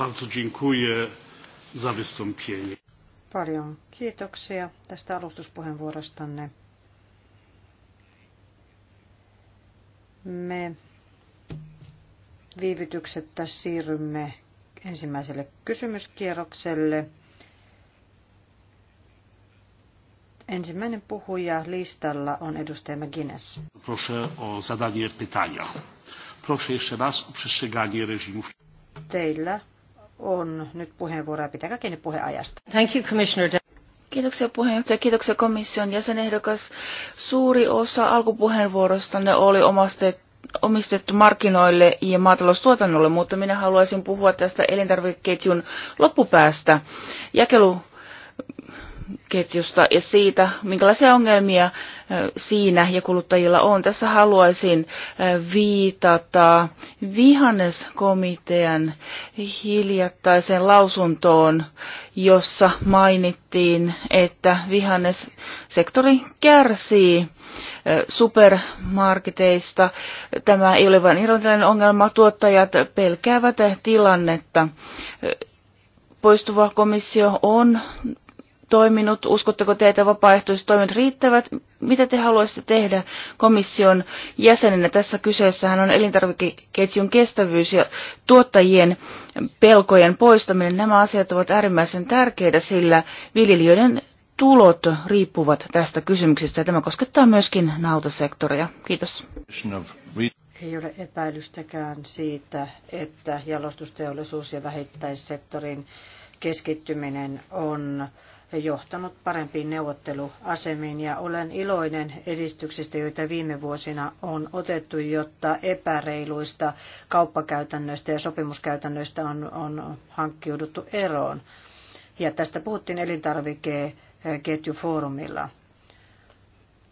Bardzo dziękuję za wystąpienie. Paljon kiitoksia tästä alustuspuheenvuorostanne. Me viivytyksettä siirrymme ensimmäiselle kysymyskierrokselle. Ensimmäinen puhuja listalla on edustaja McGuinness. Proszę o zadanie pytania. Proszę jeszcze raz o przestrzeganie reżimów. Teillä on nyt puheenvuoroa Pitäkää kiinni puheajasta. Thank you, Commissioner. Kiitoksia puheenjohtaja, kiitoksia komission jäsenehdokas. Suuri osa alkupuheenvuorostanne oli omaste, omistettu markkinoille ja maataloustuotannolle, mutta minä haluaisin puhua tästä elintarvikeketjun loppupäästä. Jakelu ketjusta ja siitä, minkälaisia ongelmia siinä ja kuluttajilla on. Tässä haluaisin viitata vihanneskomitean hiljattaiseen lausuntoon, jossa mainittiin, että vihannessektori kärsii supermarketeista. Tämä ei ole vain irlantilainen ongelma. Tuottajat pelkäävät tilannetta poistuva komissio on toiminut? Uskotteko te, että toimet riittävät? Mitä te haluaisitte tehdä komission jäsenenä? Tässä kyseessähän on elintarvikeketjun kestävyys ja tuottajien pelkojen poistaminen. Nämä asiat ovat äärimmäisen tärkeitä, sillä viljelijöiden tulot riippuvat tästä kysymyksestä. Tämä koskettaa myöskin nautasektoria. Kiitos. Ei ole epäilystäkään siitä, että jalostusteollisuus ja vähittäissektorin keskittyminen on johtanut parempiin neuvotteluasemiin ja olen iloinen edistyksistä, joita viime vuosina on otettu, jotta epäreiluista kauppakäytännöistä ja sopimuskäytännöistä on, on hankkiuduttu eroon. Ja tästä puhuttiin elintarvikeketjufoorumilla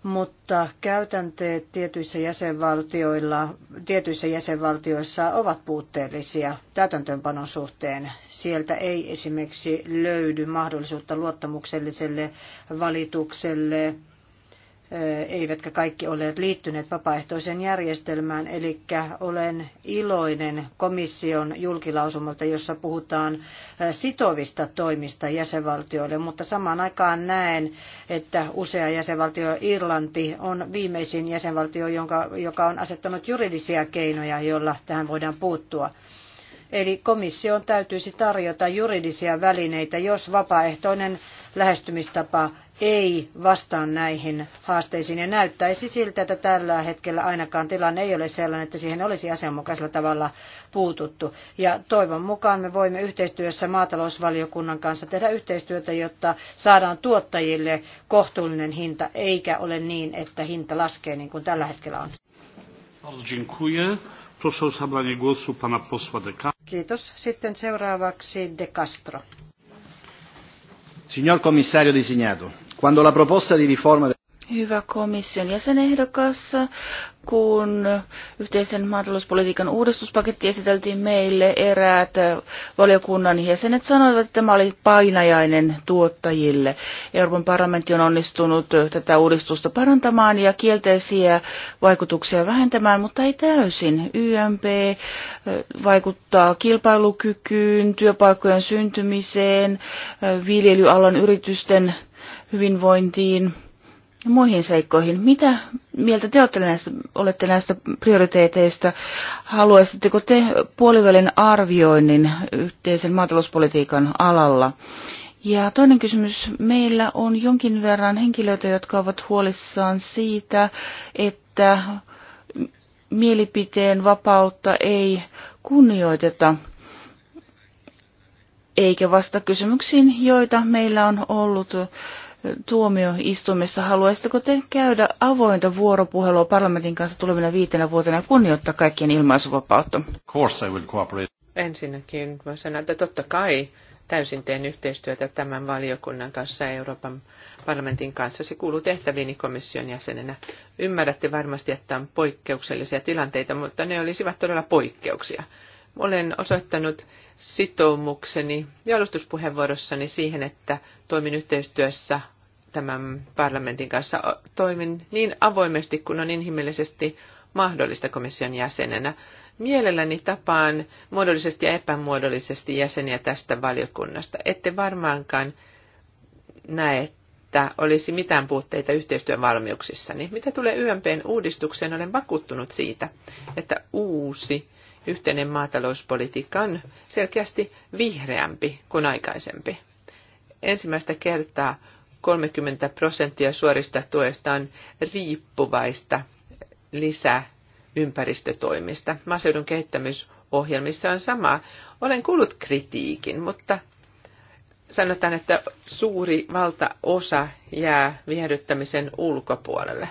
mutta käytänteet tietyissä, jäsenvaltioilla, tietyissä jäsenvaltioissa ovat puutteellisia täytäntöönpanon suhteen. Sieltä ei esimerkiksi löydy mahdollisuutta luottamukselliselle valitukselle eivätkä kaikki olleet liittyneet vapaaehtoiseen järjestelmään. Eli olen iloinen komission julkilausumalta, jossa puhutaan sitovista toimista jäsenvaltioille, mutta samaan aikaan näen, että usea jäsenvaltio Irlanti on viimeisin jäsenvaltio, jonka, joka on asettanut juridisia keinoja, joilla tähän voidaan puuttua. Eli komission täytyisi tarjota juridisia välineitä, jos vapaaehtoinen lähestymistapa ei vastaa näihin haasteisiin ja näyttäisi siltä, että tällä hetkellä ainakaan tilanne ei ole sellainen, että siihen olisi asianmukaisella tavalla puututtu. Ja toivon mukaan me voimme yhteistyössä maatalousvaliokunnan kanssa tehdä yhteistyötä, jotta saadaan tuottajille kohtuullinen hinta, eikä ole niin, että hinta laskee niin kuin tällä hetkellä on. Kiitos. Sitten seuraavaksi De Castro. Signor commissario designato, Quando la proposta di riforma Hyvä komission jäsenehdokas, kun yhteisen maatalouspolitiikan uudistuspaketti esiteltiin meille, eräät valiokunnan jäsenet sanoivat, että tämä oli painajainen tuottajille. Euroopan parlamentti on onnistunut tätä uudistusta parantamaan ja kielteisiä vaikutuksia vähentämään, mutta ei täysin. YMP vaikuttaa kilpailukykyyn, työpaikkojen syntymiseen, viljelyalan yritysten hyvinvointiin ja muihin seikkoihin. Mitä mieltä te olette näistä, olette näistä prioriteeteista? Haluaisitteko te puolivälin arvioinnin yhteisen maatalouspolitiikan alalla? Ja toinen kysymys. Meillä on jonkin verran henkilöitä, jotka ovat huolissaan siitä, että mielipiteen vapautta ei kunnioiteta, eikä vasta kysymyksiin, joita meillä on ollut tuomioistuimessa. Haluaisitteko te käydä avointa vuoropuhelua parlamentin kanssa tulevina viitenä vuotena ja kunnioittaa kaikkien ilmaisuvapautta? Ensinnäkin mä sanoa, että totta kai täysin teen yhteistyötä tämän valiokunnan kanssa ja Euroopan parlamentin kanssa. Se kuuluu tehtäviini komission jäsenenä. Ymmärrätte varmasti, että on poikkeuksellisia tilanteita, mutta ne olisivat todella poikkeuksia. Olen osoittanut sitoumukseni ja alustuspuheenvuorossani siihen, että toimin yhteistyössä tämän parlamentin kanssa toimin niin avoimesti kuin on inhimillisesti mahdollista komission jäsenenä. Mielelläni tapaan muodollisesti ja epämuodollisesti jäseniä tästä valiokunnasta. Ette varmaankaan näe, että olisi mitään puutteita yhteistyön valmiuksissani. Mitä tulee YMPn uudistukseen, olen vakuuttunut siitä, että uusi yhteinen maatalouspolitiikka on selkeästi vihreämpi kuin aikaisempi. Ensimmäistä kertaa 30 prosenttia suorista tuesta on riippuvaista lisäympäristötoimista. Maaseudun kehittämisohjelmissa on sama. Olen kuullut kritiikin, mutta sanotaan, että suuri valtaosa jää viehdyttämisen ulkopuolelle.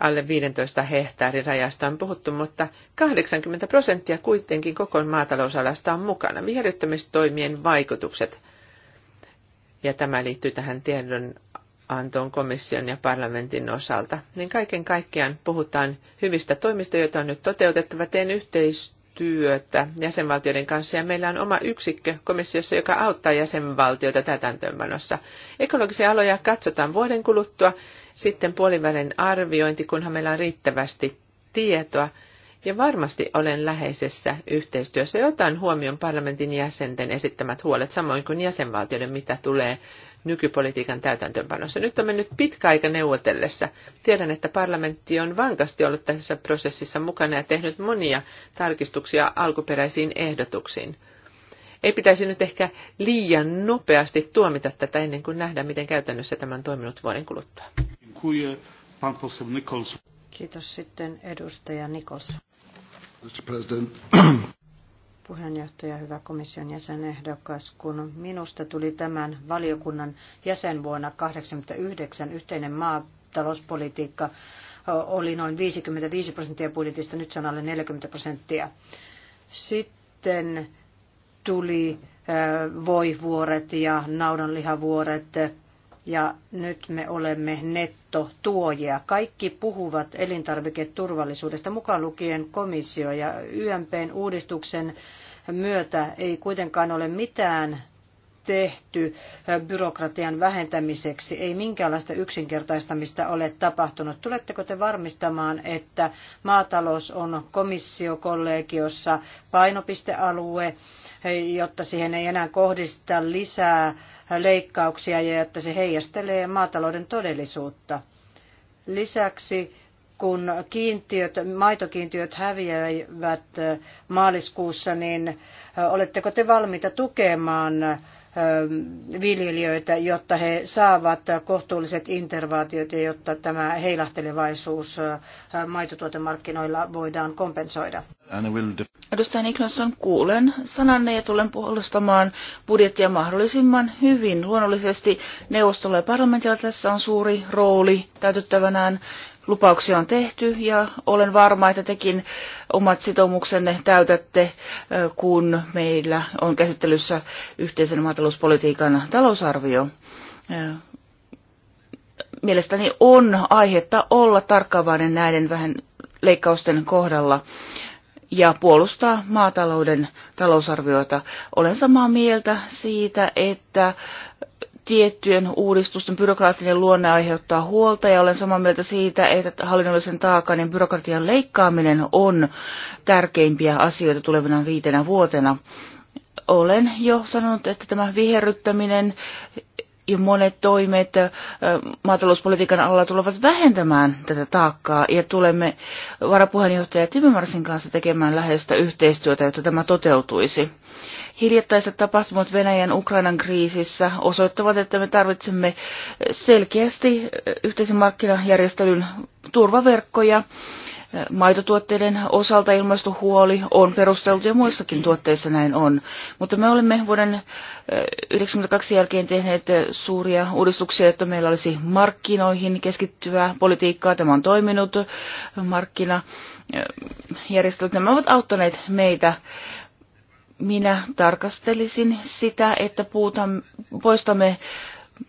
Alle 15 hehtaarin rajasta on puhuttu, mutta 80 prosenttia kuitenkin koko maatalousalasta on mukana. Viehdyttämistoimien vaikutukset – ja tämä liittyy tähän tiedon antoon komission ja parlamentin osalta, niin kaiken kaikkiaan puhutaan hyvistä toimista, joita on nyt toteutettava. Teen yhteistyötä jäsenvaltioiden kanssa ja meillä on oma yksikkö komissiossa, joka auttaa jäsenvaltioita täytäntöönpanossa. Ekologisia aloja katsotaan vuoden kuluttua, sitten puolivälin arviointi, kunhan meillä on riittävästi tietoa ja varmasti olen läheisessä yhteistyössä otan huomioon parlamentin jäsenten esittämät huolet, samoin kuin jäsenvaltioiden, mitä tulee nykypolitiikan täytäntöönpanossa. Nyt on mennyt pitkä aika neuvotellessa. Tiedän, että parlamentti on vankasti ollut tässä prosessissa mukana ja tehnyt monia tarkistuksia alkuperäisiin ehdotuksiin. Ei pitäisi nyt ehkä liian nopeasti tuomita tätä ennen kuin nähdään, miten käytännössä tämä on toiminut vuoden kuluttua. Kiitos sitten edustaja Nikos. Mr. President. Puheenjohtaja, hyvä komission jäsenehdokas, kun minusta tuli tämän valiokunnan jäsen vuonna 1989 yhteinen maatalouspolitiikka oli noin 55 prosenttia budjetista, nyt se on alle 40 prosenttia. Sitten tuli voivuoret ja naudanlihavuoret ja nyt me olemme nettotuojia. Kaikki puhuvat elintarviketurvallisuudesta, mukaan lukien komissio ja YMPn uudistuksen myötä ei kuitenkaan ole mitään tehty byrokratian vähentämiseksi. Ei minkäänlaista yksinkertaistamista ole tapahtunut. Tuletteko te varmistamaan, että maatalous on komissiokollegiossa painopistealue, jotta siihen ei enää kohdisteta lisää leikkauksia ja että se heijastelee maatalouden todellisuutta? Lisäksi kun kiintiöt, maitokiintiöt häviävät maaliskuussa, niin oletteko te valmiita tukemaan Ähm, viljelijöitä, jotta he saavat kohtuulliset intervaatiot ja jotta tämä heilahtelevaisuus äh, maitotuotemarkkinoilla voidaan kompensoida. Edustaja Niklasson, kuulen sananne ja tulen puolustamaan budjettia mahdollisimman hyvin. Luonnollisesti neuvostolla ja parlamentilla tässä on suuri rooli täytettävänään Lupauksia on tehty ja olen varma, että tekin omat sitoumuksenne täytätte, kun meillä on käsittelyssä yhteisen maatalouspolitiikan talousarvio. Mielestäni on aihetta olla tarkkaavainen näiden vähän leikkausten kohdalla ja puolustaa maatalouden talousarviota. Olen samaa mieltä siitä, että tiettyjen uudistusten byrokraattinen luonne aiheuttaa huolta ja olen samaa mieltä siitä, että hallinnollisen taakan ja byrokratian leikkaaminen on tärkeimpiä asioita tulevina viitenä vuotena. Olen jo sanonut, että tämä viherryttäminen ja monet toimet maatalouspolitiikan alla tulevat vähentämään tätä taakkaa ja tulemme varapuheenjohtaja Timmermansin kanssa tekemään läheistä yhteistyötä, jotta tämä toteutuisi. Hiljattaiset tapahtumat Venäjän Ukrainan kriisissä osoittavat, että me tarvitsemme selkeästi yhteisen markkinajärjestelyn turvaverkkoja. Maitotuotteiden osalta ilmastohuoli on perusteltu ja muissakin tuotteissa näin on. Mutta me olemme vuoden 1992 jälkeen tehneet suuria uudistuksia, että meillä olisi markkinoihin keskittyvää politiikkaa. Tämä on toiminut markkinajärjestelyt. Nämä ovat auttaneet meitä minä tarkastelisin sitä, että puutam, poistamme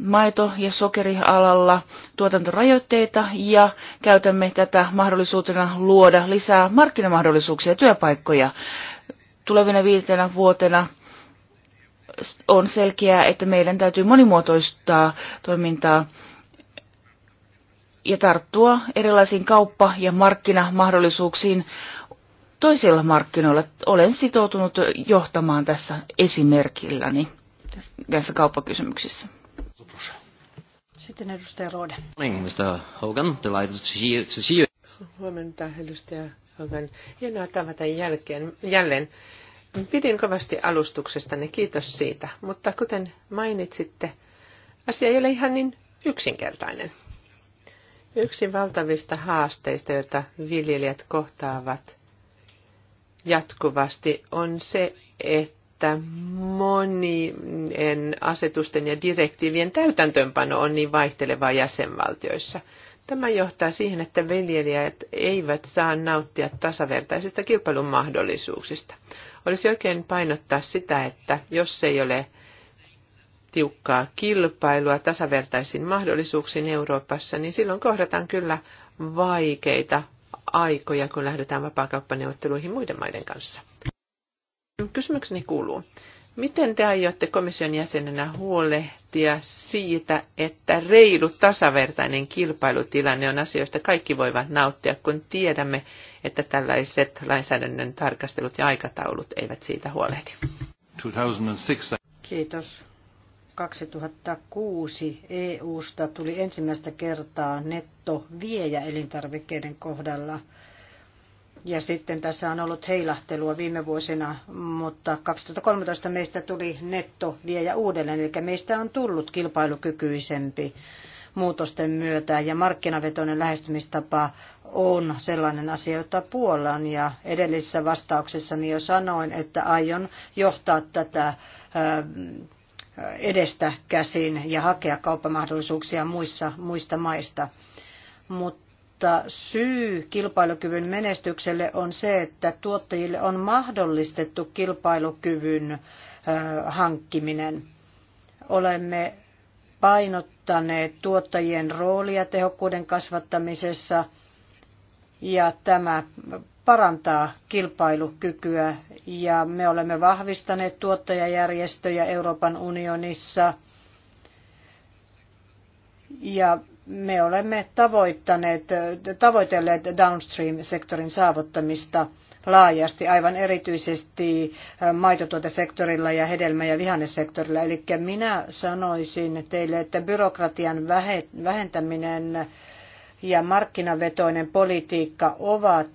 maito- ja sokerialalla tuotantorajoitteita ja käytämme tätä mahdollisuutena luoda lisää markkinamahdollisuuksia ja työpaikkoja. Tulevina viitenä vuotena on selkeää, että meidän täytyy monimuotoistaa toimintaa ja tarttua erilaisiin kauppa- ja markkinamahdollisuuksiin toisilla markkinoilla. Olen sitoutunut johtamaan tässä esimerkilläni tässä kauppakysymyksissä. Sitten edustaja Rode. Mr. Hogan, delighted to see you. Huomenta, edustaja Hogan. Hienoa tavata jälkeen, jälleen. Pidin kovasti alustuksesta niin kiitos siitä. Mutta kuten mainitsitte, asia ei ole ihan niin yksinkertainen. Yksi valtavista haasteista, joita viljelijät kohtaavat, jatkuvasti, on se, että monien asetusten ja direktiivien täytäntöönpano on niin vaihtelevaa jäsenvaltioissa. Tämä johtaa siihen, että viljelijät eivät saa nauttia tasavertaisista kilpailun mahdollisuuksista. Olisi oikein painottaa sitä, että jos ei ole tiukkaa kilpailua tasavertaisin mahdollisuuksiin Euroopassa, niin silloin kohdataan kyllä vaikeita aikoja, kun lähdetään vapaakauppaneuvotteluihin muiden maiden kanssa. Kysymykseni kuuluu, miten te aiotte komission jäsenenä huolehtia siitä, että reilu tasavertainen kilpailutilanne on asioista kaikki voivat nauttia, kun tiedämme, että tällaiset lainsäädännön tarkastelut ja aikataulut eivät siitä huolehdi? 2006. Kiitos. 2006 EUsta tuli ensimmäistä kertaa nettoviejä elintarvikkeiden kohdalla. Ja sitten tässä on ollut heilahtelua viime vuosina, mutta 2013 meistä tuli nettoviejä uudelleen, eli meistä on tullut kilpailukykyisempi muutosten myötä ja markkinavetoinen lähestymistapa on sellainen asia, jota puolan ja edellisessä vastauksessani jo sanoin, että aion johtaa tätä edestä käsin ja hakea kauppamahdollisuuksia muissa, muista maista. Mutta syy kilpailukyvyn menestykselle on se, että tuottajille on mahdollistettu kilpailukyvyn hankkiminen. Olemme painottaneet tuottajien roolia tehokkuuden kasvattamisessa ja tämä parantaa kilpailukykyä ja me olemme vahvistaneet tuottajajärjestöjä Euroopan unionissa ja me olemme tavoittaneet, tavoitelleet downstream-sektorin saavuttamista laajasti, aivan erityisesti maitotuotesektorilla ja hedelmä- ja vihannesektorilla. Eli minä sanoisin teille, että byrokratian vähentäminen ja markkinavetoinen politiikka ovat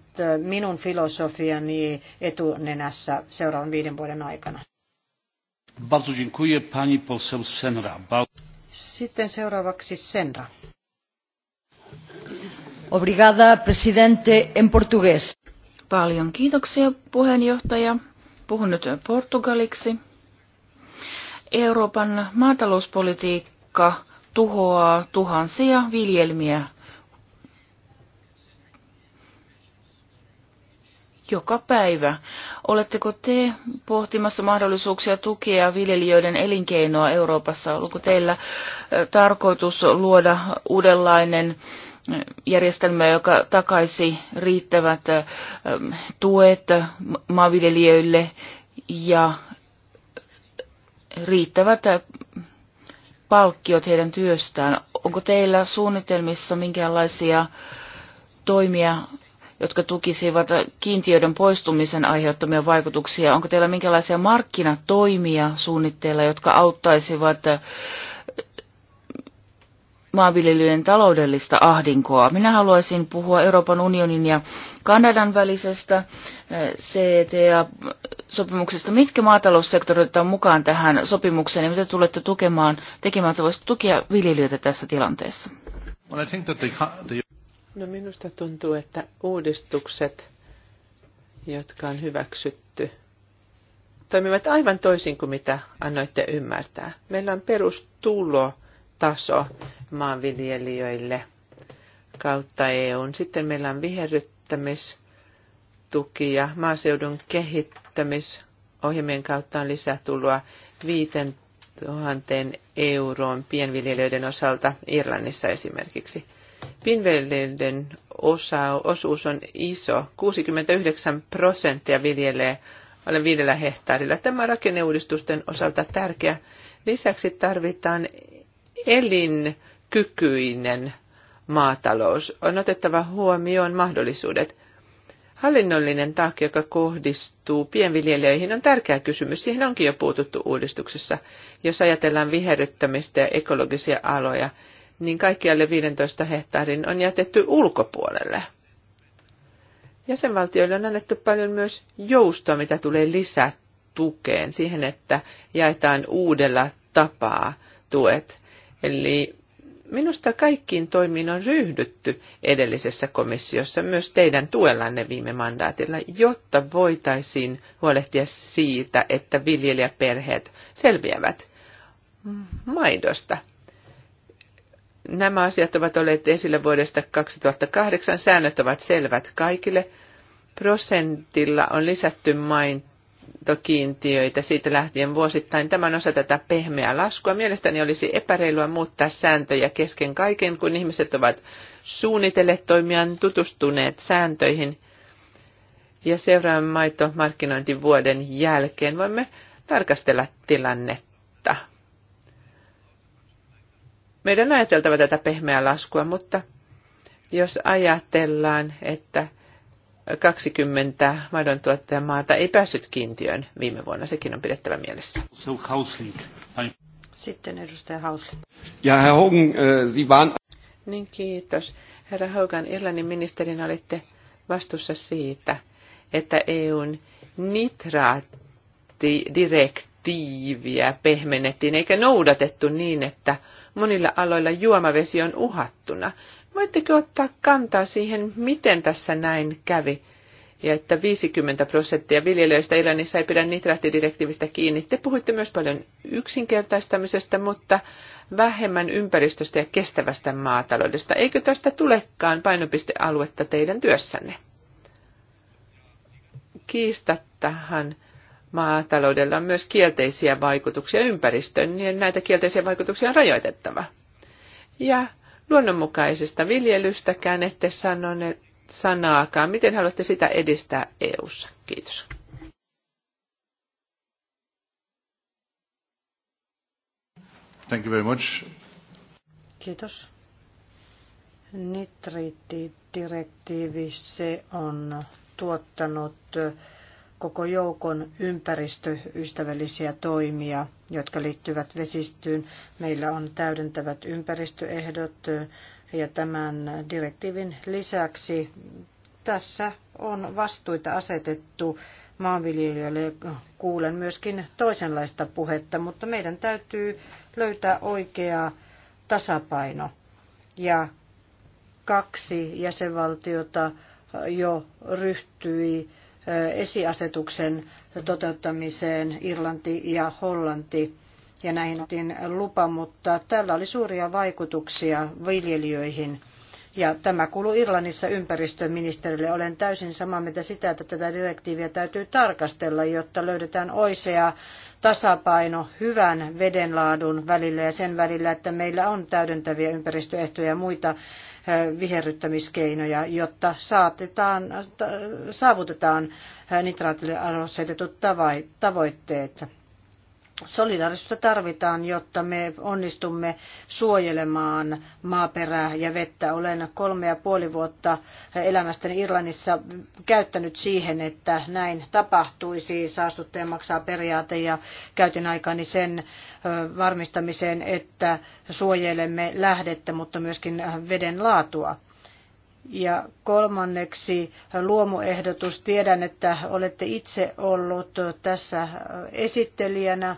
minun filosofiani etunenässä seuraavan viiden vuoden aikana. Bardzo dziękuję pani poseł Senra. Sitten seuraavaksi Senra. Obrigada, presidente, en portugués. Paljon kiitoksia, puheenjohtaja. Puhun nyt portugaliksi. Euroopan maatalouspolitiikka tuhoaa tuhansia viljelmiä joka päivä. Oletteko te pohtimassa mahdollisuuksia tukea viljelijöiden elinkeinoa Euroopassa? Onko teillä tarkoitus luoda uudenlainen järjestelmä, joka takaisi riittävät tuet maanviljelijöille ja riittävät palkkiot heidän työstään. Onko teillä suunnitelmissa minkäänlaisia toimia jotka tukisivat kiintiöiden poistumisen aiheuttamia vaikutuksia. Onko teillä minkälaisia markkinatoimia suunnitteilla, jotka auttaisivat äh, maanviljelyjen taloudellista ahdinkoa. Minä haluaisin puhua Euroopan unionin ja Kanadan välisestä äh, CETA-sopimuksesta. Mitkä maataloussektorit otetaan mukaan tähän sopimukseen ja mitä tulette tukemaan, tekemään, että voisitte tukea viljelijöitä tässä tilanteessa? No minusta tuntuu, että uudistukset, jotka on hyväksytty, toimivat aivan toisin kuin mitä annoitte ymmärtää. Meillä on perustulotaso maanviljelijöille kautta EUn. Sitten meillä on viherryttämistuki ja maaseudun kehittämisohjelmien kautta on lisätuloa 5000 euroon pienviljelijöiden osalta Irlannissa esimerkiksi – Pinvelleiden osa, osuus on iso. 69 prosenttia viljelee alle viidellä hehtaarilla. Tämä rakenneuudistusten osalta tärkeä. Lisäksi tarvitaan elinkykyinen maatalous. On otettava huomioon mahdollisuudet. Hallinnollinen taakka, joka kohdistuu pienviljelijöihin, on tärkeä kysymys. Siihen onkin jo puututtu uudistuksessa. Jos ajatellaan viherryttämistä ja ekologisia aloja, niin kaikkialle 15 hehtaarin on jätetty ulkopuolelle. Jäsenvaltioille on annettu paljon myös joustoa, mitä tulee lisätukeen siihen, että jaetaan uudella tapaa tuet. Eli minusta kaikkiin toimiin on ryhdytty edellisessä komissiossa myös teidän tuellanne viime mandaatilla, jotta voitaisiin huolehtia siitä, että viljelijäperheet selviävät maidosta. Nämä asiat ovat olleet esillä vuodesta 2008. Säännöt ovat selvät kaikille. Prosentilla on lisätty maintokiintiöitä siitä lähtien vuosittain. Tämä on osa tätä pehmeää laskua. Mielestäni olisi epäreilua muuttaa sääntöjä kesken kaiken, kun ihmiset ovat suunnitelleet toimiaan, tutustuneet sääntöihin. Ja seuraavan maitomarkkinointivuoden jälkeen voimme tarkastella tilannetta meidän on ajateltava tätä pehmeää laskua, mutta jos ajatellaan, että 20 maidon maata ei päässyt kiintiöön viime vuonna, sekin on pidettävä mielessä. Sitten edustaja Hausling. Ja herra Hogan, äh, Sie waren... Niin kiitos. Herra Hogan, Irlannin ministerin olitte vastuussa siitä, että EUn nitraattidirektiiviä pehmennettiin eikä noudatettu niin, että monilla aloilla juomavesi on uhattuna. Voitteko ottaa kantaa siihen, miten tässä näin kävi? Ja että 50 prosenttia viljelijöistä Iranissa ei pidä nitraattidirektiivistä kiinni. Te puhuitte myös paljon yksinkertaistamisesta, mutta vähemmän ympäristöstä ja kestävästä maataloudesta. Eikö tästä tulekaan painopistealuetta teidän työssänne? Kiistattahan maataloudella on myös kielteisiä vaikutuksia ympäristöön, niin näitä kielteisiä vaikutuksia on rajoitettava. Ja luonnonmukaisesta viljelystäkään ette sanoneet sanaakaan. Miten haluatte sitä edistää EU:ssa? Kiitos. Thank you very much. Kiitos. Nitriittidirektiivi, se on tuottanut koko joukon ympäristöystävällisiä toimia, jotka liittyvät vesistöön. Meillä on täydentävät ympäristöehdot ja tämän direktiivin lisäksi tässä on vastuita asetettu maanviljelijöille. Kuulen myöskin toisenlaista puhetta, mutta meidän täytyy löytää oikea tasapaino. Ja kaksi jäsenvaltiota jo ryhtyi esiasetuksen toteuttamiseen Irlanti ja Hollanti ja näihin otin lupa, mutta tällä oli suuria vaikutuksia viljelijöihin. Ja tämä kuuluu Irlannissa ympäristöministerille. Olen täysin samaa mieltä sitä, että tätä direktiiviä täytyy tarkastella, jotta löydetään oikea tasapaino hyvän vedenlaadun välillä ja sen välillä, että meillä on täydentäviä ympäristöehtoja ja muita viherryttämiskeinoja, jotta saatetaan, saavutetaan nitraatille asetetut tavoitteet. Solidaarisuutta tarvitaan, jotta me onnistumme suojelemaan maaperää ja vettä. Olen kolme ja puoli vuotta elämästäni Irlannissa käyttänyt siihen, että näin tapahtuisi saastuttaja maksaa periaate ja käytin aikani sen varmistamiseen, että suojelemme lähdettä, mutta myöskin veden laatua. Ja kolmanneksi luomuehdotus. Tiedän, että olette itse ollut tässä esittelijänä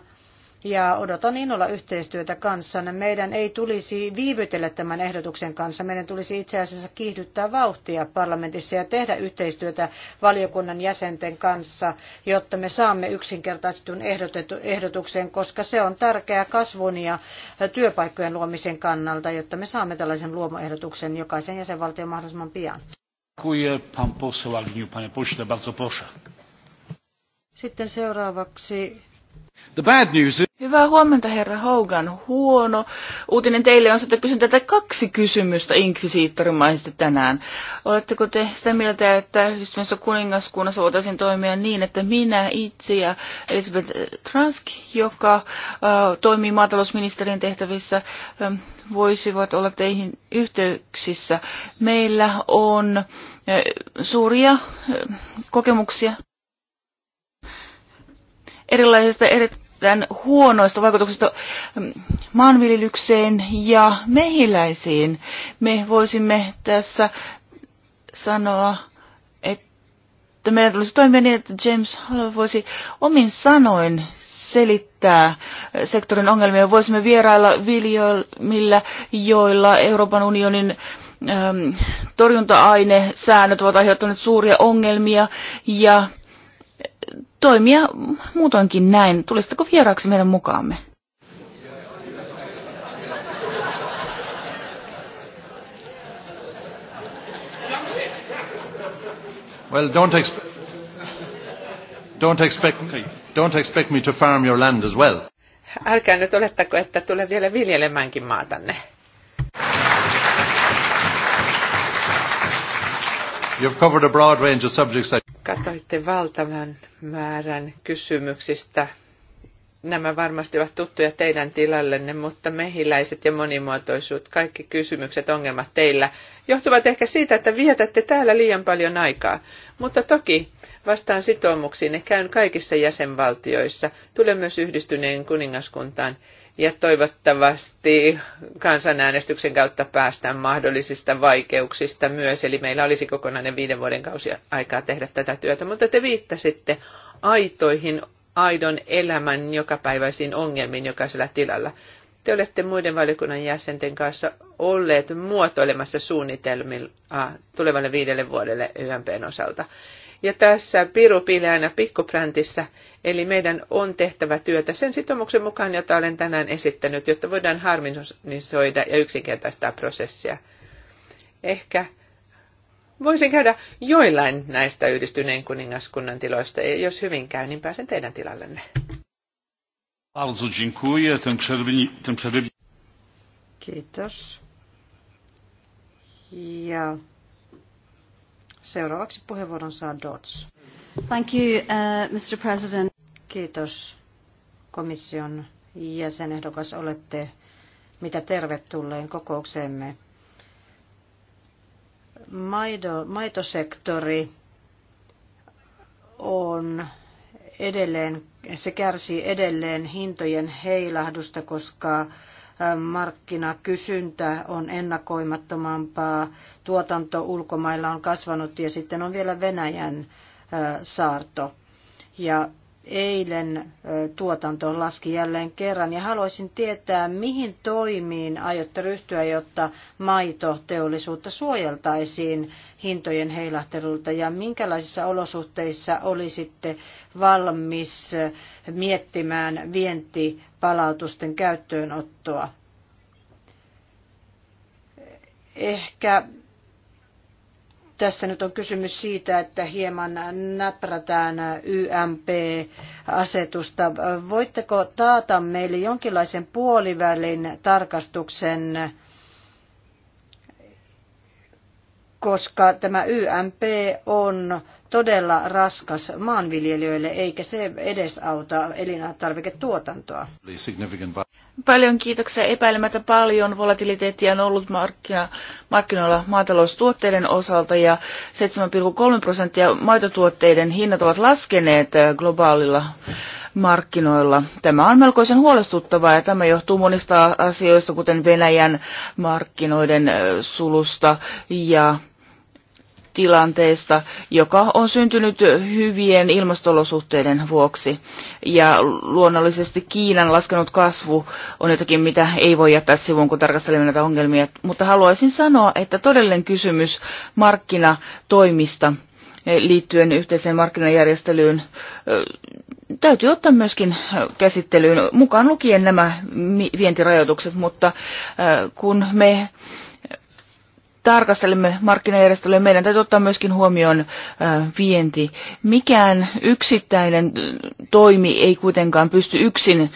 ja odotan innolla yhteistyötä kanssanne. Meidän ei tulisi viivytellä tämän ehdotuksen kanssa. Meidän tulisi itse asiassa kiihdyttää vauhtia parlamentissa ja tehdä yhteistyötä valiokunnan jäsenten kanssa, jotta me saamme yksinkertaistetun ehdotuksen, koska se on tärkeää kasvun ja työpaikkojen luomisen kannalta, jotta me saamme tällaisen luomuehdotuksen jokaisen jäsenvaltion mahdollisimman pian. Sitten seuraavaksi The bad news is... Hyvää huomenta, herra Hogan. Huono uutinen teille on se, että kysyn tätä kaksi kysymystä inkvisiittorimaisesti tänään. Oletteko te sitä mieltä, että yhdistymässä kuningaskunnassa voitaisiin toimia niin, että minä itse ja Elisabeth Transk, joka äh, toimii maatalousministerin tehtävissä, äh, voisivat olla teihin yhteyksissä. Meillä on äh, suuria äh, kokemuksia erilaisista erittäin huonoista vaikutuksista mm, maanviljelykseen ja mehiläisiin. Me voisimme tässä sanoa, että meidän tulisi toimia niin, että James Hallow voisi omin sanoin selittää sektorin ongelmia. Voisimme vierailla viljelmillä joilla Euroopan unionin torjunta säännöt ovat aiheuttaneet suuria ongelmia ja toimia muutoinkin näin. Tulisitteko vieraaksi meidän mukaamme? Well, don't, expect, don't, expect, me, don't expect me to farm your land as well. Älkää nyt olettako, että tulee vielä viljelemäänkin maatanne. You've covered a broad range of subjects. That katoitte valtavan määrän kysymyksistä. Nämä varmasti ovat tuttuja teidän tilallenne, mutta mehiläiset ja monimuotoisuut, kaikki kysymykset, ongelmat teillä, johtuvat ehkä siitä, että vietätte täällä liian paljon aikaa. Mutta toki vastaan sitoumuksiin ne käyn kaikissa jäsenvaltioissa. Tulen myös yhdistyneen kuningaskuntaan ja toivottavasti kansanäänestyksen kautta päästään mahdollisista vaikeuksista myös. Eli meillä olisi kokonainen viiden vuoden kausi aikaa tehdä tätä työtä, mutta te viittasitte aitoihin, aidon elämän jokapäiväisiin ongelmiin jokaisella tilalla. Te olette muiden valiokunnan jäsenten kanssa olleet muotoilemassa suunnitelmia ah, tulevalle viidelle vuodelle YMPn osalta. Ja tässä piru pikkupräntissä, eli meidän on tehtävä työtä sen sitoumuksen mukaan, jota olen tänään esittänyt, jotta voidaan harmonisoida ja yksinkertaistaa prosessia. Ehkä voisin käydä joillain näistä yhdistyneen kuningaskunnan tiloista, ja jos hyvin käy, niin pääsen teidän tilallenne. Kiitos. Ja Seuraavaksi puheenvuoron saa Dodds. Thank you, uh, Mr. President. Kiitos komission jäsenehdokas. Olette mitä tervetulleen kokoukseemme. Maido, maitosektori on edelleen, se kärsii edelleen hintojen heilahdusta, koska markkinakysyntä on ennakoimattomampaa, tuotanto ulkomailla on kasvanut ja sitten on vielä Venäjän saarto. Ja eilen tuotanto laski jälleen kerran ja haluaisin tietää, mihin toimiin aiotte ryhtyä, jotta maitoteollisuutta suojeltaisiin hintojen heilahtelulta ja minkälaisissa olosuhteissa olisitte valmis miettimään vientipalautusten käyttöönottoa. Ehkä tässä nyt on kysymys siitä, että hieman näprätään YMP-asetusta. Voitteko taata meille jonkinlaisen puolivälin tarkastuksen, koska tämä YMP on todella raskas maanviljelijöille, eikä se edesauta elintarviketuotantoa. Paljon kiitoksia. Epäilemättä paljon volatiliteettia on ollut markkina, markkinoilla maataloustuotteiden osalta ja 7,3 prosenttia maitotuotteiden hinnat ovat laskeneet äh, globaalilla markkinoilla. Tämä on melkoisen huolestuttavaa ja tämä johtuu monista asioista, kuten Venäjän markkinoiden äh, sulusta ja tilanteesta, joka on syntynyt hyvien ilmastolosuhteiden vuoksi. Ja luonnollisesti Kiinan laskenut kasvu on jotakin, mitä ei voi jättää sivuun, kun tarkastelemme näitä ongelmia. Mutta haluaisin sanoa, että todellinen kysymys markkinatoimista liittyen yhteiseen markkinajärjestelyyn täytyy ottaa myöskin käsittelyyn, mukaan lukien nämä vientirajoitukset, mutta kun me tarkastelemme markkinajärjestelyä, meidän täytyy ottaa myöskin huomioon vienti. Mikään yksittäinen toimi ei kuitenkaan pysty yksin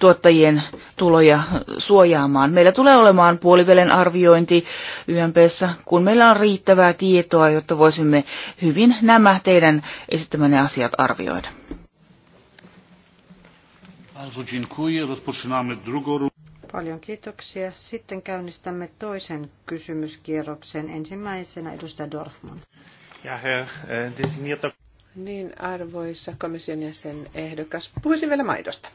tuottajien tuloja suojaamaan. Meillä tulee olemaan puolivelen arviointi YMPssä, kun meillä on riittävää tietoa, jotta voisimme hyvin nämä teidän esittämänne asiat arvioida. Bardzo dziękuję. Rozpoczynamy drugą Paljon kiitoksia. Sitten käynnistämme toisen kysymyskierroksen. Ensimmäisenä edustaja Dorfman. Ja, äh, niin, arvoisa komission jäsen ehdokas. Puhuisin vielä maidosta.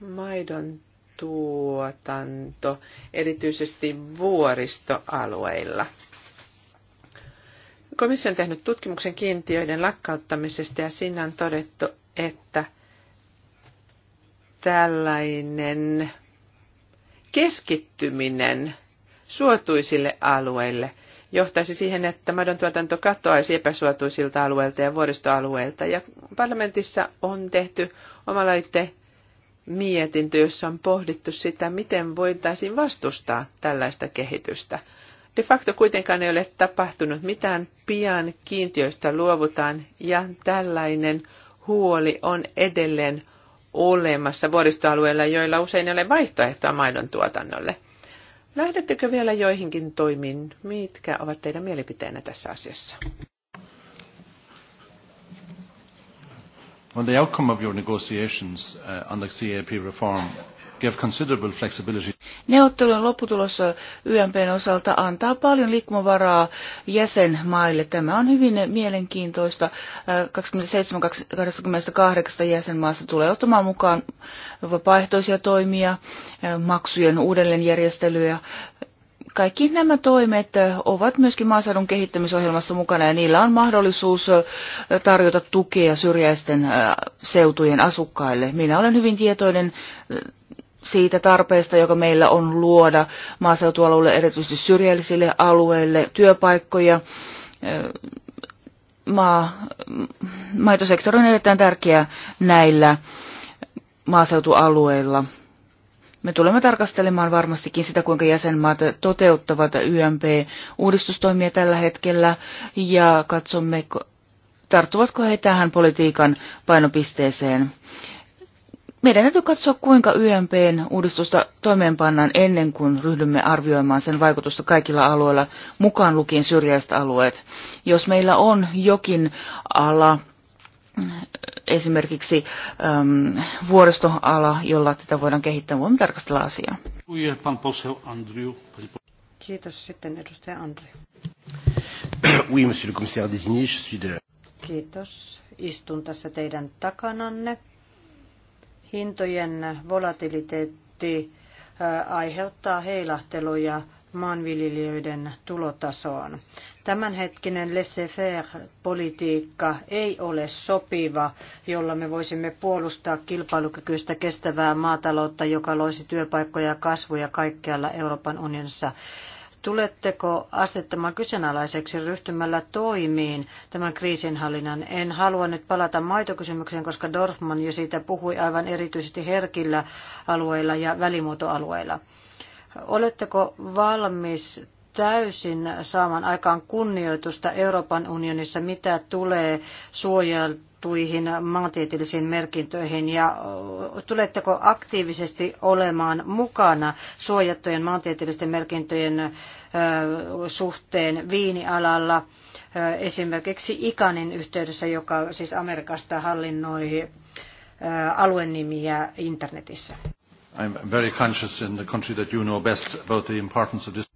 Maidon tuotanto, erityisesti vuoristoalueilla. Komissio on tehnyt tutkimuksen kiintiöiden lakkauttamisesta ja siinä on todettu, että tällainen keskittyminen suotuisille alueille johtaisi siihen, että tuotanto katoaisi epäsuotuisilta alueilta ja vuoristoalueilta. Ja parlamentissa on tehty omalaite mietintö, jossa on pohdittu sitä, miten voitaisiin vastustaa tällaista kehitystä. De facto kuitenkaan ei ole tapahtunut mitään, pian kiintiöistä luovutaan ja tällainen huoli on edelleen olemassa vuoristoalueilla, joilla usein ei ole vaihtoehtoa maidon tuotannolle. Lähdettekö vielä joihinkin toimiin? Mitkä ovat teidän mielipiteenä tässä asiassa? When the outcome of your negotiations uh, on the CAP reform Neuvottelun lopputulos YMPn osalta antaa paljon liikkumavaraa jäsenmaille. Tämä on hyvin mielenkiintoista. 27-28 jäsenmaassa tulee ottamaan mukaan vapaaehtoisia toimia, maksujen uudelleenjärjestelyjä. Kaikki nämä toimet ovat myöskin maaseudun kehittämisohjelmassa mukana ja niillä on mahdollisuus tarjota tukea syrjäisten seutujen asukkaille. Minä olen hyvin tietoinen siitä tarpeesta, joka meillä on luoda maaseutualueille, erityisesti syrjällisille alueille työpaikkoja. Maa, maitosektori on erittäin tärkeä näillä maaseutualueilla. Me tulemme tarkastelemaan varmastikin sitä, kuinka jäsenmaat toteuttavat YMP-uudistustoimia tällä hetkellä ja katsomme, tarttuvatko he tähän politiikan painopisteeseen. Meidän täytyy katsoa, kuinka YMPn uudistusta toimeenpannaan ennen kuin ryhdymme arvioimaan sen vaikutusta kaikilla alueilla, mukaan lukien syrjäiset alueet. Jos meillä on jokin ala, esimerkiksi äm, vuoristoala, jolla tätä voidaan kehittää, voimme tarkastella asiaa. Kiitos sitten edustaja Andri. Oui, monsieur le commissaire désigné, je suis de... Kiitos. Istun tässä teidän takananne hintojen volatiliteetti aiheuttaa heilahteluja maanviljelijöiden tulotasoon. Tämänhetkinen laissez-faire-politiikka ei ole sopiva, jolla me voisimme puolustaa kilpailukykyistä kestävää maataloutta, joka loisi työpaikkoja ja kasvuja kaikkialla Euroopan unionissa. Tuletteko asettamaan kyseenalaiseksi ryhtymällä toimiin tämän kriisinhallinnan? En halua nyt palata maitokysymykseen, koska Dorfman jo siitä puhui aivan erityisesti herkillä alueilla ja välimuotoalueilla. Oletteko valmis täysin saamaan aikaan kunnioitusta Euroopan unionissa, mitä tulee suojeltuihin maantieteellisiin merkintöihin ja tuletteko aktiivisesti olemaan mukana suojattujen maantieteellisten merkintöjen suhteen viinialalla esimerkiksi Ikanin yhteydessä, joka siis Amerikasta hallinnoi nimiä internetissä. I'm very conscious in the country that you know best about the importance of this.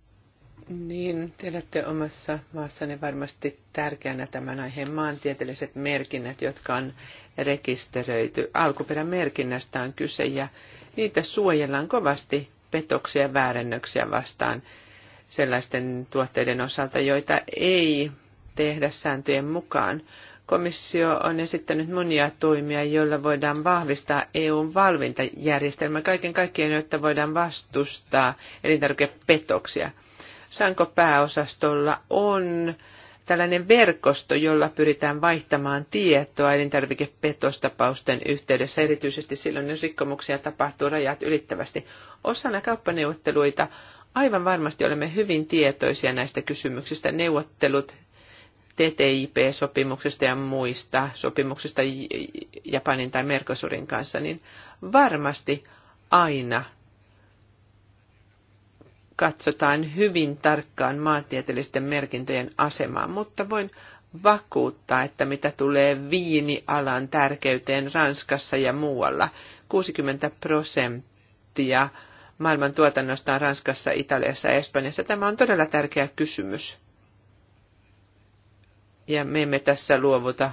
Niin, tiedätte omassa maassanne varmasti tärkeänä tämän aiheen maantieteelliset merkinnät, jotka on rekisteröity. Alkuperämerkinnästä on kyse ja niitä suojellaan kovasti petoksia ja väärennöksiä vastaan sellaisten tuotteiden osalta, joita ei tehdä sääntöjen mukaan. Komissio on esittänyt monia toimia, joilla voidaan vahvistaa EUn valvintajärjestelmä kaiken kaikkien, jotta voidaan vastustaa elintarvikepetoksia. petoksia Sanko-pääosastolla on tällainen verkosto, jolla pyritään vaihtamaan tietoa elintarvikepetostapausten yhteydessä, erityisesti silloin, jos rikkomuksia tapahtuu rajat ylittävästi. Osana kauppaneuvotteluita aivan varmasti olemme hyvin tietoisia näistä kysymyksistä. Neuvottelut TTIP-sopimuksesta ja muista sopimuksista Japanin tai Mercosurin kanssa, niin varmasti aina katsotaan hyvin tarkkaan maantieteellisten merkintöjen asemaa, mutta voin vakuuttaa, että mitä tulee viinialan tärkeyteen Ranskassa ja muualla, 60 prosenttia maailman tuotannosta on Ranskassa, Italiassa ja Espanjassa. Tämä on todella tärkeä kysymys. Ja me emme tässä luovuta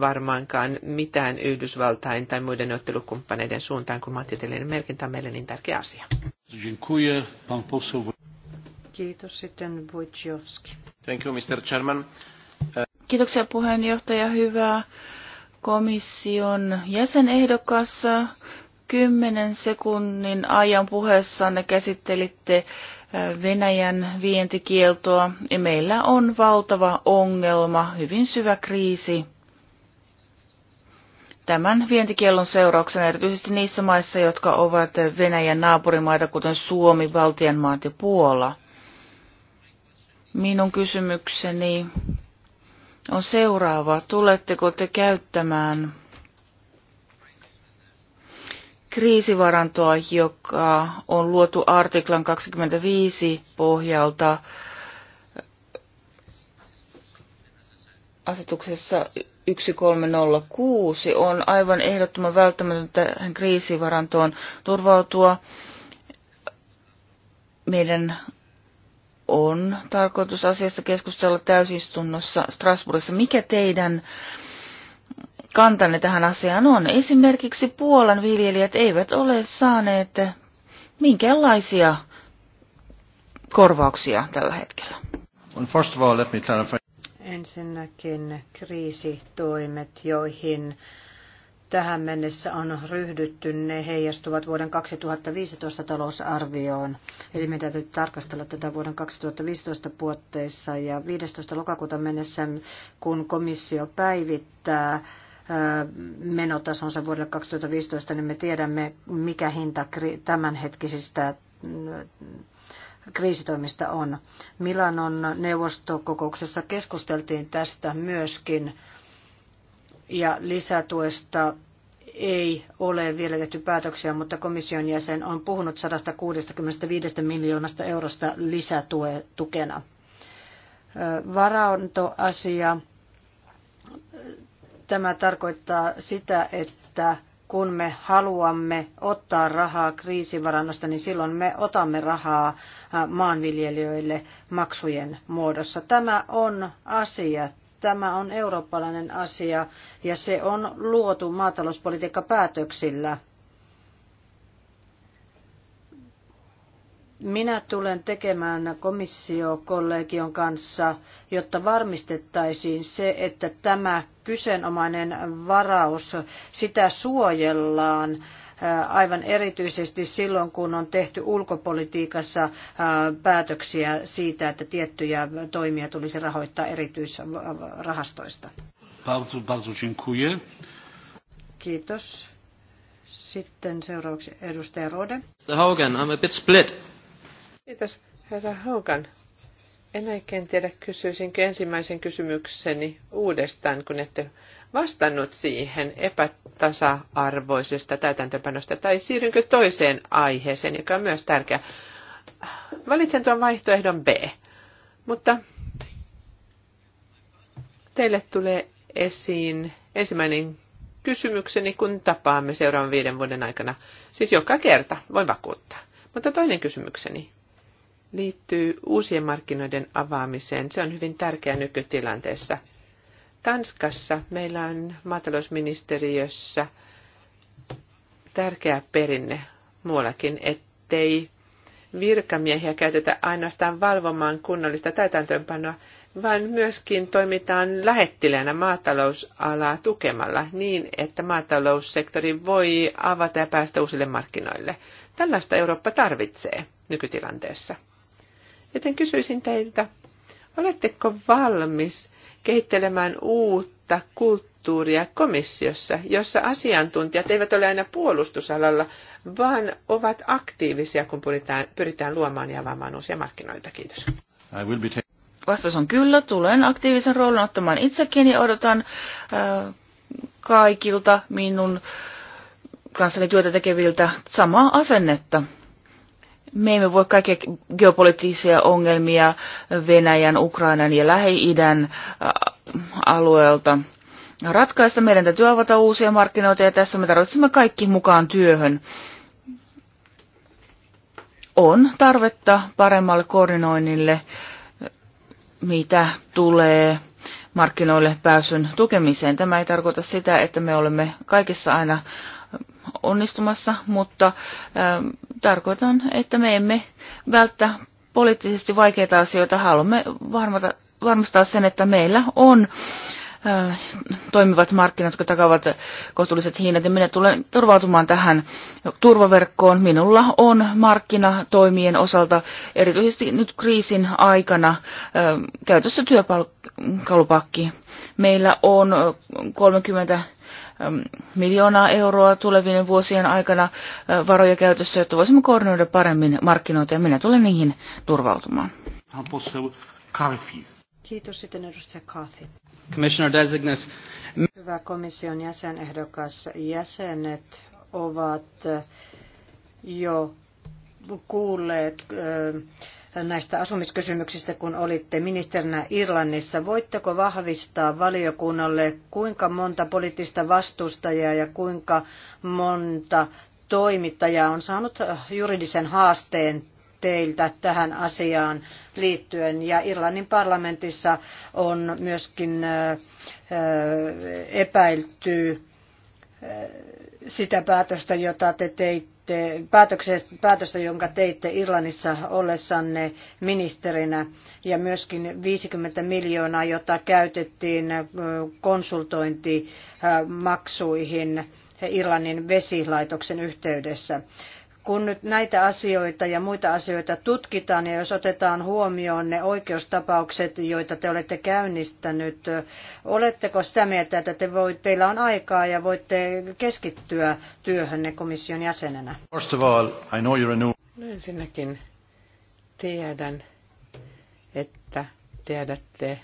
varmaankaan mitään Yhdysvaltain tai muiden ottelukumppaneiden suuntaan, kun maantieteellinen merkintä on meille niin tärkeä asia. Kiitos sitten Wojciechowski. Thank you, Mr. Chairman. Kiitoksia puheenjohtaja. Hyvää komission jäsenehdokas. Kymmenen sekunnin ajan puheessanne käsittelitte äh, Venäjän vientikieltoa ja meillä on valtava ongelma, hyvin syvä kriisi tämän vientikiellon seurauksena erityisesti niissä maissa, jotka ovat Venäjän naapurimaita, kuten Suomi, Baltian maat ja Puola. Minun kysymykseni on seuraava. Tuletteko te käyttämään kriisivarantoa, joka on luotu artiklan 25 pohjalta asetuksessa 1306 on aivan ehdottoman välttämätöntä tähän kriisivarantoon turvautua. Meidän on tarkoitus asiasta keskustella täysistunnossa Strasbourgissa. Mikä teidän kantanne tähän asiaan on? Esimerkiksi Puolan viljelijät eivät ole saaneet minkälaisia korvauksia tällä hetkellä. Well, first of all, let me clarify Ensinnäkin kriisitoimet, joihin tähän mennessä on ryhdytty, ne heijastuvat vuoden 2015 talousarvioon. Eli meidän täytyy tarkastella tätä vuoden 2015 puotteissa ja 15. lokakuuta mennessä, kun komissio päivittää menotasonsa vuodelle 2015, niin me tiedämme, mikä hinta tämänhetkisistä kriisitoimista on. Milanon neuvostokokouksessa keskusteltiin tästä myöskin ja lisätuesta ei ole vielä tehty päätöksiä, mutta komission jäsen on puhunut 165 miljoonasta eurosta lisätukena. Varantoasia. Tämä tarkoittaa sitä, että kun me haluamme ottaa rahaa kriisivarannosta, niin silloin me otamme rahaa äh, maanviljelijöille maksujen muodossa. Tämä on asia, tämä on eurooppalainen asia ja se on luotu maatalouspolitiikkapäätöksillä Minä tulen tekemään komissiokollegion kanssa, jotta varmistettaisiin se, että tämä kyseenomainen varaus, sitä suojellaan äh, aivan erityisesti silloin, kun on tehty ulkopolitiikassa äh, päätöksiä siitä, että tiettyjä toimia tulisi rahoittaa erityisrahastoista. Bardzo, bardzo dziękuję. Kiitos. Sitten seuraavaksi edustaja Rode. Mr. Hogan, I'm a bit split. Kiitos, herra Haukan. En oikein tiedä, kysyisinkö ensimmäisen kysymykseni uudestaan, kun ette vastannut siihen epätasa-arvoisesta täytäntöpanosta, tai siirrynkö toiseen aiheeseen, joka on myös tärkeä. Valitsen tuon vaihtoehdon B, mutta teille tulee esiin ensimmäinen kysymykseni, kun tapaamme seuraavan viiden vuoden aikana. Siis joka kerta, voin vakuuttaa. Mutta toinen kysymykseni liittyy uusien markkinoiden avaamiseen. Se on hyvin tärkeä nykytilanteessa. Tanskassa meillä on maatalousministeriössä tärkeä perinne muuallakin, ettei virkamiehiä käytetä ainoastaan valvomaan kunnollista täytäntöönpanoa, vaan myöskin toimitaan lähettilänä maatalousalaa tukemalla niin, että maataloussektori voi avata ja päästä uusille markkinoille. Tällaista Eurooppa tarvitsee nykytilanteessa. Joten kysyisin teiltä, oletteko valmis kehittelemään uutta kulttuuria komissiossa, jossa asiantuntijat eivät ole aina puolustusalalla, vaan ovat aktiivisia, kun pyritään, pyritään luomaan ja avaamaan uusia markkinoita? Kiitos. Vastaus on kyllä. Tulen aktiivisen roolin ottamaan itsekin ja odotan äh, kaikilta minun kanssani työtä tekeviltä samaa asennetta. Me emme voi kaikkia geopoliittisia ongelmia Venäjän, Ukrainan ja Lähi-idän äh, alueelta ratkaista. Meidän täytyy avata uusia markkinoita ja tässä me tarvitsemme kaikki mukaan työhön. On tarvetta paremmalle koordinoinnille, mitä tulee markkinoille pääsyn tukemiseen. Tämä ei tarkoita sitä, että me olemme kaikessa aina onnistumassa, mutta tarkoitan, että me emme välttä poliittisesti vaikeita asioita. Haluamme varmata, varmistaa sen, että meillä on toimivat markkinat, jotka takavat kohtuulliset hinnat, ja minä tulen turvautumaan tähän turvaverkkoon. Minulla on markkina toimien osalta, erityisesti nyt kriisin aikana, käytössä työkalupakki. Meillä on 30 miljoonaa euroa tulevien vuosien aikana varoja käytössä, jotta voisimme koordinoida paremmin markkinoita ja minä tulen niihin turvautumaan. Kiitos sitten edustaja Carthy. Commissioner designate. Hyvä komission jäsenehdokas. Jäsenet ovat jo kuulleet äh, näistä asumiskysymyksistä, kun olitte ministerinä Irlannissa. Voitteko vahvistaa valiokunnalle, kuinka monta poliittista vastustajaa ja kuinka monta toimittajaa on saanut juridisen haasteen teiltä tähän asiaan liittyen. Ja Irlannin parlamentissa on myöskin epäilty sitä päätöstä, jota te teitte te, päätöstä, jonka teitte Irlannissa ollessanne ministerinä ja myöskin 50 miljoonaa, jota käytettiin konsultointimaksuihin Irlannin vesilaitoksen yhteydessä kun nyt näitä asioita ja muita asioita tutkitaan ja jos otetaan huomioon ne oikeustapaukset, joita te olette käynnistänyt, oletteko sitä mieltä, että te voi, teillä on aikaa ja voitte keskittyä työhönne komission jäsenenä? First of all, I know you're a new... No ensinnäkin tiedän, että tiedätte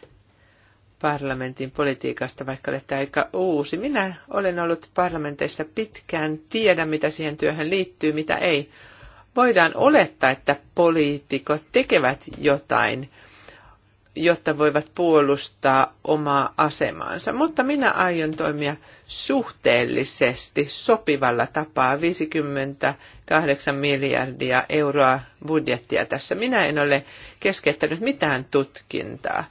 parlamentin politiikasta, vaikka olette aika uusi. Minä olen ollut parlamenteissa pitkään, tiedän mitä siihen työhön liittyy, mitä ei. Voidaan olettaa, että poliitikot tekevät jotain, jotta voivat puolustaa omaa asemaansa. Mutta minä aion toimia suhteellisesti sopivalla tapaa 58 miljardia euroa budjettia tässä. Minä en ole keskeyttänyt mitään tutkintaa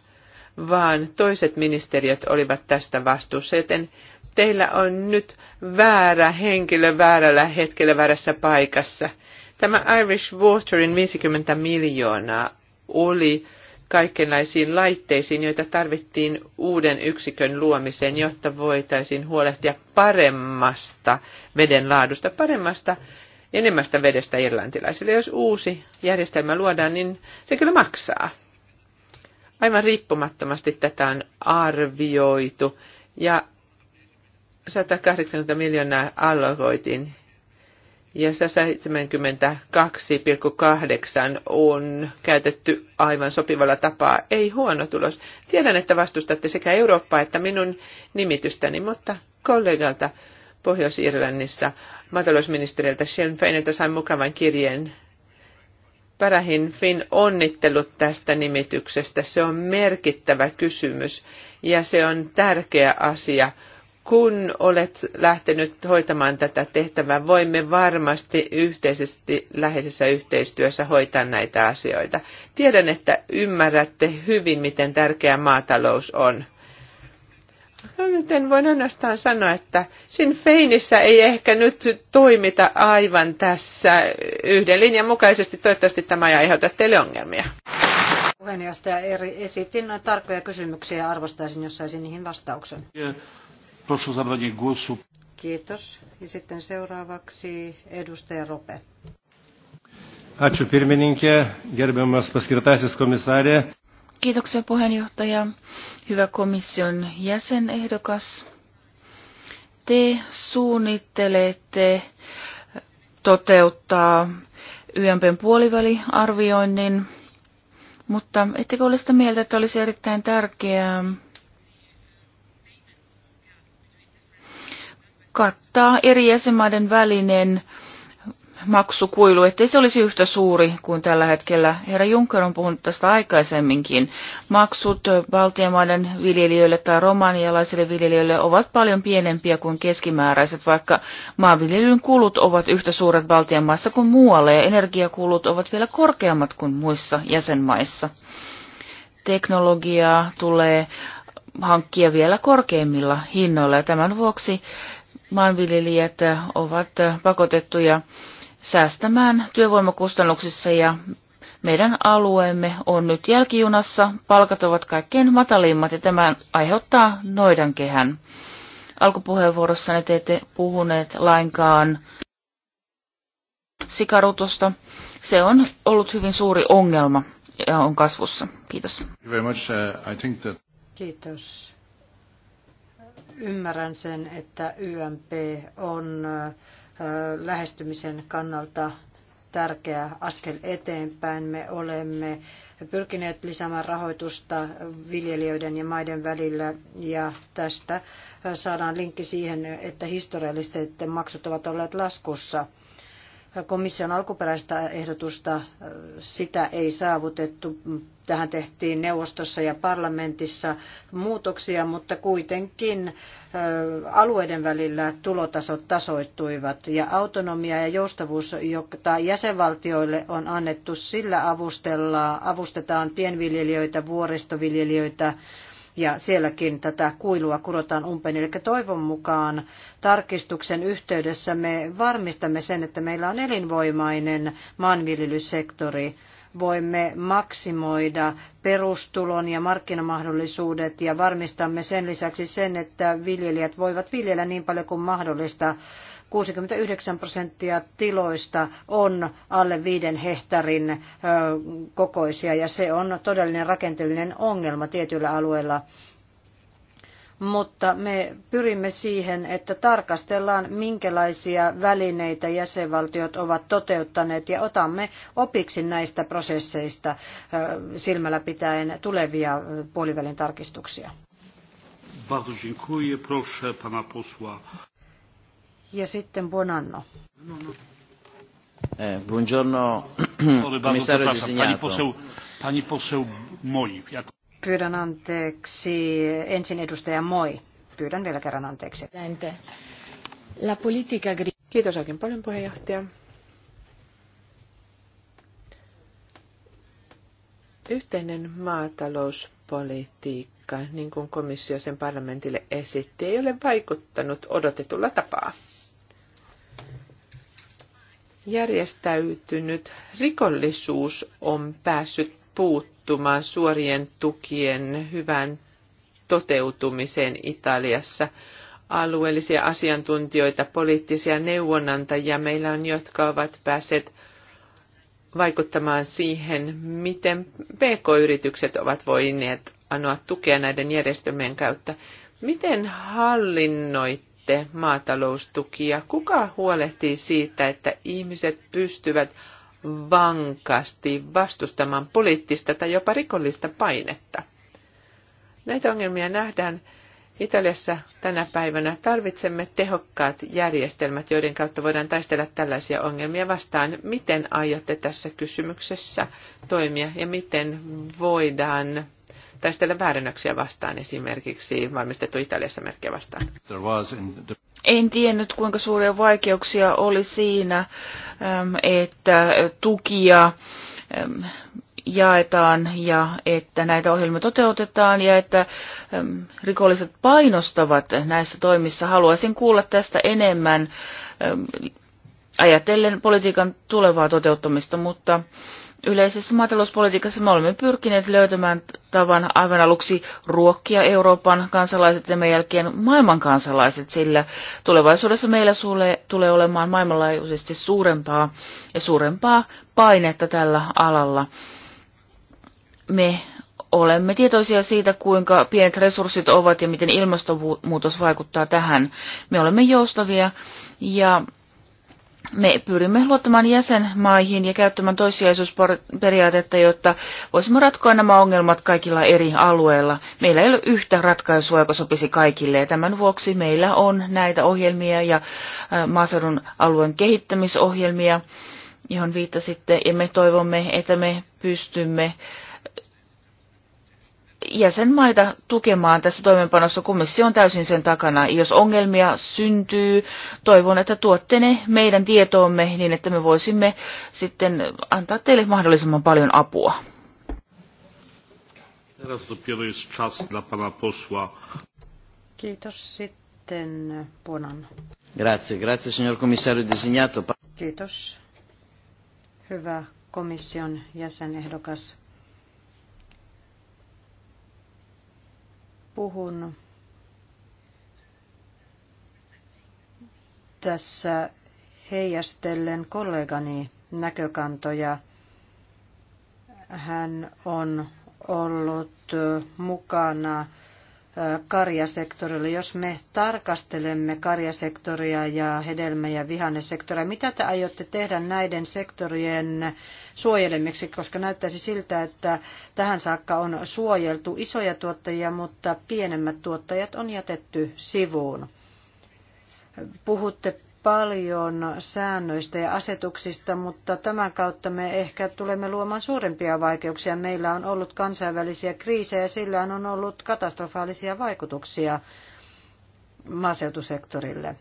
vaan toiset ministeriöt olivat tästä vastuussa, joten teillä on nyt väärä henkilö väärällä hetkellä väärässä paikassa. Tämä Irish Waterin 50 miljoonaa oli kaikenlaisiin laitteisiin, joita tarvittiin uuden yksikön luomiseen, jotta voitaisiin huolehtia paremmasta veden laadusta, paremmasta enemmästä vedestä irlantilaisille. Jos uusi järjestelmä luodaan, niin se kyllä maksaa aivan riippumattomasti tätä on arvioitu ja 180 miljoonaa allokoitin ja 172,8 on käytetty aivan sopivalla tapaa. Ei huono tulos. Tiedän, että vastustatte sekä Eurooppaa että minun nimitystäni, mutta kollegalta Pohjois-Irlannissa maatalousministeriltä Sinn Feineltä sain mukavan kirjeen Parahin Finn onnittelut tästä nimityksestä. Se on merkittävä kysymys ja se on tärkeä asia. Kun olet lähtenyt hoitamaan tätä tehtävää, voimme varmasti yhteisesti läheisessä yhteistyössä hoitaa näitä asioita. Tiedän, että ymmärrätte hyvin, miten tärkeä maatalous on. Joten no voin ainoastaan sanoa, että Sinn Feinissä ei ehkä nyt toimita aivan tässä yhden linjan mukaisesti. Toivottavasti tämä ei aiheuta teille ongelmia. Puheenjohtaja Eri esitti noin tarkkoja kysymyksiä ja arvostaisin, jos saisin niihin vastauksen. Kiitos. Ja sitten seuraavaksi edustaja Rope. Ačiū pirmininkė, gerbiamas paskirtasis komisarė. Kiitoksia puheenjohtaja, hyvä komission jäsenehdokas. Te suunnittelette toteuttaa YMPn puoliväliarvioinnin, mutta ettekö ole sitä mieltä, että olisi erittäin tärkeää kattaa eri jäsenmaiden välinen maksukuilu, ettei se olisi yhtä suuri kuin tällä hetkellä. Herra Juncker on puhunut tästä aikaisemminkin. Maksut Baltian maiden viljelijöille tai romanialaisille viljelijöille ovat paljon pienempiä kuin keskimääräiset, vaikka maanviljelyn kulut ovat yhtä suuret Baltian maissa kuin muualle, ja energiakulut ovat vielä korkeammat kuin muissa jäsenmaissa. Teknologiaa tulee hankkia vielä korkeimmilla hinnoilla ja tämän vuoksi maanviljelijät ovat pakotettuja säästämään työvoimakustannuksissa ja meidän alueemme on nyt jälkijunassa, palkat ovat kaikkein matalimmat ja tämä aiheuttaa noidankehän. Alkupuheenvuorossanne te ette puhuneet lainkaan sikarutosta. Se on ollut hyvin suuri ongelma ja on kasvussa. Kiitos. Uh, Kiitos. Ymmärrän sen, että YMP on lähestymisen kannalta tärkeä askel eteenpäin. Me olemme pyrkineet lisäämään rahoitusta viljelijöiden ja maiden välillä ja tästä saadaan linkki siihen, että historialliset maksut ovat olleet laskussa – komission alkuperäistä ehdotusta, sitä ei saavutettu. Tähän tehtiin neuvostossa ja parlamentissa muutoksia, mutta kuitenkin alueiden välillä tulotasot tasoittuivat ja autonomia ja joustavuus, jota jäsenvaltioille on annettu, sillä avustellaan, avustetaan pienviljelijöitä, vuoristoviljelijöitä, ja sielläkin tätä kuilua kurotaan umpeen. Eli toivon mukaan tarkistuksen yhteydessä me varmistamme sen, että meillä on elinvoimainen maanviljelysektori voimme maksimoida perustulon ja markkinamahdollisuudet ja varmistamme sen lisäksi sen, että viljelijät voivat viljellä niin paljon kuin mahdollista 69 prosenttia tiloista on alle viiden hehtarin kokoisia ja se on todellinen rakenteellinen ongelma tietyillä alueilla mutta me pyrimme siihen, että tarkastellaan, minkälaisia välineitä jäsenvaltiot ovat toteuttaneet ja otamme opiksi näistä prosesseista silmällä pitäen tulevia puolivälin tarkistuksia ja sitten Buonanno. Eh, buongiorno, komissario Pani pani poseu Moi. Pyydän anteeksi. Ensin edustaja Moi. Pyydän vielä kerran anteeksi. La politica... Kiitos oikein paljon puheenjohtaja. Yhteinen maatalouspolitiikka, niin kuin komissio sen parlamentille esitti, ei ole vaikuttanut odotetulla tapaa järjestäytynyt rikollisuus on päässyt puuttumaan suorien tukien hyvän toteutumiseen Italiassa. Alueellisia asiantuntijoita, poliittisia neuvonantajia meillä on, jotka ovat päässeet vaikuttamaan siihen, miten pk-yritykset ovat voineet anoa tukea näiden järjestelmien kautta. Miten hallinnoit sitten maataloustukia? Kuka huolehtii siitä, että ihmiset pystyvät vankasti vastustamaan poliittista tai jopa rikollista painetta? Näitä ongelmia nähdään Italiassa tänä päivänä. Tarvitsemme tehokkaat järjestelmät, joiden kautta voidaan taistella tällaisia ongelmia vastaan. Miten aiotte tässä kysymyksessä toimia ja miten voidaan taistella väärennöksiä vastaan, esimerkiksi valmistettu Italiassa merkkiä vastaan? En tiennyt, kuinka suuria vaikeuksia oli siinä, että tukia jaetaan ja että näitä ohjelmia toteutetaan ja että rikolliset painostavat näissä toimissa. Haluaisin kuulla tästä enemmän ajatellen politiikan tulevaa toteuttamista, mutta yleisessä maatalouspolitiikassa me olemme pyrkineet löytämään tavan aivan aluksi ruokkia Euroopan kansalaiset ja meidän jälkeen maailman kansalaiset, sillä tulevaisuudessa meillä sulle, tulee olemaan maailmanlaajuisesti suurempaa ja suurempaa painetta tällä alalla. Me olemme tietoisia siitä, kuinka pienet resurssit ovat ja miten ilmastonmuutos vaikuttaa tähän. Me olemme joustavia ja me pyrimme luottamaan jäsenmaihin ja käyttämään toissijaisuusperiaatetta, jotta voisimme ratkoa nämä ongelmat kaikilla eri alueilla. Meillä ei ole yhtä ratkaisua, joka sopisi kaikille, ja tämän vuoksi meillä on näitä ohjelmia ja maaseudun alueen kehittämisohjelmia, johon viittasitte, ja me toivomme, että me pystymme äh, jäsenmaita tukemaan tässä toimenpanossa. Komissio on täysin sen takana. Jos ongelmia syntyy, toivon, että tuotte ne meidän tietoomme niin, että me voisimme sitten antaa teille mahdollisimman paljon apua. Kiitos sitten Bonan. Eh, grazie, grazie signor commissario designato. Kiitos. Hyvä komission jäsenehdokas puhun tässä heijastellen kollegani näkökantoja. Hän on ollut mukana karjasektorille. Jos me tarkastelemme karjasektoria ja hedelmä- ja vihannesektoria, mitä te aiotte tehdä näiden sektorien suojelemiksi, koska näyttäisi siltä, että tähän saakka on suojeltu isoja tuottajia, mutta pienemmät tuottajat on jätetty sivuun. Puhutte paljon säännöistä ja asetuksista, mutta tämän kautta me ehkä tulemme luomaan suurempia vaikeuksia. Meillä on ollut kansainvälisiä kriisejä ja sillä on ollut katastrofaalisia vaikutuksia maaseutusektorille.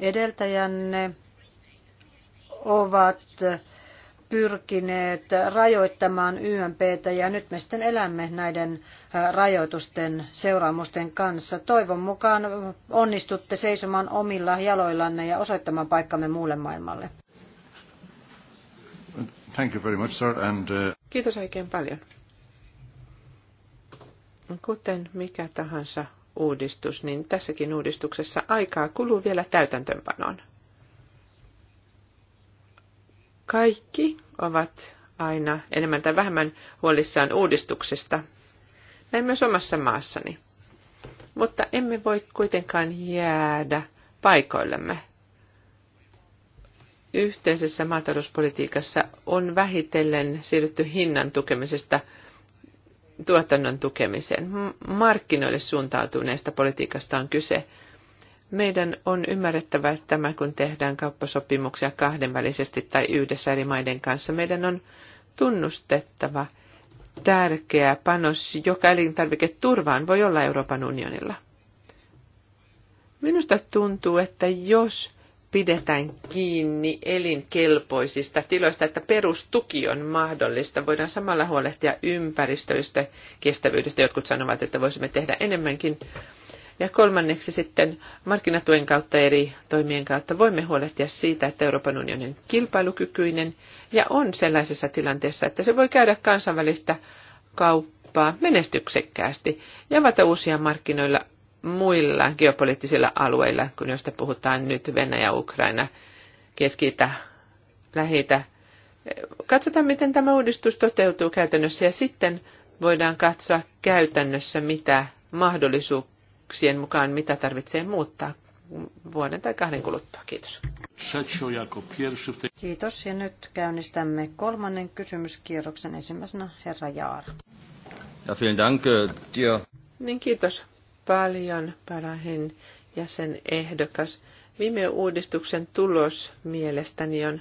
Edeltäjänne ovat pyrkineet rajoittamaan YMPtä ja nyt me sitten elämme näiden rajoitusten seuraamusten kanssa. Toivon mukaan onnistutte seisomaan omilla jaloillanne ja osoittamaan paikkamme muulle maailmalle. Thank you very much, sir, and, uh... Kiitos oikein paljon. Kuten mikä tahansa uudistus, niin tässäkin uudistuksessa aikaa kuluu vielä täytäntöönpanoon. Kaikki ovat aina enemmän tai vähemmän huolissaan uudistuksista, näin myös omassa maassani. Mutta emme voi kuitenkaan jäädä paikoillemme. Yhteisessä maatalouspolitiikassa on vähitellen siirrytty hinnan tukemisesta tuotannon tukemiseen. Markkinoille suuntautuneesta politiikasta on kyse. Meidän on ymmärrettävä että tämä, kun tehdään kauppasopimuksia kahdenvälisesti tai yhdessä eri maiden kanssa. Meidän on tunnustettava tärkeä panos, joka elintarviketurvaan voi olla Euroopan unionilla. Minusta tuntuu, että jos pidetään kiinni elinkelpoisista tiloista, että perustuki on mahdollista. Voidaan samalla huolehtia ympäristöistä, kestävyydestä. Jotkut sanovat, että voisimme tehdä enemmänkin, ja kolmanneksi sitten markkinatuen kautta eri toimien kautta voimme huolehtia siitä, että Euroopan unionin kilpailukykyinen ja on sellaisessa tilanteessa, että se voi käydä kansainvälistä kauppaa menestyksekkäästi ja avata uusia markkinoilla muilla geopoliittisilla alueilla, kun joista puhutaan nyt Venäjä, Ukraina, Keski-Itä, Katsotaan, miten tämä uudistus toteutuu käytännössä ja sitten voidaan katsoa käytännössä, mitä mahdollisuuksia ehdotuksien mukaan, mitä tarvitsee muuttaa vuoden tai kahden kuluttua. Kiitos. Kiitos. Ja nyt käynnistämme kolmannen kysymyskierroksen ensimmäisenä herra Jaara. Ja vielen dank, äh, dir. Niin kiitos paljon, Parahin jäsen ehdokas. Viime uudistuksen tulos mielestäni on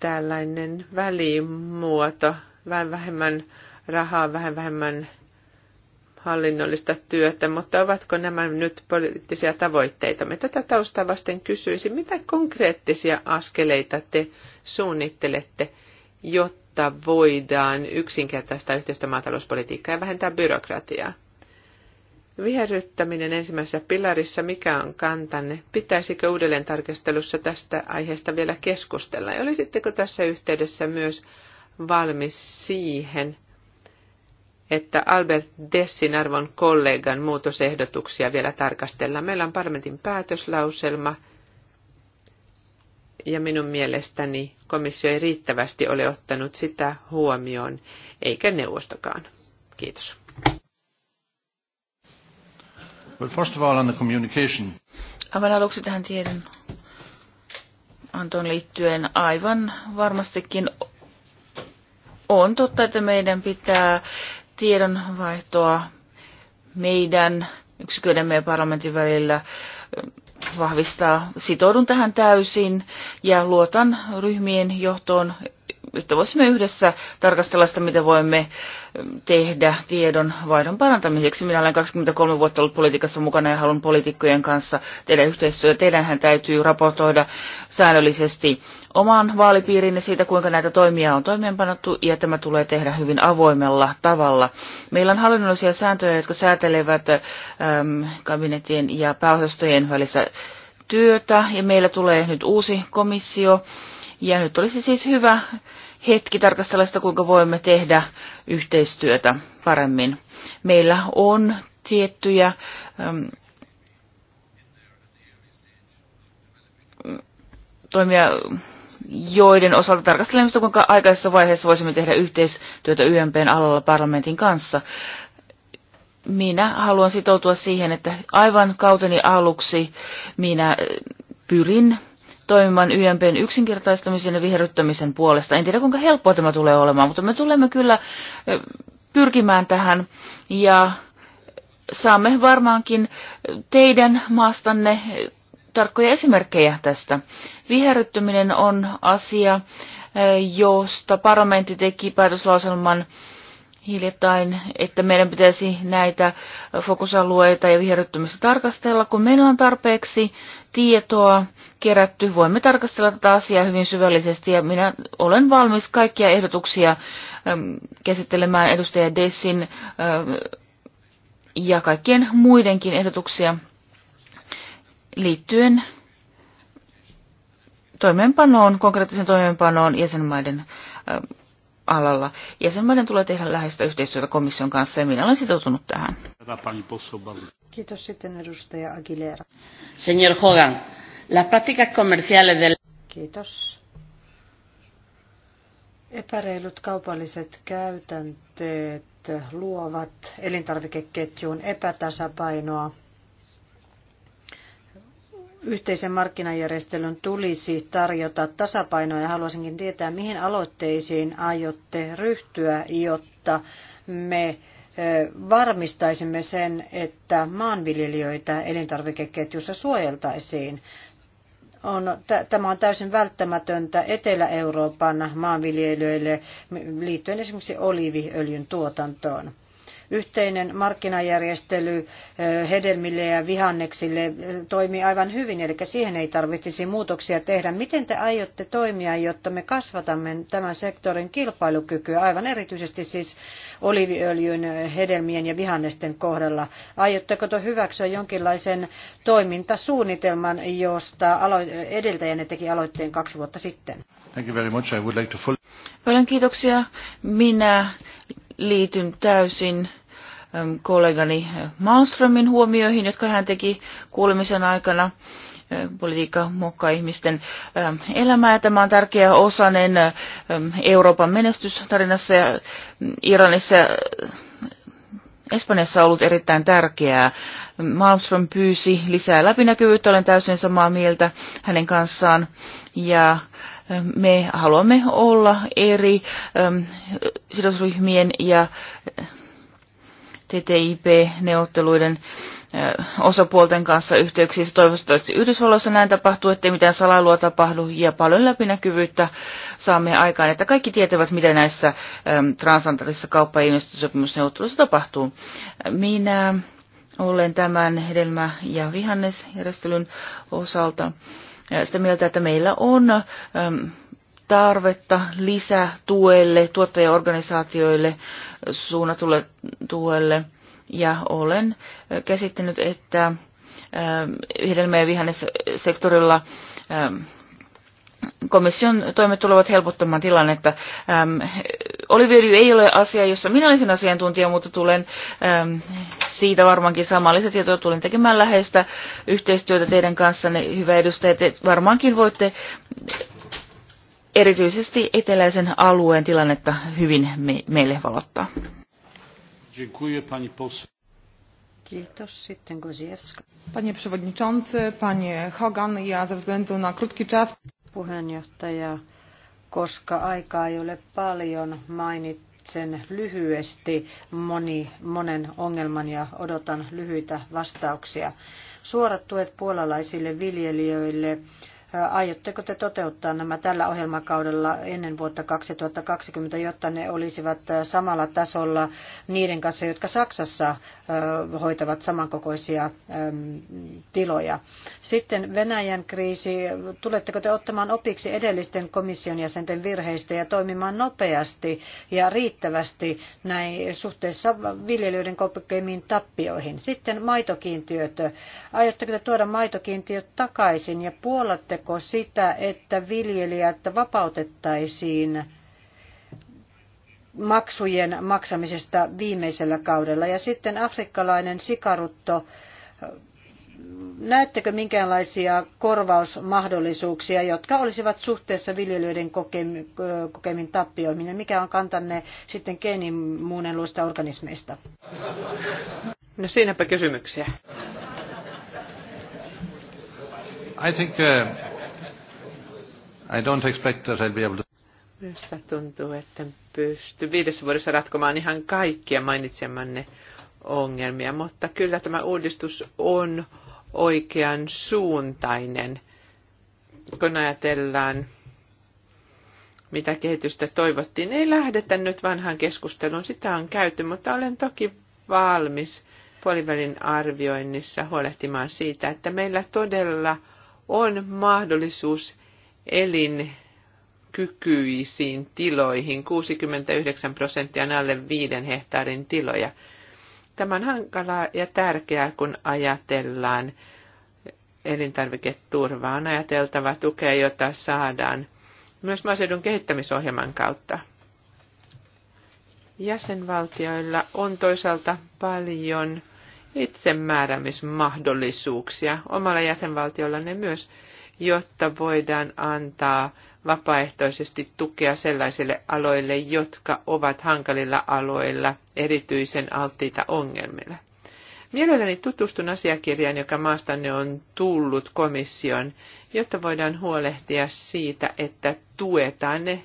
tällainen välimuoto, vähän vähemmän rahaa, vähän vähemmän hallinnollista työtä, mutta ovatko nämä nyt poliittisia tavoitteita? Me tätä taustaa vasten kysyisin, mitä konkreettisia askeleita te suunnittelette, jotta voidaan yksinkertaistaa yhteistä maatalouspolitiikkaa ja vähentää byrokratiaa? Viherryttäminen ensimmäisessä pilarissa, mikä on kantanne? Pitäisikö uudelleen tarkastelussa tästä aiheesta vielä keskustella? Ja olisitteko tässä yhteydessä myös valmis siihen, että Albert Dessin arvon kollegan muutosehdotuksia vielä tarkastellaan. Meillä on parlamentin päätöslauselma ja minun mielestäni komissio ei riittävästi ole ottanut sitä huomioon, eikä neuvostokaan. Kiitos. Well, first of all on the communication. Aivan aluksi tähän tiedon antoon liittyen aivan varmastikin on totta, että meidän pitää tiedonvaihtoa meidän yksiköidemme ja parlamentin välillä vahvistaa. Sitoudun tähän täysin ja luotan ryhmien johtoon että voisimme yhdessä tarkastella sitä, mitä voimme tehdä tiedon vaihdon parantamiseksi. Minä olen 23 vuotta ollut politiikassa mukana ja haluan poliitikkojen kanssa tehdä yhteistyötä. Teidänhän täytyy raportoida säännöllisesti oman vaalipiirinne siitä, kuinka näitä toimia on toimeenpanottu, ja tämä tulee tehdä hyvin avoimella tavalla. Meillä on hallinnollisia sääntöjä, jotka säätelevät äm, kabinetien ja pääosastojen välissä työtä, ja meillä tulee nyt uusi komissio, ja nyt olisi siis hyvä hetki tarkastella sitä, kuinka voimme tehdä yhteistyötä paremmin. Meillä on tiettyjä ähm, toimia, joiden osalta tarkastelemme kuinka aikaisessa vaiheessa voisimme tehdä yhteistyötä YMPn alalla parlamentin kanssa. Minä haluan sitoutua siihen, että aivan kauteni aluksi minä äh, pyrin toimimaan YMPn yksinkertaistamisen ja viherryttämisen puolesta. En tiedä kuinka helppoa tämä tulee olemaan, mutta me tulemme kyllä pyrkimään tähän ja saamme varmaankin teidän maastanne tarkkoja esimerkkejä tästä. Viherryttäminen on asia, josta parlamentti teki päätöslauselman hiljattain, että meidän pitäisi näitä fokusalueita ja viherryttämistä tarkastella. Kun meillä on tarpeeksi tietoa kerätty, voimme tarkastella tätä asiaa hyvin syvällisesti ja minä olen valmis kaikkia ehdotuksia ähm, käsittelemään edustaja Dessin äh, ja kaikkien muidenkin ehdotuksia liittyen toimeenpanoon, konkreettisen toimeenpanoon jäsenmaiden äh, alalla. Jäsenmaiden tulee tehdä läheistä yhteistyötä komission kanssa ja minä olen sitoutunut tähän. Kiitos sitten edustaja Aguilera. Señor Hogan, las prácticas comerciales del... Kiitos. Epäreilut kaupalliset käytänteet luovat elintarvikeketjuun epätasapainoa yhteisen markkinajärjestelyn tulisi tarjota tasapainoa ja haluaisinkin tietää, mihin aloitteisiin aiotte ryhtyä, jotta me varmistaisimme sen, että maanviljelijöitä elintarvikeketjussa suojeltaisiin. On, tämä on täysin välttämätöntä Etelä-Euroopan maanviljelijöille liittyen esimerkiksi oliiviöljyn tuotantoon. Yhteinen markkinajärjestely eh, hedelmille ja vihanneksille eh, toimii aivan hyvin, eli siihen ei tarvitsisi muutoksia tehdä. Miten te aiotte toimia, jotta me kasvatamme tämän sektorin kilpailukykyä, aivan erityisesti siis oliiviöljyn, eh, hedelmien ja vihannesten kohdalla? Aiotteko te hyväksyä jonkinlaisen toimintasuunnitelman, josta edeltäjänne teki aloitteen kaksi vuotta sitten? Thank you very much. I would like to Paljon kiitoksia. Minä liityn täysin Ähm, kollegani Malmströmin huomioihin, jotka hän teki kuulemisen aikana. Äh, politiikka muokkaa ihmisten ähm, elämää. Tämä on tärkeä osanen ähm, Euroopan menestystarinassa ja mm, Iranissa ja Espanjassa on ollut erittäin tärkeää. Malmström pyysi lisää läpinäkyvyyttä, olen täysin samaa mieltä hänen kanssaan. Ja me haluamme olla eri sidosryhmien ja TTIP-neuvotteluiden osapuolten kanssa yhteyksissä. Toivottavasti Yhdysvalloissa näin tapahtuu, ettei mitään salailua tapahdu ja paljon läpinäkyvyyttä saamme aikaan, että kaikki tietävät, mitä näissä transantarissa kauppa- ja investointisopimusneuvotteluissa tapahtuu. Minä olen tämän hedelmä- ja vihannesjärjestelyn osalta sitä mieltä, että meillä on tarvetta lisätuelle, tuottajaorganisaatioille suunnatulle tuelle. Ja olen äh, käsittänyt, että ähm, hedelmä- ja vihannessektorilla ähm, komission toimet tulevat helpottamaan tilannetta. Ähm, oliviöljy ei ole asia, jossa minä olisin asiantuntija, mutta tulen siitä varmaankin saamaan lisätietoa. Tulen tekemään läheistä yhteistyötä teidän kanssanne, hyvä edustaja. Te varmaankin voitte erityisesti eteläisen alueen tilannetta hyvin me, meille valottaa. Kiitos. Sitten Koziewska. Panie przewodniczący, panie Hogan, ja ze względu na krótki czas... Puheenjohtaja, koska aikaa ei ole paljon, mainitsen lyhyesti moni, monen ongelman ja odotan lyhyitä vastauksia. Suorat tuet puolalaisille viljelijöille Aiotteko te toteuttaa nämä tällä ohjelmakaudella ennen vuotta 2020, jotta ne olisivat samalla tasolla niiden kanssa, jotka Saksassa hoitavat samankokoisia tiloja? Sitten Venäjän kriisi. Tuletteko te ottamaan opiksi edellisten komission jäsenten virheistä ja toimimaan nopeasti ja riittävästi näin suhteessa viljelijöiden kokemiin tappioihin? Sitten maitokiintiöt. Aiotteko te tuoda maitokiintiöt takaisin ja puolatte Vastustatteko sitä, että viljelijät vapautettaisiin maksujen maksamisesta viimeisellä kaudella? Ja sitten afrikkalainen sikarutto näettekö minkäänlaisia korvausmahdollisuuksia, jotka olisivat suhteessa viljelijöiden kokemiin tappioihin? Ja mikä on kantanne sitten geenimuunnelluista organismeista? No siinäpä kysymyksiä. I think, uh... I don't expect that I'll be able to... Minusta tuntuu, että pysty viidessä vuodessa ratkomaan ihan kaikkia mainitsemanne ongelmia, mutta kyllä tämä uudistus on oikean suuntainen, kun ajatellaan, mitä kehitystä toivottiin. Ei lähdetä nyt vanhaan keskusteluun, sitä on käyty, mutta olen toki valmis puolivälin arvioinnissa huolehtimaan siitä, että meillä todella on mahdollisuus elinkykyisiin tiloihin. 69 prosenttia alle viiden hehtaarin tiloja. Tämä on hankalaa ja tärkeää, kun ajatellaan elintarviketurvaa. On ajateltava tukea, jota saadaan myös maaseudun kehittämisohjelman kautta. Jäsenvaltioilla on toisaalta paljon itsemääräämismahdollisuuksia. Omalla jäsenvaltiolla ne myös jotta voidaan antaa vapaaehtoisesti tukea sellaisille aloille, jotka ovat hankalilla aloilla erityisen alttiita ongelmille. Mielelläni tutustun asiakirjaan, joka maastanne on tullut komission, jotta voidaan huolehtia siitä, että tuetaan ne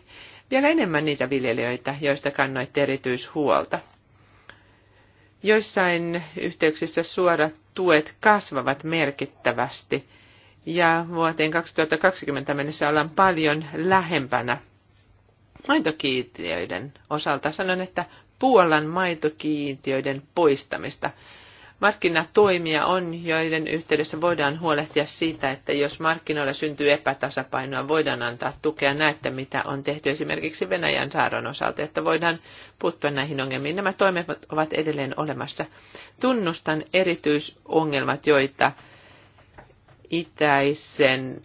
vielä enemmän niitä viljelijöitä, joista kannoitte erityishuolta. Joissain yhteyksissä suorat tuet kasvavat merkittävästi – ja vuoteen 2020 mennessä ollaan paljon lähempänä maitokiintiöiden osalta. Sanon, että Puolan maitokiintiöiden poistamista. Markkinatoimia on, joiden yhteydessä voidaan huolehtia siitä, että jos markkinoilla syntyy epätasapainoa, voidaan antaa tukea. näitä mitä on tehty esimerkiksi Venäjän saaron osalta, että voidaan puuttua näihin ongelmiin. Nämä toimet ovat edelleen olemassa. Tunnustan erityisongelmat, joita itäisen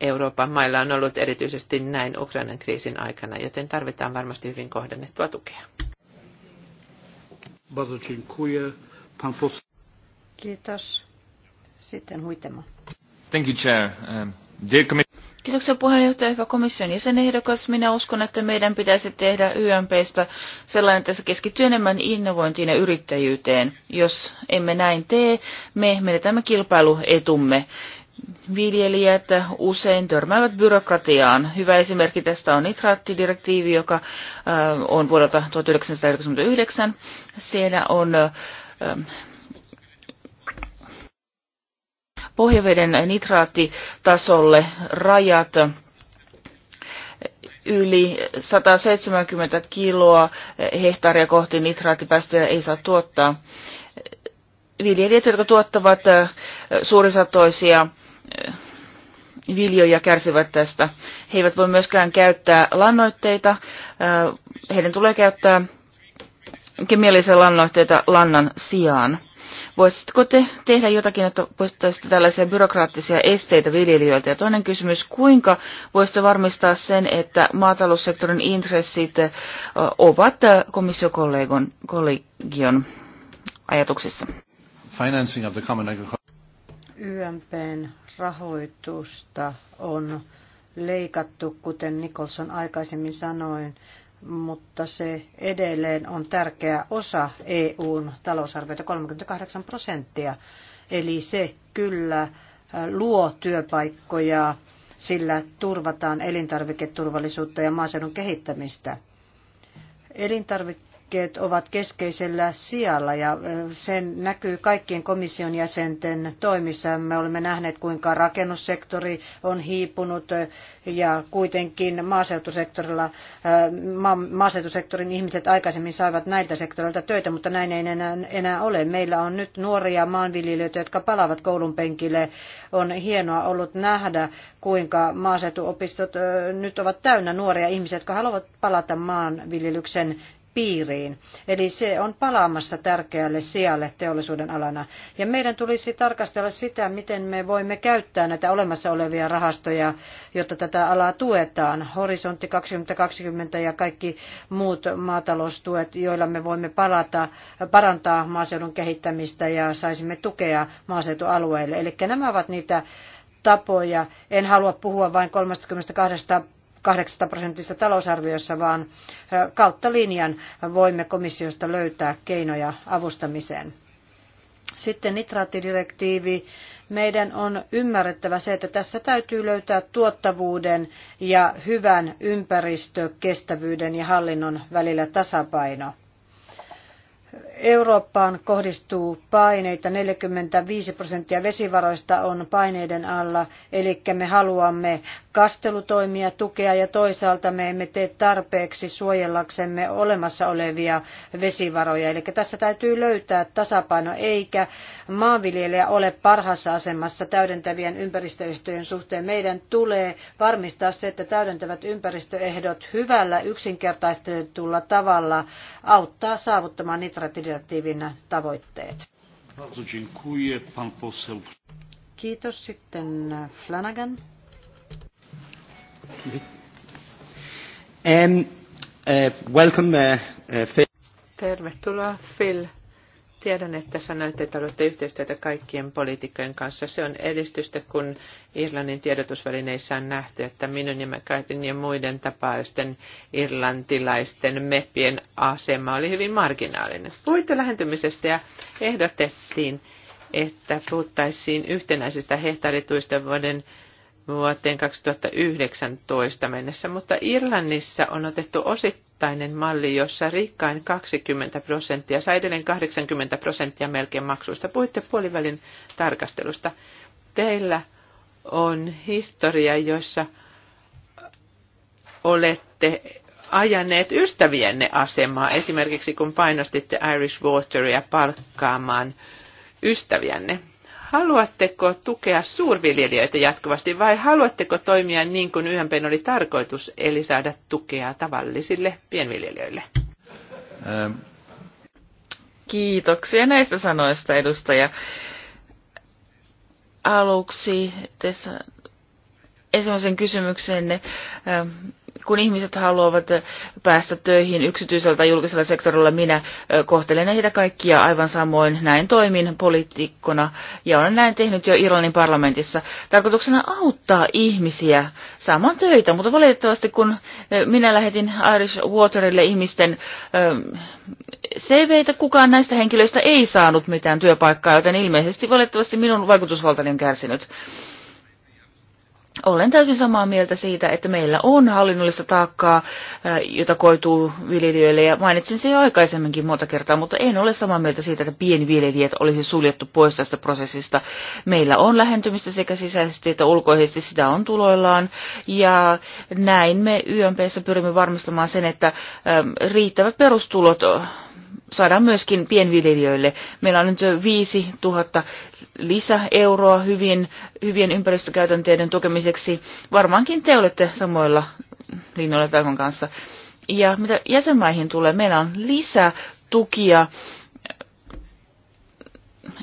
Euroopan mailla on ollut erityisesti näin Ukrainan kriisin aikana, joten tarvitaan varmasti hyvin kohdennettua tukea. Kiitos. Sitten huitema. Thank you, Chair. Um, Kiitoksia puheenjohtaja, hyvä komission jäsenehdokas. Minä uskon, että meidän pitäisi tehdä YMPstä sellainen, että se keskittyy enemmän innovointiin ja yrittäjyyteen. Jos emme näin tee, me menetämme kilpailuetumme. Viljelijät usein törmäävät byrokratiaan. Hyvä esimerkki tästä on nitraattidirektiivi, joka äh, on vuodelta 1999. Siellä on äh, pohjaveden nitraattitasolle rajat yli 170 kiloa hehtaaria kohti nitraattipäästöjä ei saa tuottaa. Viljelijät, jotka tuottavat suurisatoisia viljoja kärsivät tästä. He eivät voi myöskään käyttää lannoitteita. Heidän tulee käyttää kemiallisia lannoitteita lannan sijaan. Voisitko te tehdä jotakin, että poistaisitte tällaisia byrokraattisia esteitä viljelijöiltä? Ja toinen kysymys, kuinka voisitte varmistaa sen, että maataloussektorin intressit ovat komissiokollegion kollegion ajatuksissa? Financing of the common YMPn rahoitusta on leikattu, kuten Nikolson aikaisemmin sanoin, mutta se edelleen on tärkeä osa EUn talousarviota, 38 prosenttia. Eli se kyllä äh, luo työpaikkoja, sillä turvataan elintarviketurvallisuutta ja maaseudun kehittämistä. Elintarvik- lääkkeet ovat keskeisellä sijalla ja sen näkyy kaikkien komission jäsenten toimissa. Me olemme nähneet, kuinka rakennussektori on hiipunut ja kuitenkin maaseutusektorilla, ma- maaseutusektorin ihmiset aikaisemmin saivat näiltä sektoreilta töitä, mutta näin ei enää, enää ole. Meillä on nyt nuoria maanviljelijöitä, jotka palaavat koulun penkille. On hienoa ollut nähdä, kuinka maaseutuopistot nyt ovat täynnä nuoria ihmisiä, jotka haluavat palata maanviljelyksen piiriin. Eli se on palaamassa tärkeälle sijalle teollisuuden alana. Ja meidän tulisi tarkastella sitä, miten me voimme käyttää näitä olemassa olevia rahastoja, jotta tätä alaa tuetaan. Horisontti 2020 ja kaikki muut maataloustuet, joilla me voimme palata, parantaa maaseudun kehittämistä ja saisimme tukea maaseutualueille. Eli nämä ovat niitä tapoja. En halua puhua vain 32 8 prosentissa talousarviossa, vaan kautta linjan voimme komissiosta löytää keinoja avustamiseen. Sitten nitraattidirektiivi. Meidän on ymmärrettävä se, että tässä täytyy löytää tuottavuuden ja hyvän ympäristökestävyyden ja hallinnon välillä tasapaino. Eurooppaan kohdistuu paineita, 45 prosenttia vesivaroista on paineiden alla, eli me haluamme kastelutoimia tukea ja toisaalta me emme tee tarpeeksi suojellaksemme olemassa olevia vesivaroja. Eli tässä täytyy löytää tasapaino, eikä maanviljelijä ole parhaassa asemassa täydentävien ympäristöehtojen suhteen. Meidän tulee varmistaa se, että täydentävät ympäristöehdot hyvällä yksinkertaistetulla tavalla auttaa saavuttamaan nitraattidirektiivin tavoitteet. Kiitos sitten Flanagan. Um, uh, welcome, uh, Phil. Tervetuloa, Phil. Tiedän, että sanoitte, että olette yhteistyötä kaikkien poliitikkojen kanssa. Se on edistystä, kun Irlannin tiedotusvälineissä on nähty, että minun ja McCartin ja muiden tapausten irlantilaisten meppien asema oli hyvin marginaalinen. Puhuitte lähentymisestä ja ehdotettiin, että puhuttaisiin yhtenäisistä hehtaarituista vuoden vuoteen 2019 mennessä, mutta Irlannissa on otettu osittainen malli, jossa rikkain 20 prosenttia sai edelleen 80 prosenttia melkein maksuista. Puhuitte puolivälin tarkastelusta. Teillä on historia, jossa olette ajaneet ystävienne asemaa, esimerkiksi kun painostitte Irish Wateria palkkaamaan ystäviänne. Haluatteko tukea suurviljelijöitä jatkuvasti vai haluatteko toimia niin kuin yhden oli tarkoitus, eli saada tukea tavallisille pienviljelijöille? Ähm. Kiitoksia näistä sanoista, edustaja. Aluksi tässä ensimmäisen kysymyksenne. Ähm kun ihmiset haluavat päästä töihin yksityiseltä julkisella sektorilla, minä kohtelen heitä kaikkia aivan samoin. Näin toimin poliitikkona ja olen näin tehnyt jo Irlannin parlamentissa. Tarkoituksena auttaa ihmisiä saamaan töitä, mutta valitettavasti kun minä lähetin Irish Waterille ihmisten CVitä, kukaan näistä henkilöistä ei saanut mitään työpaikkaa, joten ilmeisesti valitettavasti minun vaikutusvaltani on kärsinyt. Olen täysin samaa mieltä siitä, että meillä on hallinnollista taakkaa, jota koituu viljelijöille, ja mainitsin sen jo aikaisemminkin monta kertaa, mutta en ole samaa mieltä siitä, että pienviljelijät olisi suljettu pois tästä prosessista. Meillä on lähentymistä sekä sisäisesti että ulkoisesti, sitä on tuloillaan, ja näin me YMPssä pyrimme varmistamaan sen, että riittävät perustulot saadaan myöskin pienviljelijöille. Meillä on nyt 5000 lisäeuroa hyvien, hyvien ympäristökäytänteiden tukemiseksi. Varmaankin te olette samoilla linjoilla Taivon kanssa. Ja mitä jäsenmaihin tulee, meillä on lisää tukia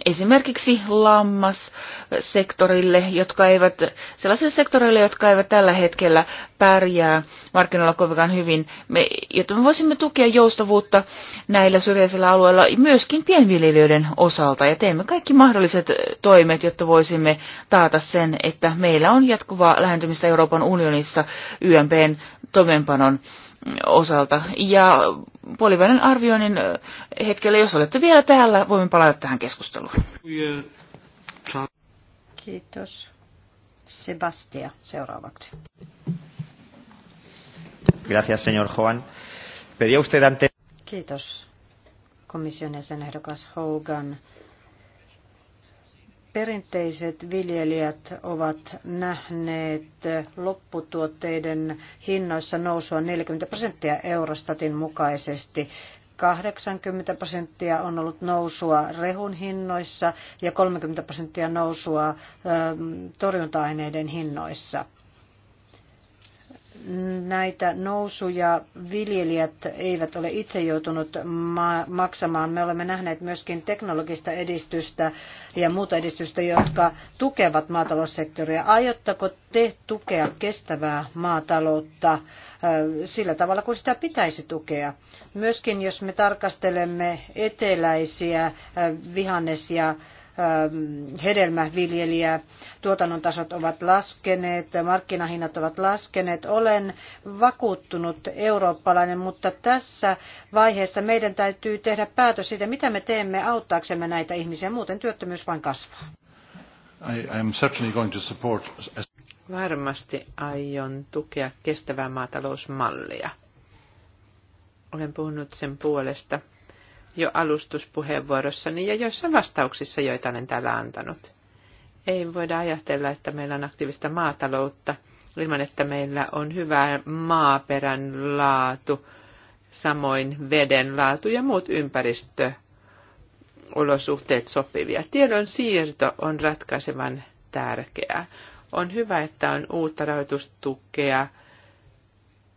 esimerkiksi lammassektorille, jotka eivät, sellaisille sektoreille, jotka eivät tällä hetkellä pärjää markkinoilla kovinkaan hyvin, me, jotta me voisimme tukea joustavuutta näillä syrjäisillä alueilla myöskin pienviljelijöiden osalta ja teemme kaikki mahdolliset toimet, jotta voisimme taata sen, että meillä on jatkuvaa lähentymistä Euroopan unionissa YMPn toimeenpanon osalta. Ja puolivälin arvioinnin hetkellä, jos olette vielä täällä, voimme palata tähän keskusteluun. Kiitos. Sebastia seuraavaksi. Gracias, señor Juan. Pedía usted ante... Kiitos, komission jäsenehdokas Hogan. Perinteiset viljelijät ovat nähneet lopputuotteiden hinnoissa nousua 40 prosenttia eurostatin mukaisesti. 80 prosenttia on ollut nousua rehun hinnoissa ja 30 prosenttia nousua ähm, torjunta-aineiden hinnoissa näitä nousuja viljelijät eivät ole itse joutunut maksamaan. Me olemme nähneet myöskin teknologista edistystä ja muuta edistystä, jotka tukevat maataloussektoria. Aiotteko te tukea kestävää maataloutta sillä tavalla, kun sitä pitäisi tukea? Myöskin jos me tarkastelemme eteläisiä vihannes- ja Ähm, hedelmäviljelijää. Tuotannon tasot ovat laskeneet, markkinahinnat ovat laskeneet. Olen vakuuttunut eurooppalainen, mutta tässä vaiheessa meidän täytyy tehdä päätös siitä, mitä me teemme auttaaksemme näitä ihmisiä. Muuten työttömyys vain kasvaa. I, am certainly going to support... Varmasti aion tukea kestävää maatalousmallia. Olen puhunut sen puolesta jo alustuspuheenvuorossani ja joissa vastauksissa, joita olen täällä antanut. Ei voida ajatella, että meillä on aktiivista maataloutta ilman, että meillä on hyvä maaperän laatu, samoin veden laatu ja muut ympäristöolosuhteet sopivia. Tiedon siirto on ratkaisevan tärkeää. On hyvä, että on uutta rahoitustukea,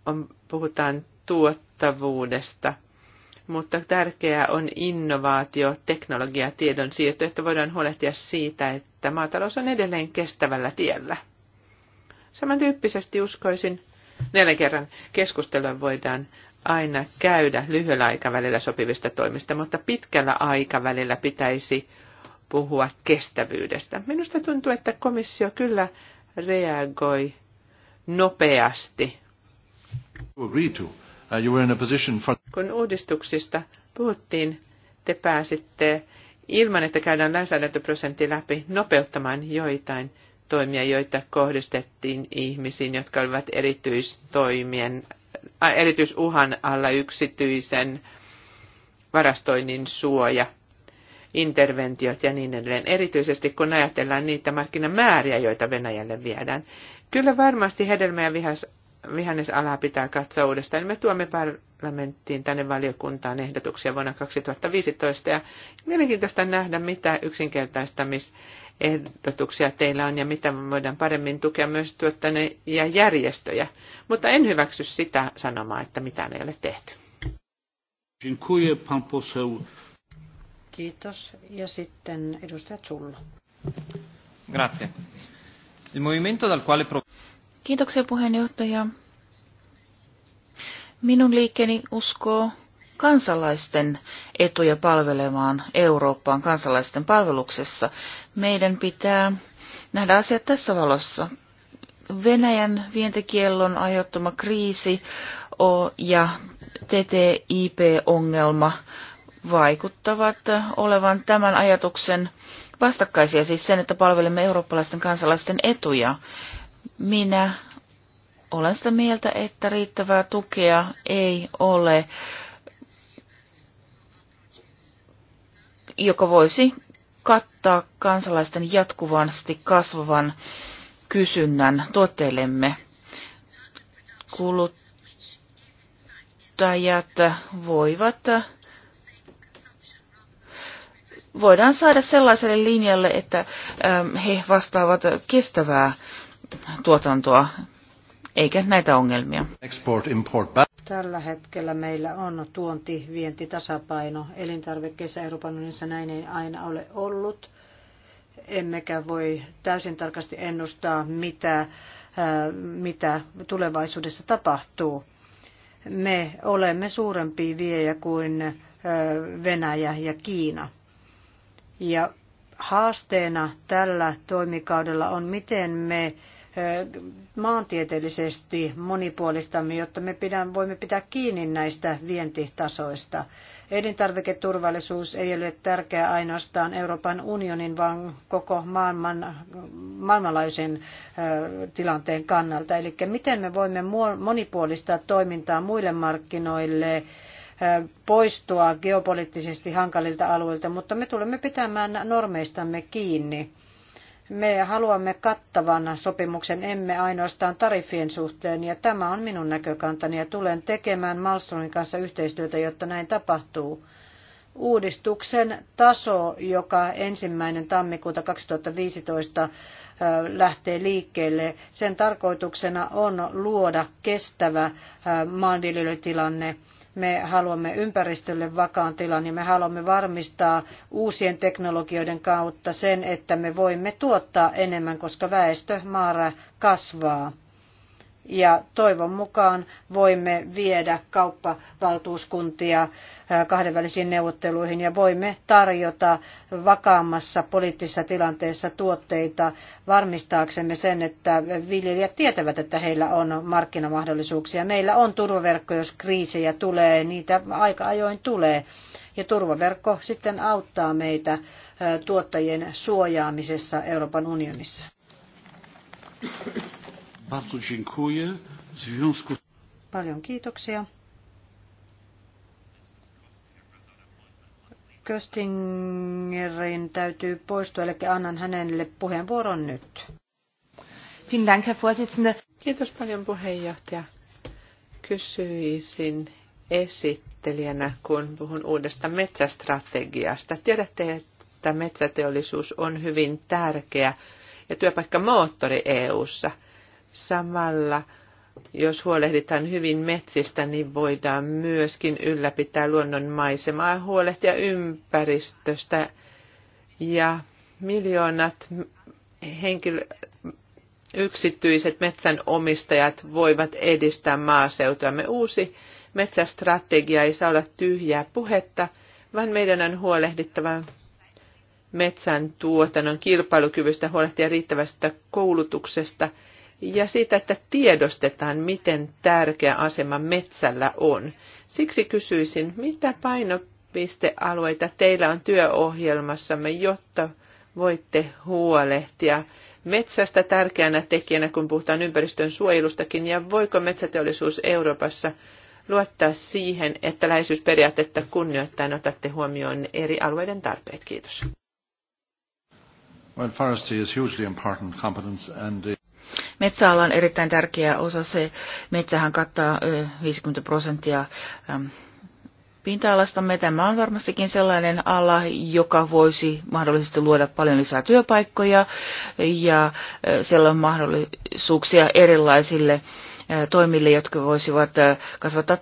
on, puhutaan tuottavuudesta – mutta tärkeää on innovaatio, teknologia, tiedon siirto, että voidaan huolehtia siitä, että maatalous on edelleen kestävällä tiellä. Samantyyppisesti uskoisin, neljän kerran keskustelua voidaan aina käydä lyhyellä aikavälillä sopivista toimista, mutta pitkällä aikavälillä pitäisi puhua kestävyydestä. Minusta tuntuu, että komissio kyllä reagoi nopeasti. Uh, you were in a position for kun uudistuksista puhuttiin, te pääsitte ilman, että käydään lainsäädäntöprosentti läpi nopeuttamaan joitain toimia, joita kohdistettiin ihmisiin, jotka olivat erityistoimien, äh, erityisuhan alla yksityisen varastoinnin suoja, interventiot ja niin edelleen. Erityisesti kun ajatellaan niitä markkinamääriä, joita Venäjälle viedään. Kyllä varmasti hedelmä- ja vihas vihannesalaa pitää katsoa uudestaan. Me tuomme parlamenttiin tänne valiokuntaan ehdotuksia vuonna 2015 ja mielenkiintoista nähdä, mitä yksinkertaistamisehdotuksia teillä on ja mitä voidaan paremmin tukea myös tuottane ja järjestöjä. Mutta en hyväksy sitä sanomaa, että mitään ei ole tehty. Kiitos. Ja sitten edustaja Zullo. Grazie. Il movimento dal quale... Kiitoksia puheenjohtaja. Minun liikkeeni uskoo kansalaisten etuja palvelemaan Eurooppaan kansalaisten palveluksessa. Meidän pitää nähdä asiat tässä valossa. Venäjän vientikiellon aiheuttama kriisi ja TTIP-ongelma vaikuttavat olevan tämän ajatuksen vastakkaisia, siis sen, että palvelemme eurooppalaisten kansalaisten etuja. Minä olen sitä mieltä, että riittävää tukea ei ole, joka voisi kattaa kansalaisten jatkuvasti kasvavan kysynnän tuotteillemme. Kuluttajat voivat voidaan saada sellaiselle linjalle, että ähm, he vastaavat kestävää tuotantoa eikä näitä ongelmia. Export, import, Tällä hetkellä meillä on tuonti tasapaino elintarvikkeissa Euroopan unionissa. Näin ei aina ole ollut. Emmekä voi täysin tarkasti ennustaa, mitä, äh, mitä tulevaisuudessa tapahtuu. Me olemme suurempi viejä kuin äh, Venäjä ja Kiina. Ja haasteena tällä toimikaudella on, miten me maantieteellisesti monipuolistamme, jotta me pidän, voimme pitää kiinni näistä vientitasoista. Elintarviketurvallisuus ei ole tärkeä ainoastaan Euroopan unionin, vaan koko maailman, maailmanlaisen tilanteen kannalta. Eli miten me voimme monipuolistaa toimintaa muille markkinoille, poistua geopoliittisesti hankalilta alueilta, mutta me tulemme pitämään normeistamme kiinni me haluamme kattavan sopimuksen, emme ainoastaan tariffien suhteen, ja tämä on minun näkökantani, ja tulen tekemään Malmströmin kanssa yhteistyötä, jotta näin tapahtuu. Uudistuksen taso, joka ensimmäinen tammikuuta 2015 lähtee liikkeelle, sen tarkoituksena on luoda kestävä maanviljelytilanne me haluamme ympäristölle vakaan tilan ja me haluamme varmistaa uusien teknologioiden kautta sen, että me voimme tuottaa enemmän, koska väestömäärä kasvaa ja toivon mukaan voimme viedä kauppavaltuuskuntia äh, kahdenvälisiin neuvotteluihin ja voimme tarjota vakaammassa poliittisessa tilanteessa tuotteita varmistaaksemme sen, että viljelijät tietävät, että heillä on markkinamahdollisuuksia. Meillä on turvaverkko, jos kriisejä tulee, niitä aika ajoin tulee. Ja turvaverkko sitten auttaa meitä äh, tuottajien suojaamisessa Euroopan unionissa. Bardzo dziękuję. W związku... Paljon kiitoksia. Köstingerin täytyy poistua, eli annan hänelle puheenvuoron nyt. Kiitos paljon puheenjohtaja. Kysyisin esittelijänä, kun puhun uudesta metsästrategiasta. Tiedätte, että metsäteollisuus on hyvin tärkeä ja työpaikkamoottori EU:ssa. ssa Samalla, jos huolehditaan hyvin metsistä, niin voidaan myöskin ylläpitää luonnonmaisemaa, huolehtia ympäristöstä ja miljoonat henkilö, yksityiset metsänomistajat voivat edistää maaseutuamme. Uusi metsästrategia ei saa olla tyhjää puhetta, vaan meidän on huolehdittava metsän tuotannon kilpailukyvystä, huolehtia riittävästä koulutuksesta ja siitä, että tiedostetaan, miten tärkeä asema metsällä on. Siksi kysyisin, mitä painopistealueita teillä on työohjelmassamme, jotta voitte huolehtia metsästä tärkeänä tekijänä, kun puhutaan ympäristön suojelustakin, ja voiko metsäteollisuus Euroopassa luottaa siihen, että läheisyysperiaatetta kunnioittain otatte huomioon eri alueiden tarpeet. Kiitos. Well, forestry is hugely important competence and the... Metsäala on erittäin tärkeä osa. Se metsähän kattaa 50 prosenttia pinta-alastamme. Tämä on varmastikin sellainen ala, joka voisi mahdollisesti luoda paljon lisää työpaikkoja ja siellä on mahdollisuuksia erilaisille toimille, jotka voisivat kasvattaa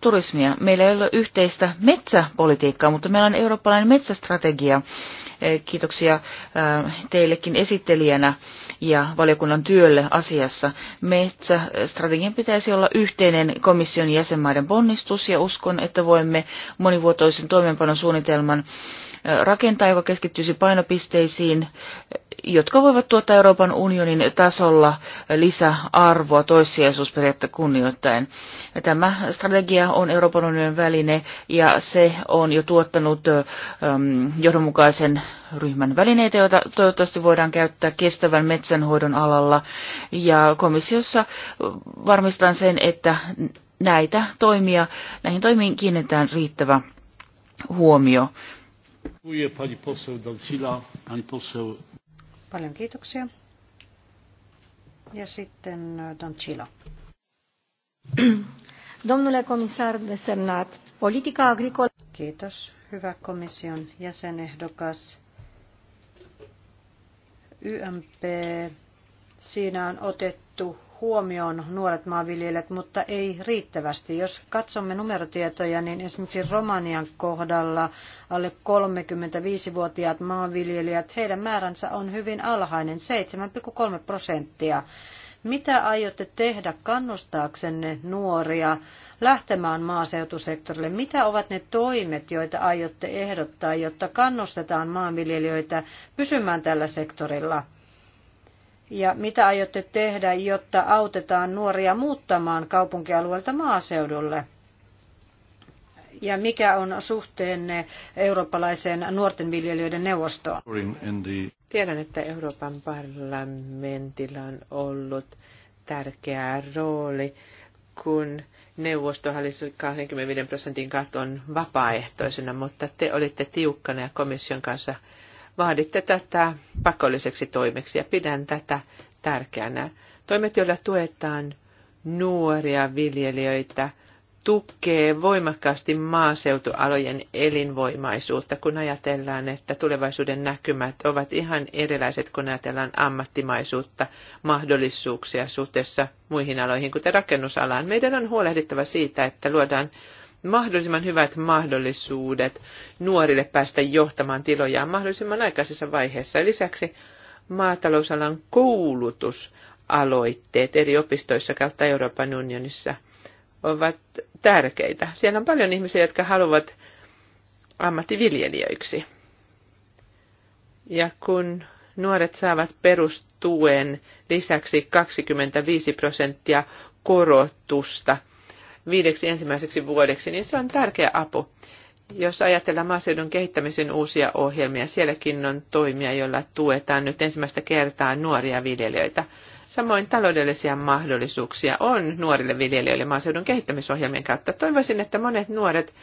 turismia. Meillä ei ole yhteistä metsäpolitiikkaa, mutta meillä on eurooppalainen metsästrategia Kiitoksia äh, teillekin esittelijänä ja valiokunnan työlle asiassa. Metsästrategian pitäisi olla yhteinen komission jäsenmaiden ponnistus ja uskon, että voimme monivuotoisen toimeenpanon suunnitelman äh, rakentaa, joka keskittyisi painopisteisiin jotka voivat tuottaa Euroopan unionin tasolla lisäarvoa toissijaisuusperiaatetta kunnioittaen. Tämä strategia on Euroopan unionin väline ja se on jo tuottanut um, johdonmukaisen ryhmän välineitä, joita toivottavasti voidaan käyttää kestävän metsänhoidon alalla. Ja komissiossa varmistan sen, että näitä toimia, näihin toimiin kiinnitetään riittävä huomio. Pani poseł Dancila, pani poseł Paljon kiitoksia. Ja sitten äh, Don Chilo. Domnule komissar desemnat, politiikka agrikola... Kiitos, hyvä komission jäsenehdokas. YMP, siinä on otettu huomioon nuoret maanviljelijät, mutta ei riittävästi. Jos katsomme numerotietoja, niin esimerkiksi Romanian kohdalla alle 35-vuotiaat maanviljelijät, heidän määränsä on hyvin alhainen, 7,3 prosenttia. Mitä aiotte tehdä kannustaaksenne nuoria lähtemään maaseutusektorille? Mitä ovat ne toimet, joita aiotte ehdottaa, jotta kannustetaan maanviljelijöitä pysymään tällä sektorilla? Ja mitä aiotte tehdä, jotta autetaan nuoria muuttamaan kaupunkialueelta maaseudulle? Ja mikä on suhteenne eurooppalaiseen nuorten viljelijöiden neuvostoon? Tiedän, että Euroopan parlamentilla on ollut tärkeä rooli, kun neuvosto hallitsi 25 prosentin katon vapaaehtoisena, mutta te olitte tiukkana ja komission kanssa vaaditte tätä pakolliseksi toimeksi ja pidän tätä tärkeänä. Toimet, joilla tuetaan nuoria viljelijöitä, tukee voimakkaasti maaseutualojen elinvoimaisuutta, kun ajatellaan, että tulevaisuuden näkymät ovat ihan erilaiset, kun ajatellaan ammattimaisuutta, mahdollisuuksia suhteessa muihin aloihin, kuten rakennusalaan. Meidän on huolehdittava siitä, että luodaan mahdollisimman hyvät mahdollisuudet nuorille päästä johtamaan tilojaan mahdollisimman aikaisessa vaiheessa. Lisäksi maatalousalan koulutusaloitteet eri opistoissa kautta Euroopan unionissa ovat tärkeitä. Siellä on paljon ihmisiä, jotka haluavat ammattiviljelijöiksi. Ja kun nuoret saavat perustuen lisäksi 25 prosenttia korotusta viideksi ensimmäiseksi vuodeksi, niin se on tärkeä apu. Jos ajatellaan maaseudun kehittämisen uusia ohjelmia, sielläkin on toimia, joilla tuetaan nyt ensimmäistä kertaa nuoria viljelijöitä. Samoin taloudellisia mahdollisuuksia on nuorille viljelijöille maaseudun kehittämisohjelmien kautta. Toivoisin, että monet nuoret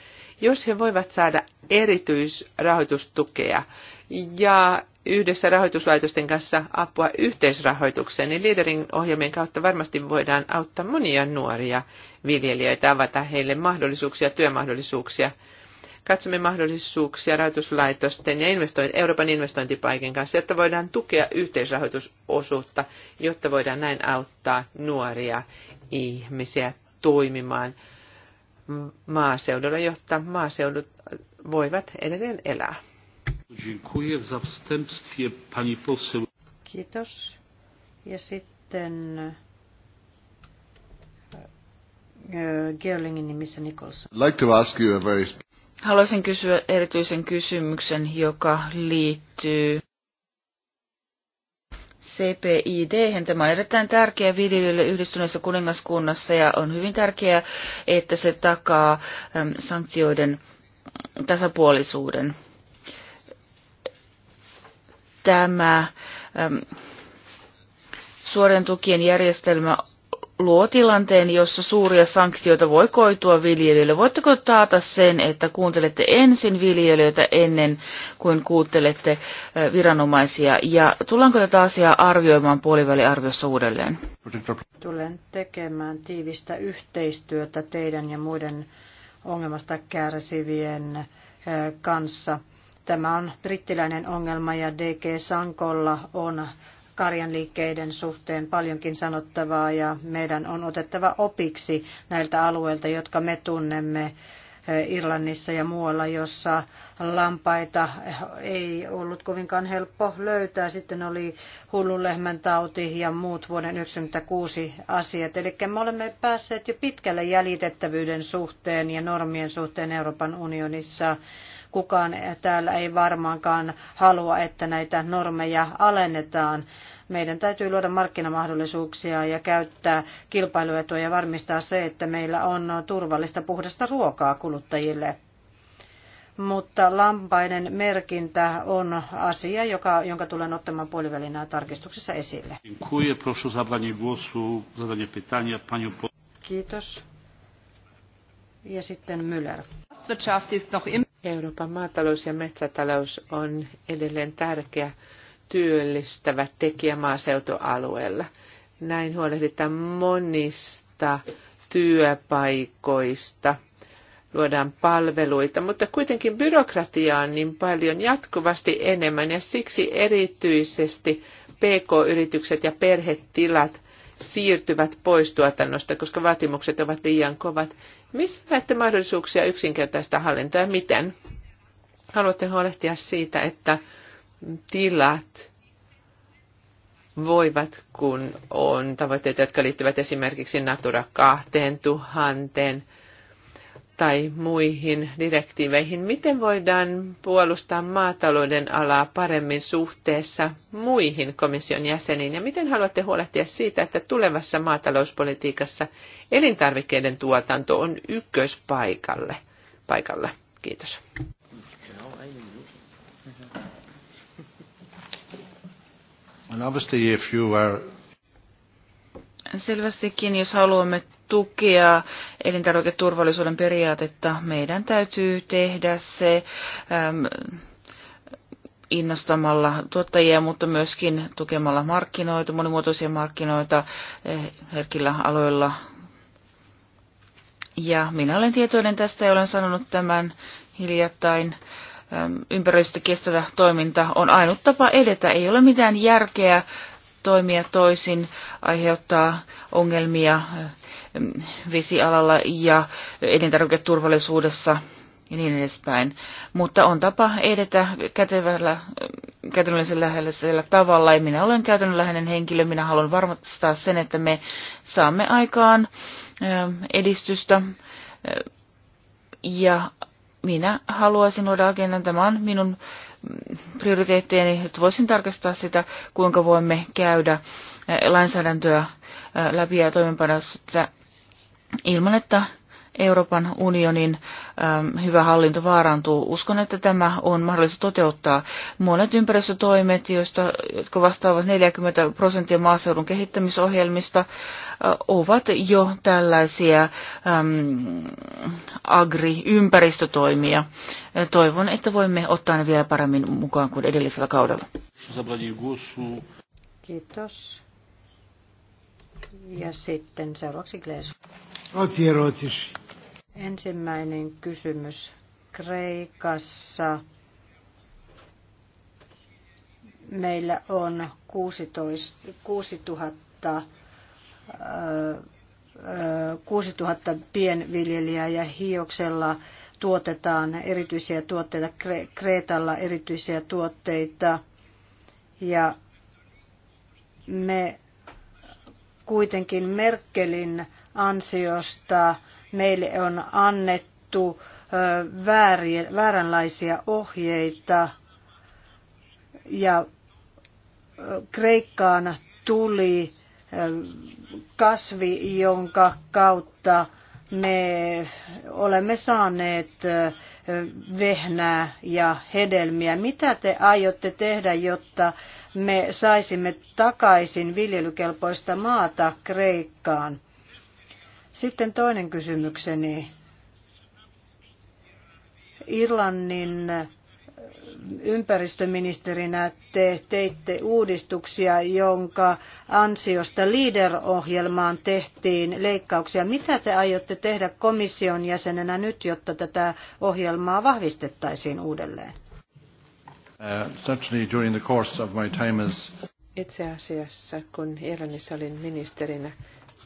jos he voivat saada erityisrahoitustukea ja yhdessä rahoituslaitosten kanssa apua yhteisrahoitukseen, niin liiderin ohjelmien kautta varmasti voidaan auttaa monia nuoria viljelijöitä, avata heille mahdollisuuksia, työmahdollisuuksia. Katsomme mahdollisuuksia rahoituslaitosten ja investoin, Euroopan investointipaikin kanssa, jotta voidaan tukea yhteisrahoitusosuutta, jotta voidaan näin auttaa nuoria ihmisiä toimimaan maaseudulla, jotta maaseudut voivat edelleen elää. Kiitos. Ja sitten e, Geolingin nimissä Nicholson. Haluaisin kysyä erityisen kysymyksen, joka liittyy CPID. -hän. Tämä on erittäin tärkeä viljelijöille yhdistyneessä kuningaskunnassa ja on hyvin tärkeää, että se takaa sanktioiden mm, tasapuolisuuden. Tämä suorien tukien järjestelmä luo tilanteen, jossa suuria sanktioita voi koitua viljelijöille. Voitteko taata sen, että kuuntelette ensin viljelijöitä ennen kuin kuuntelette viranomaisia? Ja tullaanko tätä asiaa arvioimaan puoliväliarviossa uudelleen? Tulen tekemään tiivistä yhteistyötä teidän ja muiden ongelmasta kärsivien kanssa. Tämä on brittiläinen ongelma ja DG Sankolla on karjan liikkeiden suhteen paljonkin sanottavaa ja meidän on otettava opiksi näiltä alueilta, jotka me tunnemme eh, Irlannissa ja muualla, jossa lampaita ei ollut kovinkaan helppo löytää. Sitten oli hullun lehmän tauti ja muut vuoden 1996 asiat. Eli me olemme päässeet jo pitkälle jäljitettävyyden suhteen ja normien suhteen Euroopan unionissa kukaan täällä ei varmaankaan halua, että näitä normeja alennetaan. Meidän täytyy luoda markkinamahdollisuuksia ja käyttää kilpailuetua ja varmistaa se, että meillä on turvallista puhdasta ruokaa kuluttajille mutta lampainen merkintä on asia, joka, jonka tulen ottamaan puolivälinä tarkistuksessa esille. Kiitos. Ja sitten Müller. Euroopan maatalous ja metsätalous on edelleen tärkeä työllistävä tekijä maaseutualueella. Näin huolehditaan monista työpaikoista, luodaan palveluita, mutta kuitenkin byrokratiaa on niin paljon jatkuvasti enemmän ja siksi erityisesti PK-yritykset ja perhetilat siirtyvät pois tuotannosta, koska vaatimukset ovat liian kovat. Missä näette mahdollisuuksia yksinkertaista hallintoa ja miten? Haluatte huolehtia siitä, että tilat voivat, kun on tavoitteita, jotka liittyvät esimerkiksi Natura 2000, tai muihin direktiiveihin. Miten voidaan puolustaa maatalouden alaa paremmin suhteessa muihin komission jäseniin ja miten haluatte huolehtia siitä, että tulevassa maatalouspolitiikassa elintarvikkeiden tuotanto on ykköspaikalle? Paikalla. Kiitos. Selvästikin, jos haluamme tukea elintarviketurvallisuuden periaatetta, meidän täytyy tehdä se äm, innostamalla tuottajia, mutta myöskin tukemalla markkinoita, monimuotoisia markkinoita eh, herkillä aloilla. Ja minä olen tietoinen tästä ja olen sanonut tämän hiljattain ähm, kestävä toiminta on ainut tapa edetä. Ei ole mitään järkeä toimia toisin, aiheuttaa ongelmia vesialalla ja elintarviketurvallisuudessa ja niin edespäin. Mutta on tapa edetä kätevällä, käytännöllisen läheisellä tavalla. Ja minä olen käytännönläheinen henkilö. Minä haluan varmistaa sen, että me saamme aikaan edistystä. Ja minä haluaisin luoda agendan. Tämä on minun mm, prioriteettieni, että voisin tarkastaa sitä, kuinka voimme käydä lainsäädäntöä läpi ja toimenpanoa ilman, että Euroopan unionin ähm, hyvä hallinto vaarantuu. Uskon, että tämä on mahdollista toteuttaa. Monet ympäristötoimet, joista, jotka vastaavat 40 prosenttia maaseudun kehittämisohjelmista, äh, ovat jo tällaisia äm, agri-ympäristötoimia. Äh, toivon, että voimme ottaa ne vielä paremmin mukaan kuin edellisellä kaudella. Kiitos. Ja sitten seuraavaksi Gleesu. Ensimmäinen kysymys. Kreikassa meillä on 16, 6000 6000 pienviljelijää ja Hioksella tuotetaan erityisiä tuotteita, Kreetalla erityisiä tuotteita. Ja me kuitenkin Merkelin ansiosta meille on annettu vääränlaisia ohjeita ja Kreikkaan tuli kasvi, jonka kautta me olemme saaneet vehnää ja hedelmiä. Mitä te aiotte tehdä, jotta me saisimme takaisin viljelykelpoista maata Kreikkaan? Sitten toinen kysymykseni. Irlannin ympäristöministerinä te teitte uudistuksia, jonka ansiosta LEADER-ohjelmaan tehtiin leikkauksia. Mitä te aiotte tehdä komission jäsenenä nyt, jotta tätä ohjelmaa vahvistettaisiin uudelleen? Uh, Itse asiassa, kun Irlannissa olin ministerinä,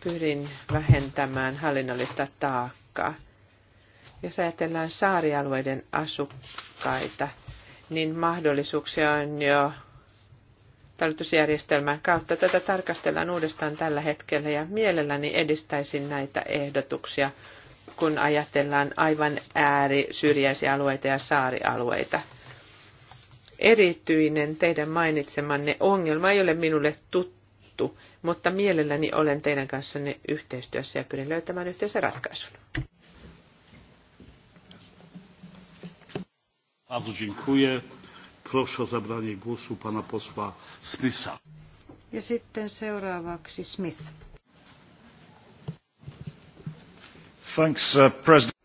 pyrin vähentämään hallinnollista taakkaa. Jos ajatellaan saarialueiden asukkaita, niin mahdollisuuksia on jo talletusjärjestelmän kautta. Tätä tarkastellaan uudestaan tällä hetkellä ja mielelläni edistäisin näitä ehdotuksia, kun ajatellaan aivan ääri syrjäisiä alueita ja saarialueita. Erityinen teidän mainitsemanne ongelma ei ole minulle tuttu juttu, mutta mielelläni olen teidän kanssanne yhteistyössä ja pyrin löytämään yhteisen ratkaisun. Bardzo dziękuję. Proszę o zabranie głosu pana posła Smitha. Ja sitten seuraavaksi Smith. Thanks, uh, President.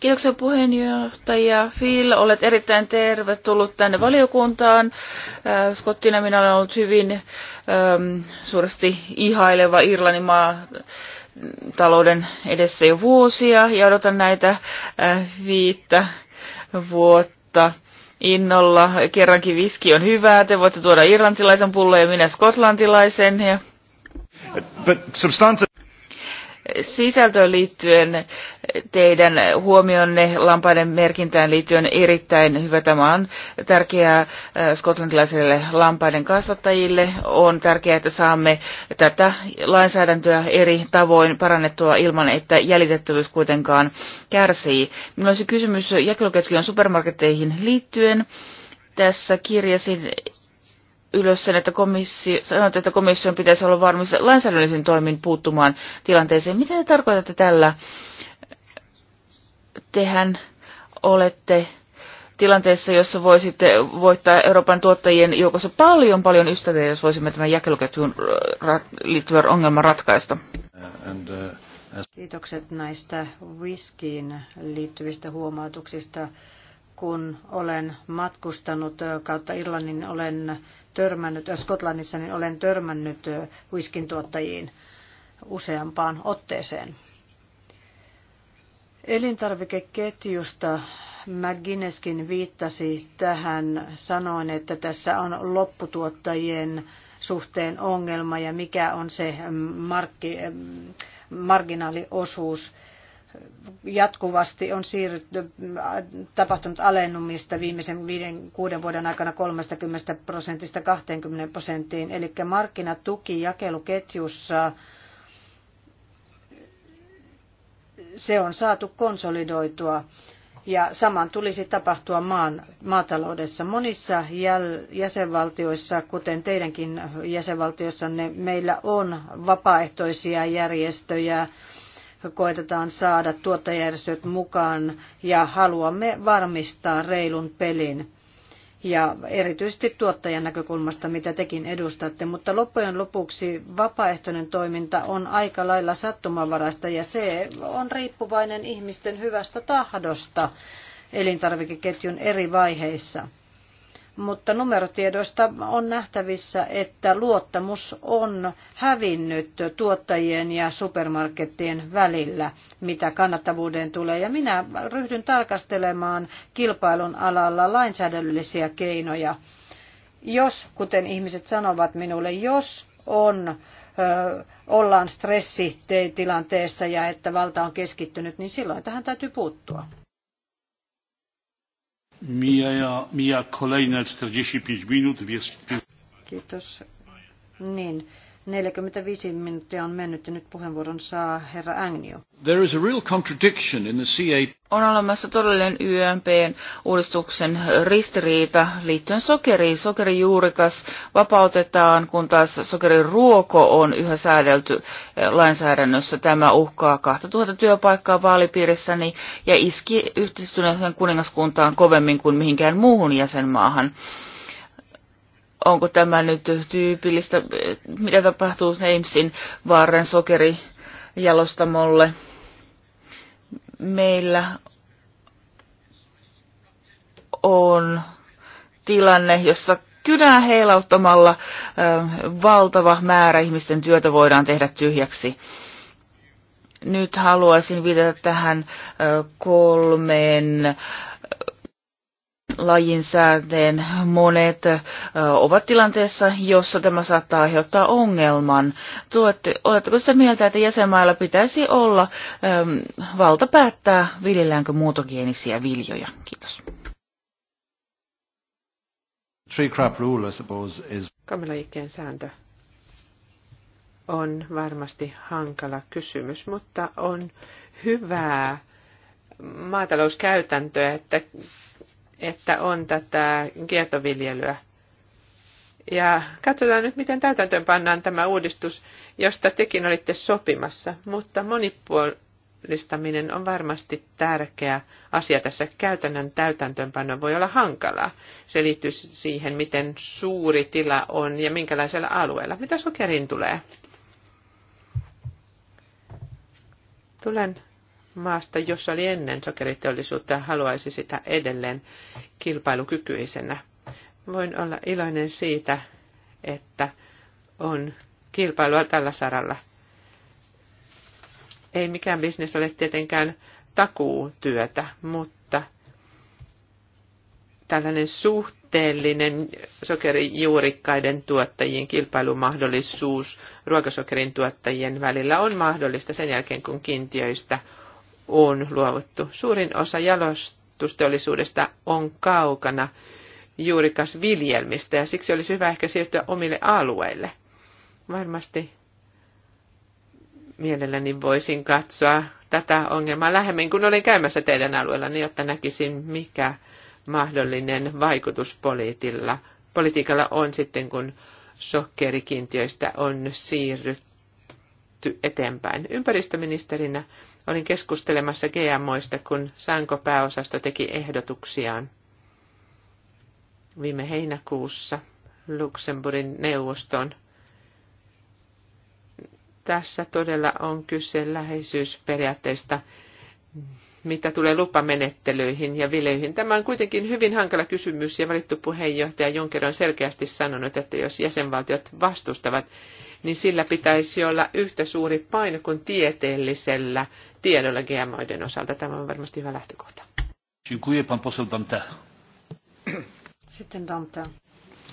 Kiitoksia puheenjohtaja. Phil, olet erittäin tervetullut tänne valiokuntaan. Äh, Skottina minä olen ollut hyvin äm, suuresti ihaileva Irlannin maa talouden edessä jo vuosia ja odotan näitä äh, viittä vuotta innolla. Kerrankin viski on hyvää, te voitte tuoda irlantilaisen pullon ja minä skotlantilaisen. Ja... But substantive sisältöön liittyen teidän huomionne lampaiden merkintään liittyen erittäin hyvä. Tämä on tärkeää äh, skotlantilaisille lampaiden kasvattajille. On tärkeää, että saamme tätä lainsäädäntöä eri tavoin parannettua ilman, että jäljitettävyys kuitenkaan kärsii. Minulla olisi kysymys jakeluketjujen supermarketteihin liittyen. Tässä kirjasin ylös sen, että komissio, sanot että komission pitäisi olla varmista lainsäädännöllisen toimin puuttumaan tilanteeseen. Mitä te tarkoitatte tällä? Tehän olette tilanteessa, jossa voisitte voittaa Euroopan tuottajien joukossa paljon, paljon ystäviä, jos voisimme tämän jakeluketjun äh, liittyvän ongelman ratkaista. And, uh, as... Kiitokset näistä riskiin liittyvistä huomautuksista. Kun olen matkustanut äh, kautta Irlannin, olen törmännyt, äh, Skotlannissa niin olen törmännyt äh, whiskin tuottajiin useampaan otteeseen. Elintarvikeketjusta McGuinnesskin viittasi tähän sanoen, että tässä on lopputuottajien suhteen ongelma ja mikä on se mm, markki, mm, marginaaliosuus jatkuvasti on siirrytty, tapahtunut alennumista viimeisen viiden, kuuden vuoden aikana 30 prosentista 20 prosenttiin. Eli markkinatuki jakeluketjussa se on saatu konsolidoitua. Ja saman tulisi tapahtua maan, maataloudessa. Monissa jäl, jäsenvaltioissa, kuten teidänkin jäsenvaltiossanne, meillä on vapaaehtoisia järjestöjä, koetetaan saada tuottajärjestöt mukaan ja haluamme varmistaa reilun pelin. Ja erityisesti tuottajan näkökulmasta, mitä tekin edustatte. Mutta loppujen lopuksi vapaaehtoinen toiminta on aika lailla sattumanvaraista ja se on riippuvainen ihmisten hyvästä tahdosta elintarvikeketjun eri vaiheissa mutta numerotiedoista on nähtävissä, että luottamus on hävinnyt tuottajien ja supermarkettien välillä, mitä kannattavuuteen tulee. Ja minä ryhdyn tarkastelemaan kilpailun alalla lainsäädännöllisiä keinoja. Jos, kuten ihmiset sanovat minulle, jos on ollaan stressitilanteessa ja että valta on keskittynyt, niin silloin tähän täytyy puuttua. Mija, mija kolejne 45 minut. 45 minuuttia on mennyt ja nyt puheenvuoron saa herra Agnio. There is a real contradiction in the CA... On olemassa todellinen YMPn uudistuksen ristiriita liittyen sokeriin. Sokerijuurikas vapautetaan, kun taas sokeriruoko on yhä säädelty eh, lainsäädännössä. Tämä uhkaa 2000 työpaikkaa vaalipiirissäni ja iski yhteistyöhön kuningaskuntaan kovemmin kuin mihinkään muuhun jäsenmaahan onko tämä nyt tyypillistä, mitä tapahtuu Heimsin vaaren sokerijalostamolle. Meillä on tilanne, jossa kynää heilauttamalla valtava määrä ihmisten työtä voidaan tehdä tyhjäksi. Nyt haluaisin viitata tähän kolmeen lajin säänteen monet ovat tilanteessa, jossa tämä saattaa aiheuttaa ongelman. Tuotte, oletteko sitä mieltä, että jäsenmailla pitäisi olla äm, valta päättää, viljelläänkö muutogeenisiä viljoja? Kiitos. Tree crop sääntö on varmasti hankala kysymys, mutta on hyvää maatalouskäytäntöä, että että on tätä kiertoviljelyä. Ja katsotaan nyt, miten täytäntöön pannaan tämä uudistus, josta tekin olitte sopimassa, mutta monipuolistaminen on varmasti tärkeä asia tässä. Käytännön täytäntöönpano voi olla hankalaa. Se liittyy siihen, miten suuri tila on ja minkälaisella alueella. Mitä sokerin tulee? Tulen maasta, jossa oli ennen sokeriteollisuutta ja haluaisi sitä edelleen kilpailukykyisenä. Voin olla iloinen siitä, että on kilpailua tällä saralla. Ei mikään bisnes ole tietenkään takuutyötä, mutta tällainen suhteellinen sokerijuurikkaiden tuottajien kilpailumahdollisuus ruokasokerin tuottajien välillä on mahdollista sen jälkeen, kun kiintiöistä on luovuttu. Suurin osa jalostusteollisuudesta on kaukana viljelmistä ja siksi olisi hyvä ehkä siirtyä omille alueille. Varmasti mielelläni voisin katsoa tätä ongelmaa lähemmin, kun olin käymässä teidän niin jotta näkisin, mikä mahdollinen vaikutus politiikalla on sitten, kun sokkerikiintiöistä on siirrytty eteenpäin. Ympäristöministerinä Olin keskustelemassa GMOista, kun Sanko pääosasto teki ehdotuksiaan viime heinäkuussa Luxemburgin neuvoston. Tässä todella on kyse läheisyysperiaatteista, mitä tulee lupamenettelyihin ja vileihin. Tämä on kuitenkin hyvin hankala kysymys ja valittu puheenjohtaja Juncker on selkeästi sanonut, että jos jäsenvaltiot vastustavat niin sillä pitäisi olla yhtä suuri paino kuin tieteellisellä tiedolla GMOiden osalta. Tämä on varmasti hyvä lähtökohta. Dziękuję pan poseł Dante. Sitten Dante.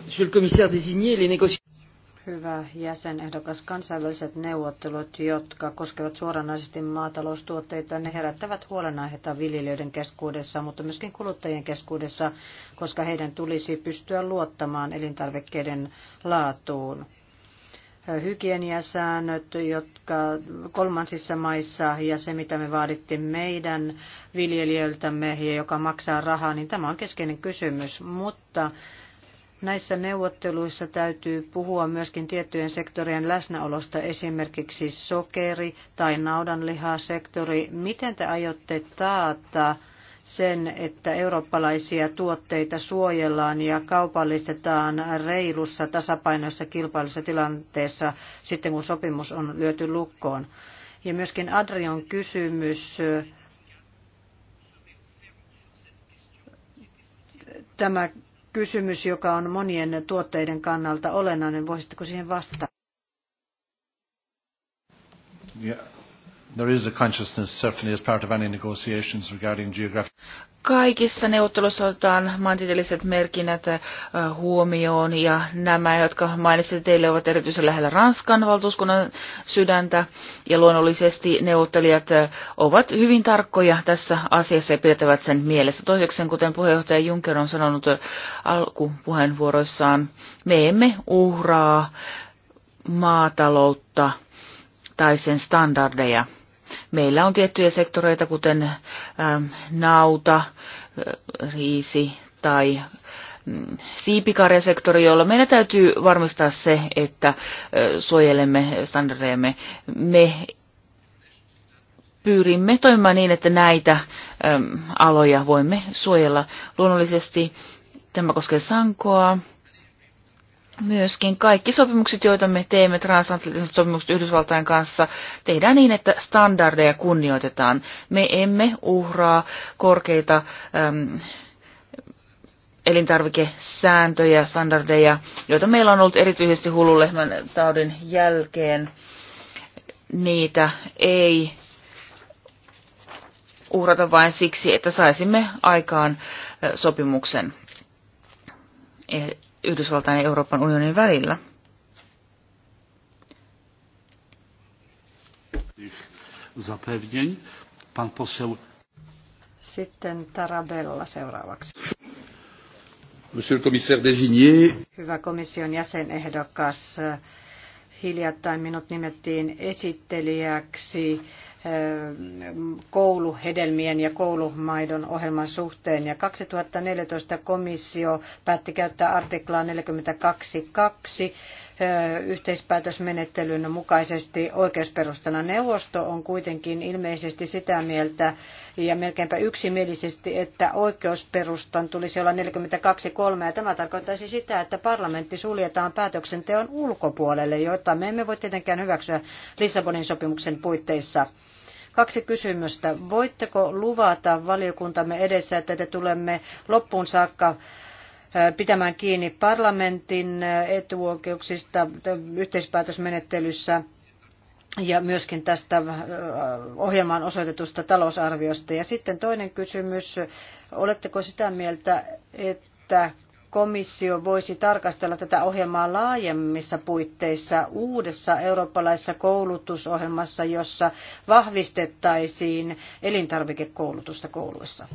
Monsieur le commissaire désigné, les négociations hyvä jäsenehdokas. Kansainväliset neuvottelut, jotka koskevat suoranaisesti maataloustuotteita, ne herättävät huolenaiheita viljelijöiden keskuudessa, mutta myöskin kuluttajien keskuudessa, koska heidän tulisi pystyä luottamaan elintarvikkeiden laatuun hygieniasäännöt, jotka kolmansissa maissa ja se, mitä me vaadittiin meidän viljelijöiltämme ja joka maksaa rahaa, niin tämä on keskeinen kysymys. Mutta näissä neuvotteluissa täytyy puhua myöskin tiettyjen sektorien läsnäolosta, esimerkiksi sokeri- tai naudanlihasektori. Miten te aiotte taata sen, että eurooppalaisia tuotteita suojellaan ja kaupallistetaan reilussa tasapainoissa kilpailussa tilanteessa sitten, kun sopimus on lyöty lukkoon. Ja myöskin Adrian kysymys tämä kysymys, joka on monien tuotteiden kannalta olennainen. Voisitteko siihen vastata? Yeah. There is a consciousness certainly as part of any negotiations regarding geography. kaikissa neuvotteluissa otetaan maantieteelliset merkinnät äh, huomioon ja nämä, jotka mainitsin teille, ovat erityisen lähellä Ranskan valtuuskunnan sydäntä ja luonnollisesti neuvottelijat äh, ovat hyvin tarkkoja tässä asiassa ja pidetävät sen mielessä. Toiseksi, kuten puheenjohtaja Juncker on sanonut äh, alkupuheenvuoroissaan, me emme uhraa maataloutta tai sen standardeja Meillä on tiettyjä sektoreita, kuten ähm, nauta, äh, riisi tai mm, siipikarjasektori, jolla meidän täytyy varmistaa se, että äh, suojelemme standardejamme. Me pyrimme toimimaan niin, että näitä ähm, aloja voimme suojella. Luonnollisesti tämä koskee sankoa, myöskin kaikki sopimukset, joita me teemme, transatlanttiset sopimukset Yhdysvaltain kanssa, tehdään niin, että standardeja kunnioitetaan. Me emme uhraa korkeita äm, elintarvikesääntöjä, standardeja, joita meillä on ollut erityisesti hullulehmän taudin jälkeen. Niitä ei uhrata vain siksi, että saisimme aikaan sopimuksen e- Yhdysvaltain ja Euroopan unionin välillä. Sitten Tarabella seuraavaksi. Monsieur le commissaire désigné. Hyvä komission jäsenehdokas. Hiljattain minut nimettiin esittelijäksi kouluhedelmien ja koulumaidon ohjelman suhteen. Ja 2014 komissio päätti käyttää artiklaa 42.2 yhteispäätösmenettelyn mukaisesti oikeusperustana. Neuvosto on kuitenkin ilmeisesti sitä mieltä ja melkeinpä yksimielisesti, että oikeusperustan tulisi olla 42.3 ja tämä tarkoittaisi sitä, että parlamentti suljetaan päätöksenteon ulkopuolelle, jota me emme voi tietenkään hyväksyä Lissabonin sopimuksen puitteissa. Kaksi kysymystä. Voitteko luvata valiokuntamme edessä, että te tulemme loppuun saakka pitämään kiinni parlamentin etuoikeuksista yhteispäätösmenettelyssä ja myöskin tästä ohjelmaan osoitetusta talousarviosta. Ja sitten toinen kysymys, oletteko sitä mieltä, että komissio voisi tarkastella tätä ohjelmaa laajemmissa puitteissa uudessa eurooppalaisessa koulutusohjelmassa, jossa vahvistettaisiin elintarvikekoulutusta kouluissa?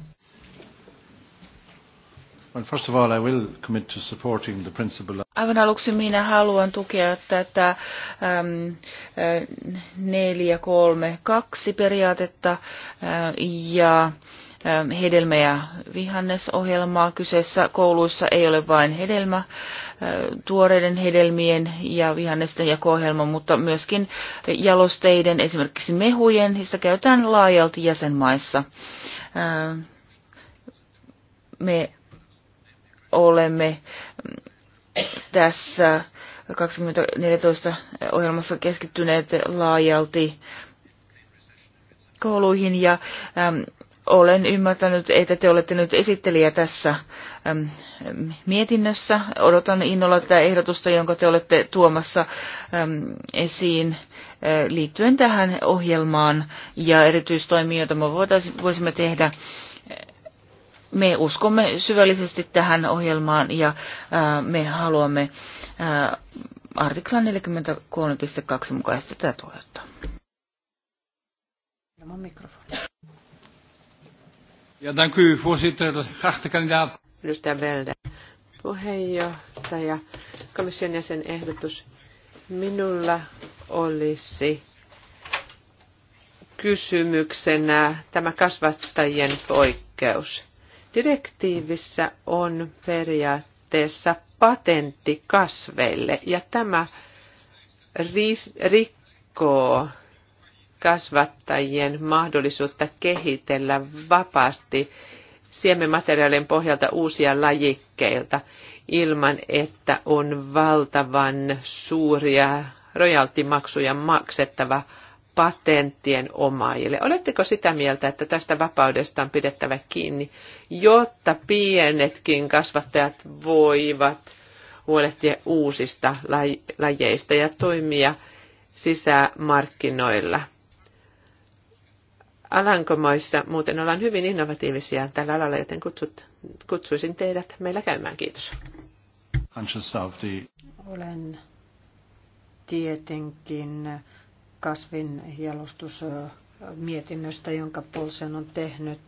Aivan aluksi minä haluan tukea tätä neljä kolme 4 3 2 periaatetta ja Ähm, hedelmä- ja vihannesohjelmaa. Kyseessä kouluissa ei ole vain hedelmä, äh, tuoreiden hedelmien ja vihannesten jako-ohjelma, mutta myöskin jalosteiden, esimerkiksi mehujen, sitä käytetään laajalti jäsenmaissa. Ähm, me olemme mm, tässä 2014 ohjelmassa keskittyneet laajalti kouluihin ja ähm, olen ymmärtänyt, että te olette nyt esittelijä tässä äm, mietinnössä. Odotan innolla tätä ehdotusta, jonka te olette tuomassa äm, esiin äh, liittyen tähän ohjelmaan ja erityistoimiin, joita me voisimme tehdä. Me uskomme syvällisesti tähän ohjelmaan ja äh, me haluamme äh, artiklan 43.2 mukaisesti tätä toteuttaa. Ilman mikrofoni. Ja, dank u, voorzitter. kandidaat. Puheenjohtaja, komission jäsen ehdotus. Minulla olisi kysymyksenä tämä kasvattajien poikkeus. Direktiivissä on periaatteessa patentti kasveille ja tämä rikkoo kasvattajien mahdollisuutta kehitellä vapaasti siemenmateriaalien pohjalta uusia lajikkeilta ilman, että on valtavan suuria rojaltimaksuja maksettava patenttien omaajille. Oletteko sitä mieltä, että tästä vapaudesta on pidettävä kiinni, jotta pienetkin kasvattajat voivat huolehtia uusista lajeista ja toimia sisämarkkinoilla? Alankomaissa muuten ollaan hyvin innovatiivisia tällä alalla, joten kutsut, kutsuisin teidät meillä käymään. Kiitos. Olen tietenkin kasvinjalostusmietinnöstä, jonka Polsen on tehnyt.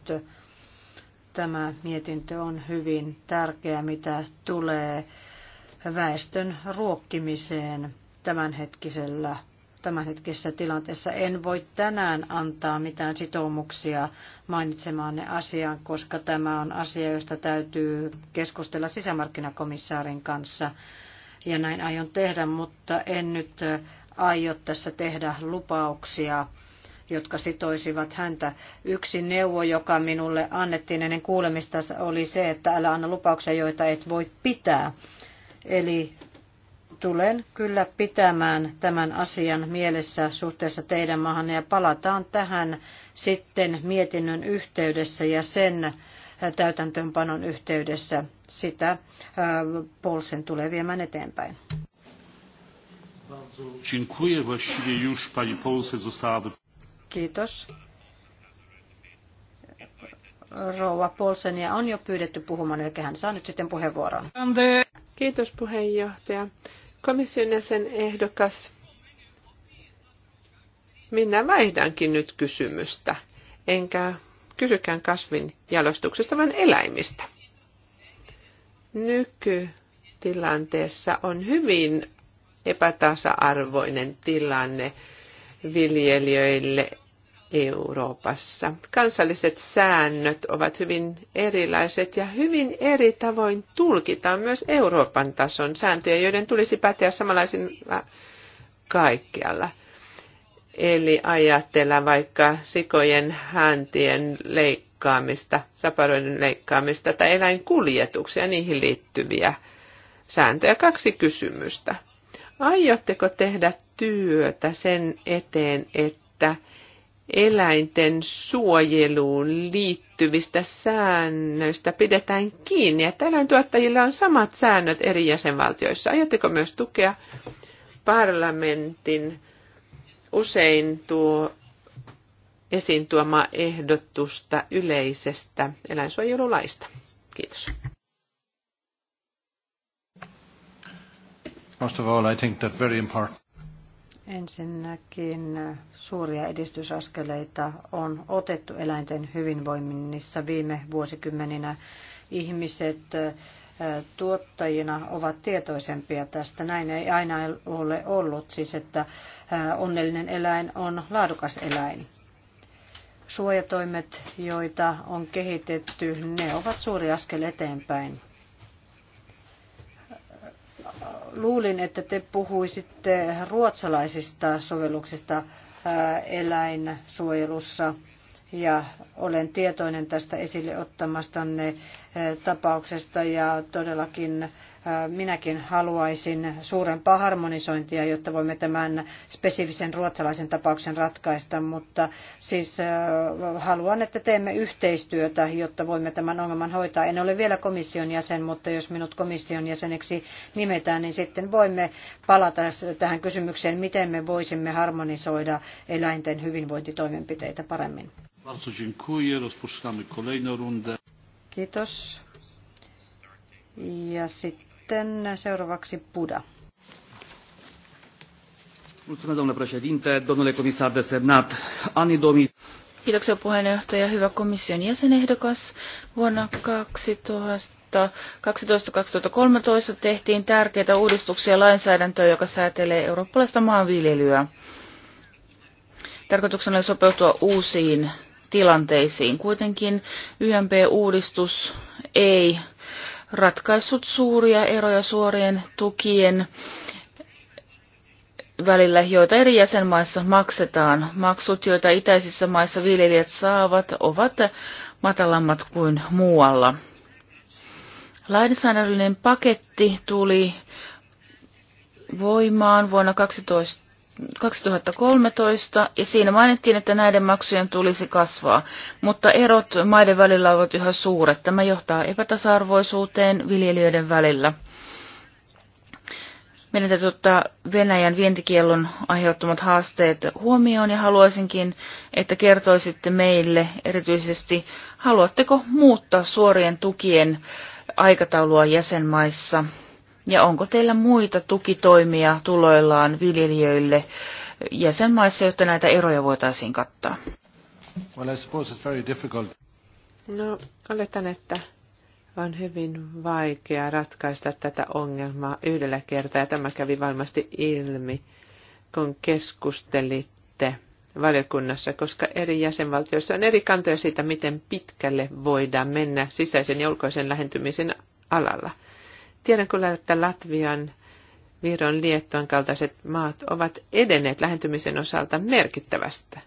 Tämä mietintö on hyvin tärkeä, mitä tulee väestön ruokkimiseen tämänhetkisellä tämänhetkisessä tilanteessa. En voi tänään antaa mitään sitoumuksia mainitsemaanne asiaan, koska tämä on asia, josta täytyy keskustella sisämarkkinakomissaarin kanssa. Ja näin aion tehdä, mutta en nyt aio tässä tehdä lupauksia jotka sitoisivat häntä. Yksi neuvo, joka minulle annettiin ennen kuulemista, oli se, että älä anna lupauksia, joita et voi pitää. Eli tulen kyllä pitämään tämän asian mielessä suhteessa teidän maahanne ja palataan tähän sitten mietinnön yhteydessä ja sen äh, täytäntöönpanon yhteydessä sitä äh, Polsen tulee viemään eteenpäin. Kiitos. Rouva Polsenia on jo pyydetty puhumaan, eli hän saa nyt sitten puheenvuoron. Kiitos puheenjohtaja. Komission jäsen ehdokas, minä vaihdankin nyt kysymystä, enkä kysykään kasvin jalostuksesta, vaan eläimistä. Nykytilanteessa on hyvin epätasa-arvoinen tilanne viljelijöille Euroopassa. Kansalliset säännöt ovat hyvin erilaiset ja hyvin eri tavoin tulkitaan myös Euroopan tason sääntöjä, joiden tulisi päteä samanlaisilla kaikkialla. Eli ajatella vaikka sikojen häntien leikkaamista, saparoiden leikkaamista tai eläinkuljetuksia, niihin liittyviä sääntöjä. Kaksi kysymystä. Aiotteko tehdä työtä sen eteen, että eläinten suojeluun liittyvistä säännöistä pidetään kiinni, että eläintuottajilla on samat säännöt eri jäsenvaltioissa. Aiotteko myös tukea parlamentin usein tuo esiin tuomaa ehdotusta yleisestä eläinsuojelulaista? Kiitos. First of all, I think that very important. Ensinnäkin suuria edistysaskeleita on otettu eläinten hyvinvoinnissa viime vuosikymmeninä. Ihmiset tuottajina ovat tietoisempia tästä. Näin ei aina ole ollut, siis että onnellinen eläin on laadukas eläin. Suojatoimet, joita on kehitetty, ne ovat suuri askel eteenpäin luulin, että te puhuisitte ruotsalaisista sovelluksista eläinsuojelussa ja olen tietoinen tästä esille ottamastanne tapauksesta ja todellakin minäkin haluaisin suurempaa harmonisointia, jotta voimme tämän spesifisen ruotsalaisen tapauksen ratkaista, mutta siis äh, haluan, että teemme yhteistyötä, jotta voimme tämän ongelman hoitaa. En ole vielä komission jäsen, mutta jos minut komission jäseneksi nimetään, niin sitten voimme palata tähän kysymykseen, miten me voisimme harmonisoida eläinten hyvinvointitoimenpiteitä paremmin. Kiitos. Ja sitten sitten seuraavaksi Buda. Mulțumesc, domnule președinte, domnule comisar desemnat. Anii 2000... Kiitoksia puheenjohtaja, hyvä komission jäsenehdokas. Vuonna 2012-2013 tehtiin tärkeitä uudistuksia lainsäädäntöön, joka säätelee eurooppalaista maanviljelyä. Tarkoituksena oli sopeutua uusiin tilanteisiin. Kuitenkin YMP-uudistus ei ratkaissut suuria eroja suorien tukien välillä, joita eri jäsenmaissa maksetaan. Maksut, joita itäisissä maissa viljelijät saavat, ovat matalammat kuin muualla. Lainsäädännöllinen paketti tuli voimaan vuonna 2012. 2013 ja siinä mainittiin, että näiden maksujen tulisi kasvaa, mutta erot maiden välillä ovat yhä suuret. Tämä johtaa epätasa-arvoisuuteen viljelijöiden välillä. Meidän täytyy ottaa Venäjän vientikiellon aiheuttamat haasteet huomioon ja haluaisinkin, että kertoisitte meille erityisesti, haluatteko muuttaa suorien tukien aikataulua jäsenmaissa ja onko teillä muita tukitoimia tuloillaan viljelijöille jäsenmaissa, jotta näitä eroja voitaisiin kattaa? Well, I suppose it's very difficult. No, oletan, että on hyvin vaikea ratkaista tätä ongelmaa yhdellä kertaa, ja tämä kävi varmasti ilmi, kun keskustelitte valiokunnassa, koska eri jäsenvaltioissa on eri kantoja siitä, miten pitkälle voidaan mennä sisäisen ja ulkoisen lähentymisen alalla. Tiedän kyllä, että Latvian, Viron, Liettuan kaltaiset maat ovat edenneet lähentymisen osalta merkittävästä.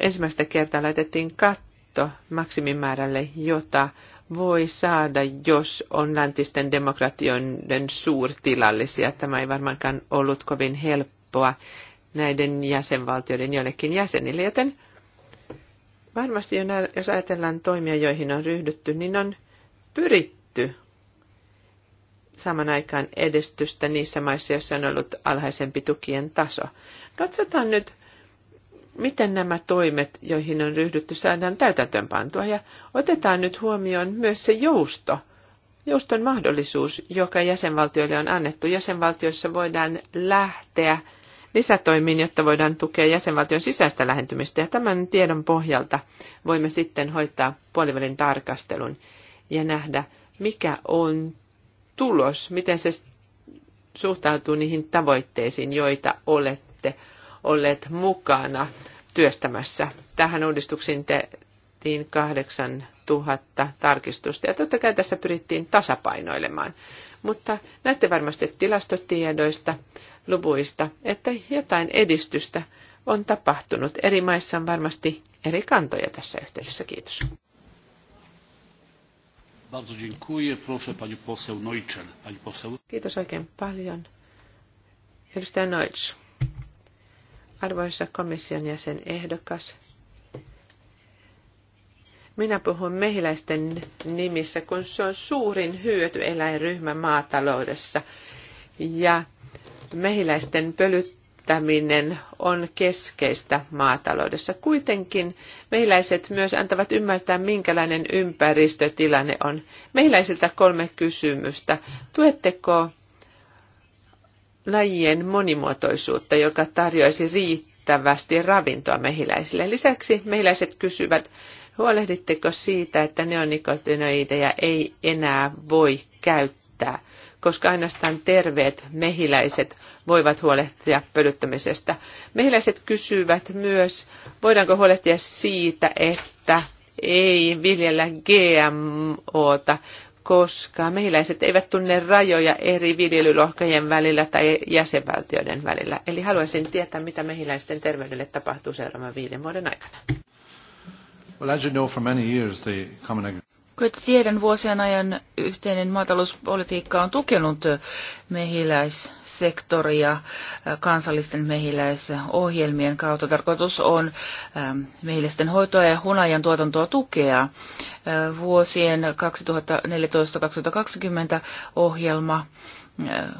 Ensimmäistä kertaa laitettiin katto maksimimäärälle, jota voi saada, jos on läntisten demokratioiden suurtilallisia. Tämä ei varmaankaan ollut kovin helppoa näiden jäsenvaltioiden joillekin jäsenille, joten varmasti jos ajatellaan toimia, joihin on ryhdytty, niin on pyritty saman aikaan edistystä niissä maissa, joissa on ollut alhaisempi tukien taso. Katsotaan nyt, miten nämä toimet, joihin on ryhdytty, saadaan täytäntöönpantua ja otetaan nyt huomioon myös se jousto, jouston mahdollisuus, joka jäsenvaltioille on annettu. Jäsenvaltioissa voidaan lähteä lisätoimiin, jotta voidaan tukea jäsenvaltion sisäistä lähentymistä ja tämän tiedon pohjalta voimme sitten hoitaa puolivälin tarkastelun ja nähdä, mikä on tulos, miten se suhtautuu niihin tavoitteisiin, joita olette olleet mukana työstämässä. Tähän uudistuksiin tehtiin 8000 tarkistusta ja totta kai tässä pyrittiin tasapainoilemaan. Mutta näette varmasti tilastotiedoista, luvuista, että jotain edistystä on tapahtunut. Eri maissa on varmasti eri kantoja tässä yhteydessä. Kiitos. Bardzo dziękuję. Proszę pani poseł Neuchel. Pani poseł. Kiitos oikein paljon. Edustaja Noits. Arvoisa komission jäsen ehdokas. Minä puhun mehiläisten nimissä, kun se on suurin hyötyeläinryhmä maataloudessa. Ja mehiläisten pölyt kehittäminen on keskeistä maataloudessa. Kuitenkin mehiläiset myös antavat ymmärtää, minkälainen ympäristötilanne on. Mehiläisiltä kolme kysymystä. Tuetteko lajien monimuotoisuutta, joka tarjoaisi riittävästi ravintoa mehiläisille? Lisäksi mehiläiset kysyvät, huolehditteko siitä, että neonikotinoideja ei enää voi käyttää – koska ainoastaan terveet mehiläiset voivat huolehtia pölyttämisestä. Mehiläiset kysyvät myös, voidaanko huolehtia siitä, että ei viljellä GMOta, koska mehiläiset eivät tunne rajoja eri viljelylohkojen välillä tai jäsenvaltioiden välillä. Eli haluaisin tietää, mitä mehiläisten terveydelle tapahtuu seuraavan viiden vuoden aikana. Well, as you know, for many years the common Kyllä tiedän, vuosien ajan yhteinen maatalouspolitiikka on tukenut mehiläissektoria kansallisten mehiläisohjelmien kautta. Tarkoitus on ähm, mehiläisten hoitoa ja hunajan tuotantoa tukea. Äh, vuosien 2014-2020 ohjelma äh,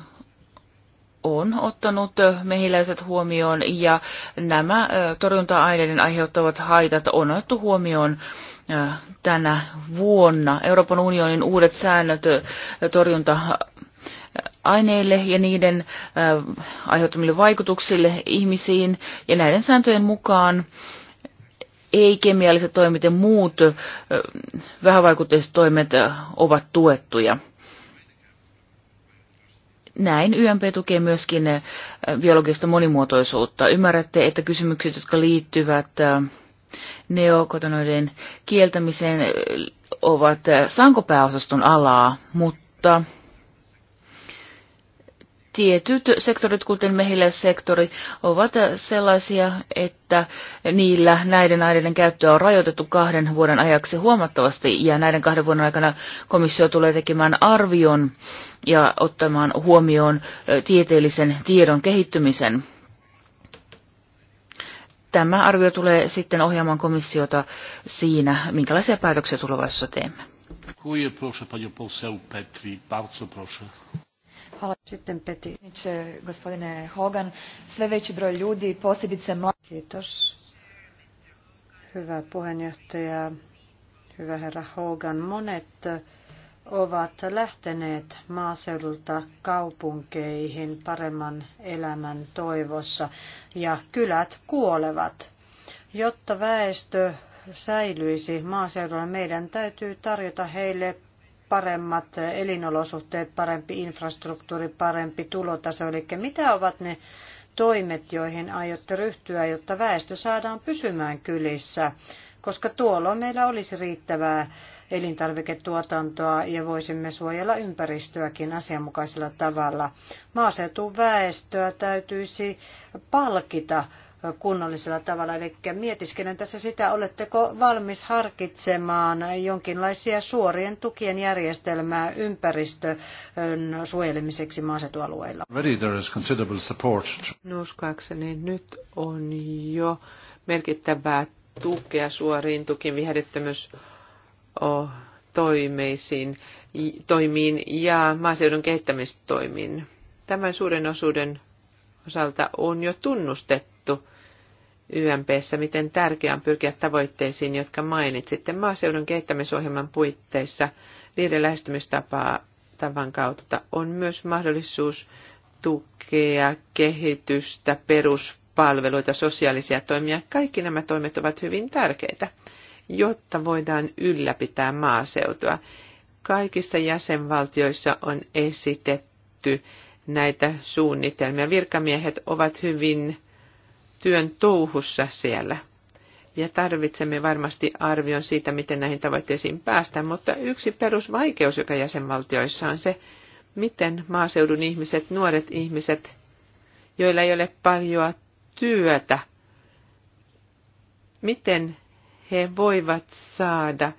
on ottanut mehiläiset huomioon ja nämä torjunta-aineiden aiheuttavat haitat on otettu huomioon tänä vuonna. Euroopan unionin uudet säännöt torjunta aineille ja niiden aiheuttamille vaikutuksille ihmisiin. Ja näiden sääntöjen mukaan ei-kemialliset toimet ja muut vähävaikutteiset toimet ovat tuettuja näin YMP tukee myöskin äh, biologista monimuotoisuutta. Ymmärrätte, että kysymykset, jotka liittyvät äh, neokotanoiden kieltämiseen, äh, ovat sankopääosaston alaa, mutta tietyt sektorit, kuten mehiläissektori, ovat sellaisia, että niillä näiden aineiden käyttöä on rajoitettu kahden vuoden ajaksi huomattavasti, ja näiden kahden vuoden aikana komissio tulee tekemään arvion ja ottamaan huomioon tieteellisen tiedon kehittymisen. Tämä arvio tulee sitten ohjaamaan komissiota siinä, minkälaisia päätöksiä tulevaisuudessa teemme. Dziękuję, proszę panią poseł Petri, bardzo proszę. Hvala. Gospodine Hogan, sve veći broj ljudi, posebice mladi. Kiitos. Hyvä puheenjohtaja, hyvä herra Hogan. Monet ovat lähteneet maaseudulta kaupunkeihin paremman elämän toivossa ja kylät kuolevat. Jotta väestö säilyisi maaseudulla, meidän täytyy tarjota heille paremmat elinolosuhteet, parempi infrastruktuuri, parempi tulotaso. Eli mitä ovat ne toimet, joihin aiotte ryhtyä, jotta väestö saadaan pysymään kylissä? Koska tuolloin meillä olisi riittävää elintarviketuotantoa ja voisimme suojella ympäristöäkin asianmukaisella tavalla. Maaseutuväestöä väestöä täytyisi palkita kunnollisella tavalla. Eli mietiskelen tässä sitä, oletteko valmis harkitsemaan jonkinlaisia suorien tukien järjestelmää ympäristön suojelemiseksi maaseutualueilla? No, uskoakseni nyt on jo merkittävää tukea suoriin tukin vihehdettömyys toimeisiin, toimiin ja maaseudun kehittämistoimiin. Tämän suuren osuuden osalta on jo tunnustettu YMPssä, miten tärkeää on pyrkiä tavoitteisiin, jotka mainitsitte maaseudun kehittämisohjelman puitteissa. Niiden tavan kautta on myös mahdollisuus tukea kehitystä, peruspalveluita, sosiaalisia toimia. Kaikki nämä toimet ovat hyvin tärkeitä, jotta voidaan ylläpitää maaseutua. Kaikissa jäsenvaltioissa on esitetty näitä suunnitelmia. Virkamiehet ovat hyvin työn touhussa siellä. Ja tarvitsemme varmasti arvion siitä, miten näihin tavoitteisiin päästään, mutta yksi perusvaikeus, joka jäsenvaltioissa on se, miten maaseudun ihmiset, nuoret ihmiset, joilla ei ole paljon työtä, miten he voivat saada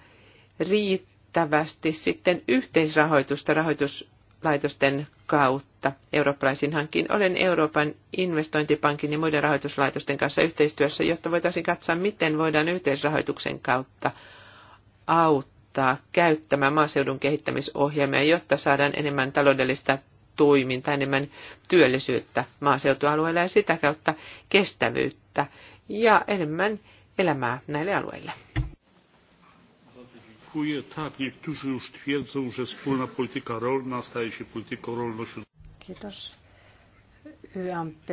riittävästi sitten yhteisrahoitusta rahoituslaitosten kautta eurooppalaisiin hankin. Olen Euroopan investointipankin ja muiden rahoituslaitosten kanssa yhteistyössä, jotta voitaisiin katsoa, miten voidaan yhteisrahoituksen kautta auttaa käyttämään maaseudun kehittämisohjelmia, jotta saadaan enemmän taloudellista toimintaa, enemmän työllisyyttä maaseutualueilla ja sitä kautta kestävyyttä ja enemmän elämää näille alueille. Dziękuję. Tak, niektórzy już twierdzą, że wspólna polityka rolna staje się polityką rolno Kiitos. YMP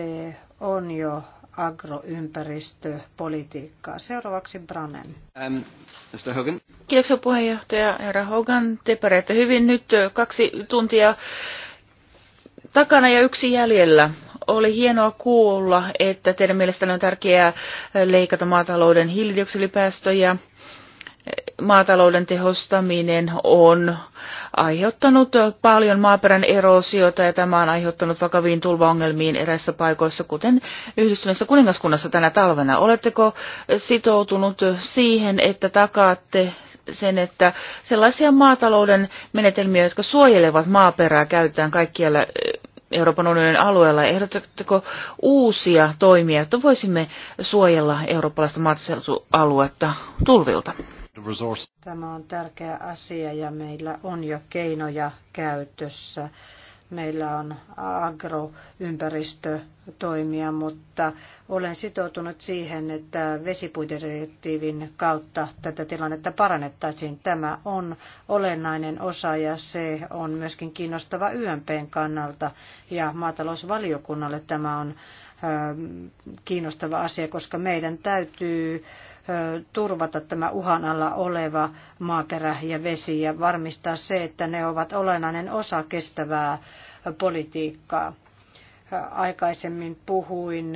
on jo agroympäristöpolitiikkaa. Seuraavaksi Branen. Um, Hogan. Kiitoksia puheenjohtaja herra Hogan. Te pärjäätte hyvin nyt kaksi tuntia takana ja yksi jäljellä. Oli hienoa kuulla, että teidän mielestänne on tärkeää leikata maatalouden hiilidioksidipäästöjä maatalouden tehostaminen on aiheuttanut paljon maaperän erosiota ja tämä on aiheuttanut vakaviin tulvaongelmiin eräissä paikoissa, kuten yhdistyneessä kuningaskunnassa tänä talvena. Oletteko sitoutunut siihen, että takaatte sen, että sellaisia maatalouden menetelmiä, jotka suojelevat maaperää, käytetään kaikkialla eh, Euroopan unionin alueella. Ehdotatteko uusia toimia, että voisimme suojella eurooppalaista maatalousaluetta tulvilta? Tämä on tärkeä asia ja meillä on jo keinoja käytössä. Meillä on agroympäristötoimia, mutta olen sitoutunut siihen, että vesipuidirektiivin kautta tätä tilannetta parannettaisiin. Tämä on olennainen osa ja se on myöskin kiinnostava YMPn kannalta ja maatalousvaliokunnalle tämä on kiinnostava asia, koska meidän täytyy turvata tämä uhan alla oleva maaperä ja vesi ja varmistaa se, että ne ovat olennainen osa kestävää politiikkaa aikaisemmin puhuin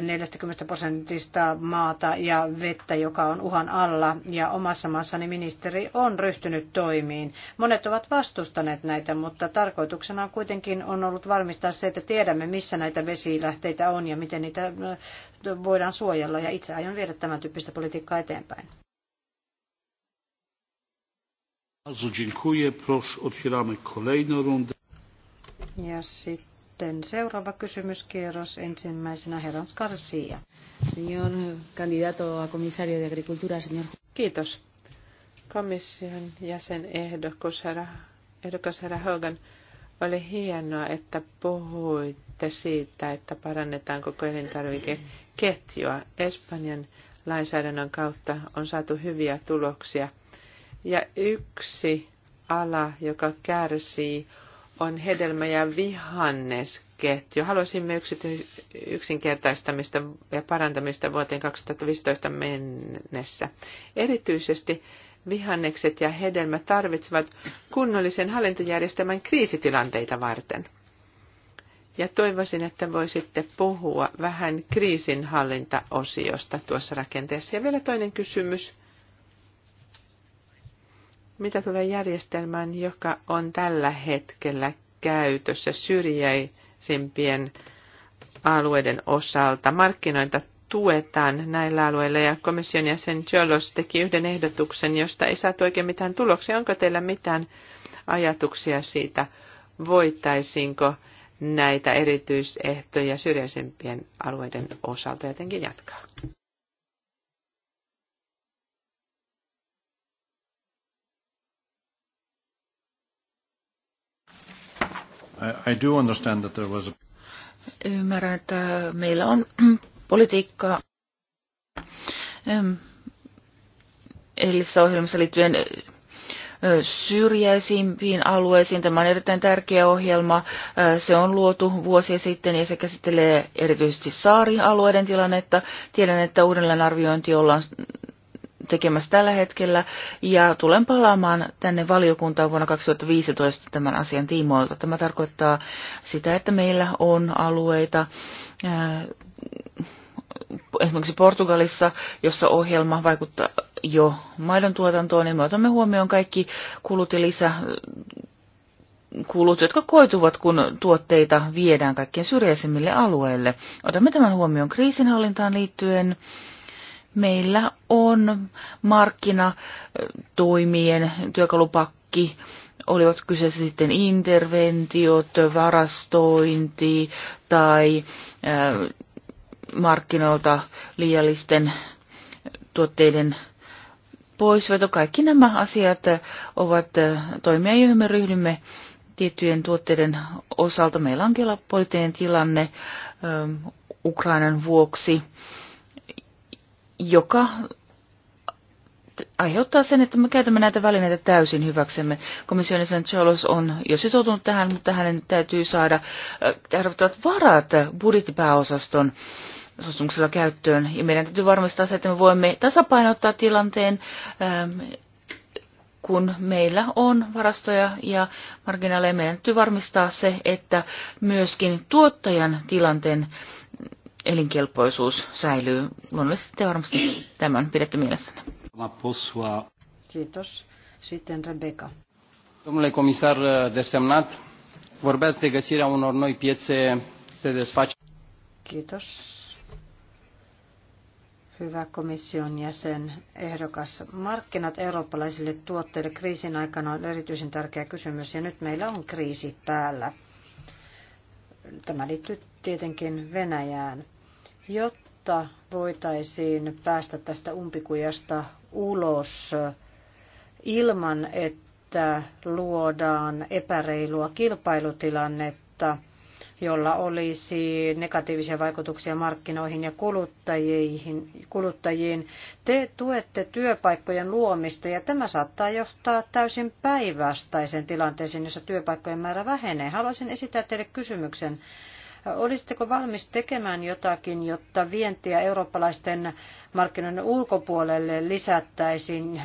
40 äh, prosentista maata ja vettä, joka on uhan alla, ja omassa maassani ministeri on ryhtynyt toimiin. Monet ovat vastustaneet näitä, mutta tarkoituksena kuitenkin on ollut varmistaa se, että tiedämme, missä näitä vesilähteitä on ja miten niitä äh, voidaan suojella, ja itse aion viedä tämän tyyppistä politiikkaa eteenpäin. Ja sitten sitten seuraava kysymyskierros ensimmäisenä herran Garcia. Señor candidato a comisario de agricultura, señor. Kiitos. Komission jäsen ehdokas herra, ehdokas herra Hogan, oli hienoa, että puhuitte siitä, että parannetaan koko elintarvikeketjua. Espanjan lainsäädännön kautta on saatu hyviä tuloksia. Ja yksi ala, joka kärsii, on hedelmä- ja vihannesketju. Haluaisimme yksinkertaistamista ja parantamista vuoteen 2015 mennessä. Erityisesti vihannekset ja hedelmät tarvitsevat kunnollisen hallintojärjestelmän kriisitilanteita varten. Ja toivoisin, että voisitte puhua vähän kriisinhallintaosiosta tuossa rakenteessa. Ja vielä toinen kysymys mitä tulee järjestelmään, joka on tällä hetkellä käytössä syrjäisimpien alueiden osalta? Markkinoita tuetaan näillä alueilla ja komission jäsen Jolos teki yhden ehdotuksen, josta ei saatu oikein mitään tuloksia. Onko teillä mitään ajatuksia siitä, voitaisiinko näitä erityisehtoja syrjäisempien alueiden osalta jotenkin jatkaa? I, do understand that there was a... Ymmärrän, että meillä on politiikkaa edellisessä ohjelmassa liittyen syrjäisimpiin alueisiin. Tämä on erittäin tärkeä ohjelma. Se on luotu vuosia sitten ja se käsittelee erityisesti saarialueiden tilannetta. Tiedän, että uudelleen arviointi ollaan tekemässä tällä hetkellä ja tulen palaamaan tänne valiokuntaan vuonna 2015 tämän asian tiimoilta. Tämä tarkoittaa sitä, että meillä on alueita, äh, esimerkiksi Portugalissa, jossa ohjelma vaikuttaa jo maidon tuotantoon, niin me otamme huomioon kaikki kulut ja lisä kulut, jotka koituvat, kun tuotteita viedään kaikkien syrjäisimmille alueille. Otamme tämän huomioon kriisinhallintaan liittyen meillä on markkinatoimien työkalupakki, olivat kyseessä sitten interventiot, varastointi tai markkinoilta liiallisten tuotteiden poisveto. Kaikki nämä asiat ovat toimia, joihin me ryhdymme tiettyjen tuotteiden osalta. Meillä on poliittinen tilanne Ukrainan vuoksi joka aiheuttaa sen, että me käytämme näitä välineitä täysin hyväksemme. Komission jäsen Charles on jo sitoutunut tähän, mutta hänen täytyy saada tarvittavat äh, varat budjettipääosaston suostumuksella käyttöön. Ja meidän täytyy varmistaa se, että me voimme tasapainottaa tilanteen, ähm, kun meillä on varastoja ja marginaaleja. Meidän täytyy varmistaa se, että myöskin tuottajan tilanteen elinkelpoisuus säilyy. Luonnollisesti te varmasti tämän pidätte mielessänne. Kiitos. Sitten Rebecca. Domnule comisar eh, desemnat, vorbeați de găsirea unor noi piețe de desfacere. Kiitos. Hyvä komission jäsen ehdokas. Markkinat eurooppalaisille tuotteille kriisin aikana on erityisen tärkeä kysymys ja nyt meillä on kriisi päällä. Tämä liittyy tietenkin Venäjään. Jotta voitaisiin päästä tästä umpikujasta ulos ilman, että luodaan epäreilua kilpailutilannetta, jolla olisi negatiivisia vaikutuksia markkinoihin ja kuluttajiin. kuluttajiin. Te tuette työpaikkojen luomista ja tämä saattaa johtaa täysin päinvastaiseen tilanteeseen, jossa työpaikkojen määrä vähenee. Haluaisin esittää teille kysymyksen. Olisitteko valmis tekemään jotakin, jotta vientiä eurooppalaisten markkinoiden ulkopuolelle lisättäisiin?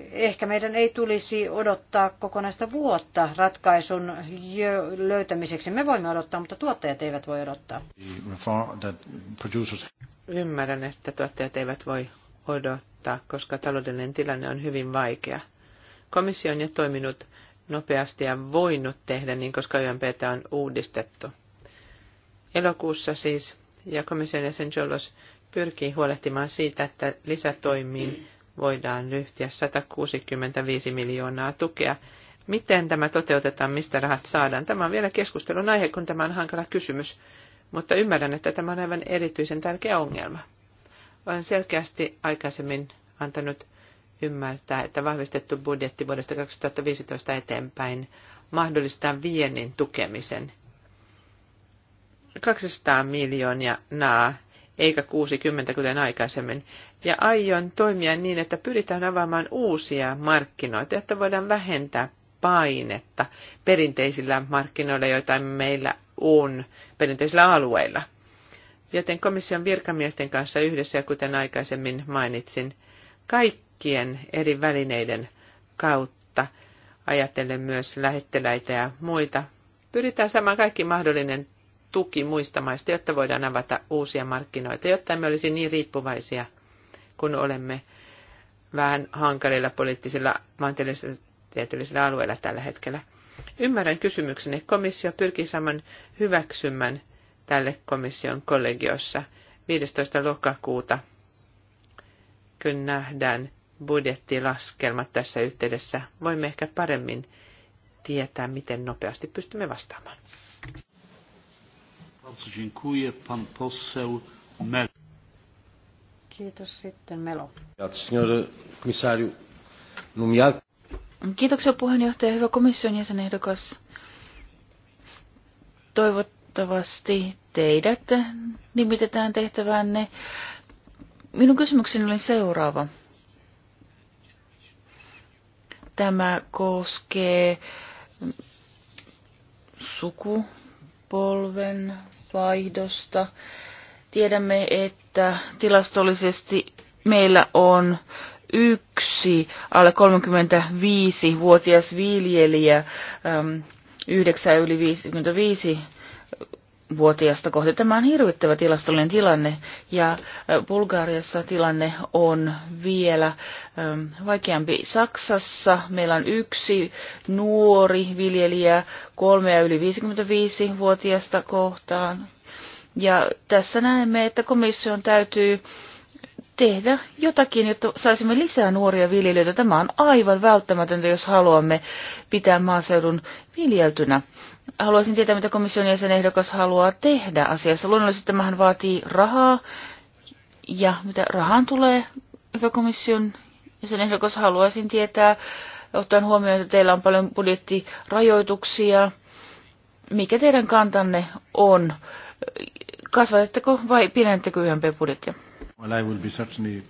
Ehkä meidän ei tulisi odottaa kokonaista vuotta ratkaisun löytämiseksi. Me voimme odottaa, mutta tuottajat eivät voi odottaa. Ymmärrän, että tuottajat eivät voi odottaa, koska taloudellinen tilanne on hyvin vaikea. Komissio on jo toiminut nopeasti ja voinut tehdä niin, koska YMPtä on uudistettu. Elokuussa siis ja komission jäsen Jollos pyrkii huolehtimaan siitä, että lisätoimiin voidaan ryhtyä 165 miljoonaa tukea. Miten tämä toteutetaan, mistä rahat saadaan? Tämä on vielä keskustelun aihe, kun tämä on hankala kysymys, mutta ymmärrän, että tämä on aivan erityisen tärkeä ongelma. Olen selkeästi aikaisemmin antanut ymmärtää, että vahvistettu budjetti vuodesta 2015 eteenpäin mahdollistaa viennin tukemisen – 200 miljoonia naa, eikä 60 kuten aikaisemmin. Ja aion toimia niin, että pyritään avaamaan uusia markkinoita, jotta voidaan vähentää painetta perinteisillä markkinoilla, joita meillä on perinteisillä alueilla. Joten komission virkamiesten kanssa yhdessä, ja kuten aikaisemmin mainitsin, kaikkien eri välineiden kautta, ajatellen myös lähetteläitä ja muita, pyritään saamaan kaikki mahdollinen tuki muista maista, jotta voidaan avata uusia markkinoita, jotta emme olisi niin riippuvaisia, kun olemme vähän hankalilla poliittisilla maantieteellisillä alueilla tällä hetkellä. Ymmärrän kysymyksenne. Komissio pyrkii saman hyväksymän tälle komission kollegiossa 15. lokakuuta, kun nähdään budjettilaskelmat tässä yhteydessä. Voimme ehkä paremmin tietää, miten nopeasti pystymme vastaamaan. Kiitos sitten Melo. Kiitoksia puheenjohtaja, hyvä komission jäsenehdokas. Toivottavasti teidät nimitetään tehtävänne. Minun kysymykseni oli seuraava. Tämä koskee sukupolven vaihdosta. Tiedämme, että tilastollisesti meillä on yksi alle 35-vuotias viljelijä, yhdeksän yli 55 vuotiasta kohti. Tämä on hirvittävä tilastollinen tilanne ja Bulgariassa tilanne on vielä vaikeampi. Saksassa meillä on yksi nuori viljelijä kolmea yli 55-vuotiasta kohtaan. Ja tässä näemme, että komission täytyy tehdä jotakin, jotta saisimme lisää nuoria viljelijöitä. Tämä on aivan välttämätöntä, jos haluamme pitää maaseudun viljeltynä. Haluaisin tietää, mitä komission jäsenehdokas haluaa tehdä asiassa. Luonnollisesti tämähän vaatii rahaa, ja mitä rahaan tulee, hyvä komission jäsenehdokas, haluaisin tietää, ottaen huomioon, että teillä on paljon budjettirajoituksia, mikä teidän kantanne on? Kasvatetteko vai pidennettekö yhden budjettia Well, I will be certainly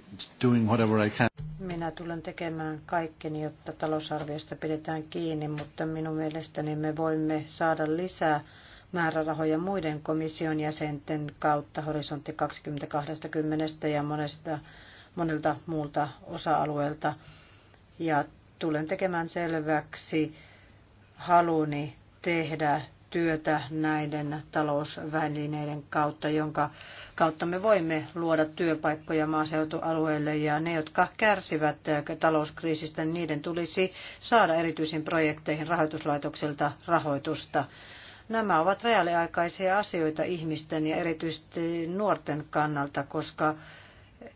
doing whatever I can. Minä tulen tekemään kaikkeni, jotta talousarviosta pidetään kiinni, mutta minun mielestäni me voimme saada lisää määrärahoja muiden komission jäsenten kautta horisontti 2020 ja monesta, monelta muulta osa-alueelta. Ja tulen tekemään selväksi haluni tehdä työtä näiden talousvälineiden kautta, jonka kautta me voimme luoda työpaikkoja maaseutualueille ja ne, jotka kärsivät talouskriisistä, niiden tulisi saada erityisiin projekteihin rahoituslaitokselta rahoitusta. Nämä ovat reaaliaikaisia asioita ihmisten ja erityisesti nuorten kannalta, koska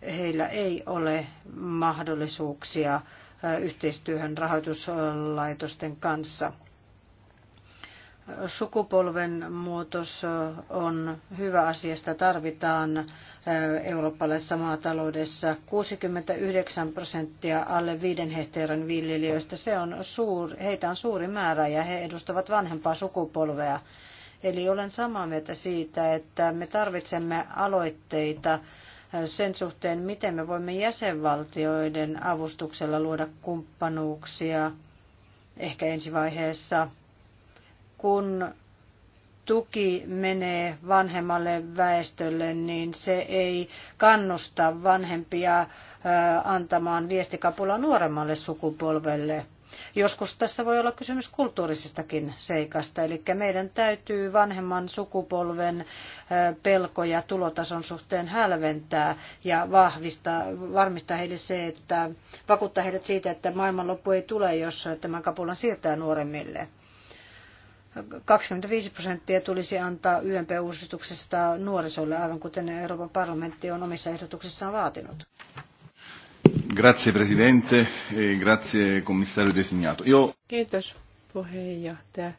heillä ei ole mahdollisuuksia yhteistyöhön rahoituslaitosten kanssa. Sukupolven muutos on hyvä asia, sitä tarvitaan eurooppalaisessa maataloudessa. 69 prosenttia alle viiden hehtaarin viljelijöistä, se on suur, heitä on suuri määrä ja he edustavat vanhempaa sukupolvea. Eli olen samaa mieltä siitä, että me tarvitsemme aloitteita sen suhteen, miten me voimme jäsenvaltioiden avustuksella luoda kumppanuuksia ehkä ensivaiheessa kun tuki menee vanhemmalle väestölle, niin se ei kannusta vanhempia antamaan viestikapula nuoremmalle sukupolvelle. Joskus tässä voi olla kysymys kulttuurisistakin seikasta, eli meidän täytyy vanhemman sukupolven pelkoja tulotason suhteen hälventää ja vahvistaa, varmistaa heille se, että vakuuttaa heidät siitä, että maailmanloppu ei tule, jos tämän kapulan siirtää nuoremmille. 25 prosenttia tulisi antaa YMP-uudistuksesta nuorisolle, aivan kuten Euroopan parlamentti on omissa ehdotuksissaan vaatinut. Grazie Presidente e grazie Commissario designato. Io... Kiitos puheenjohtaja.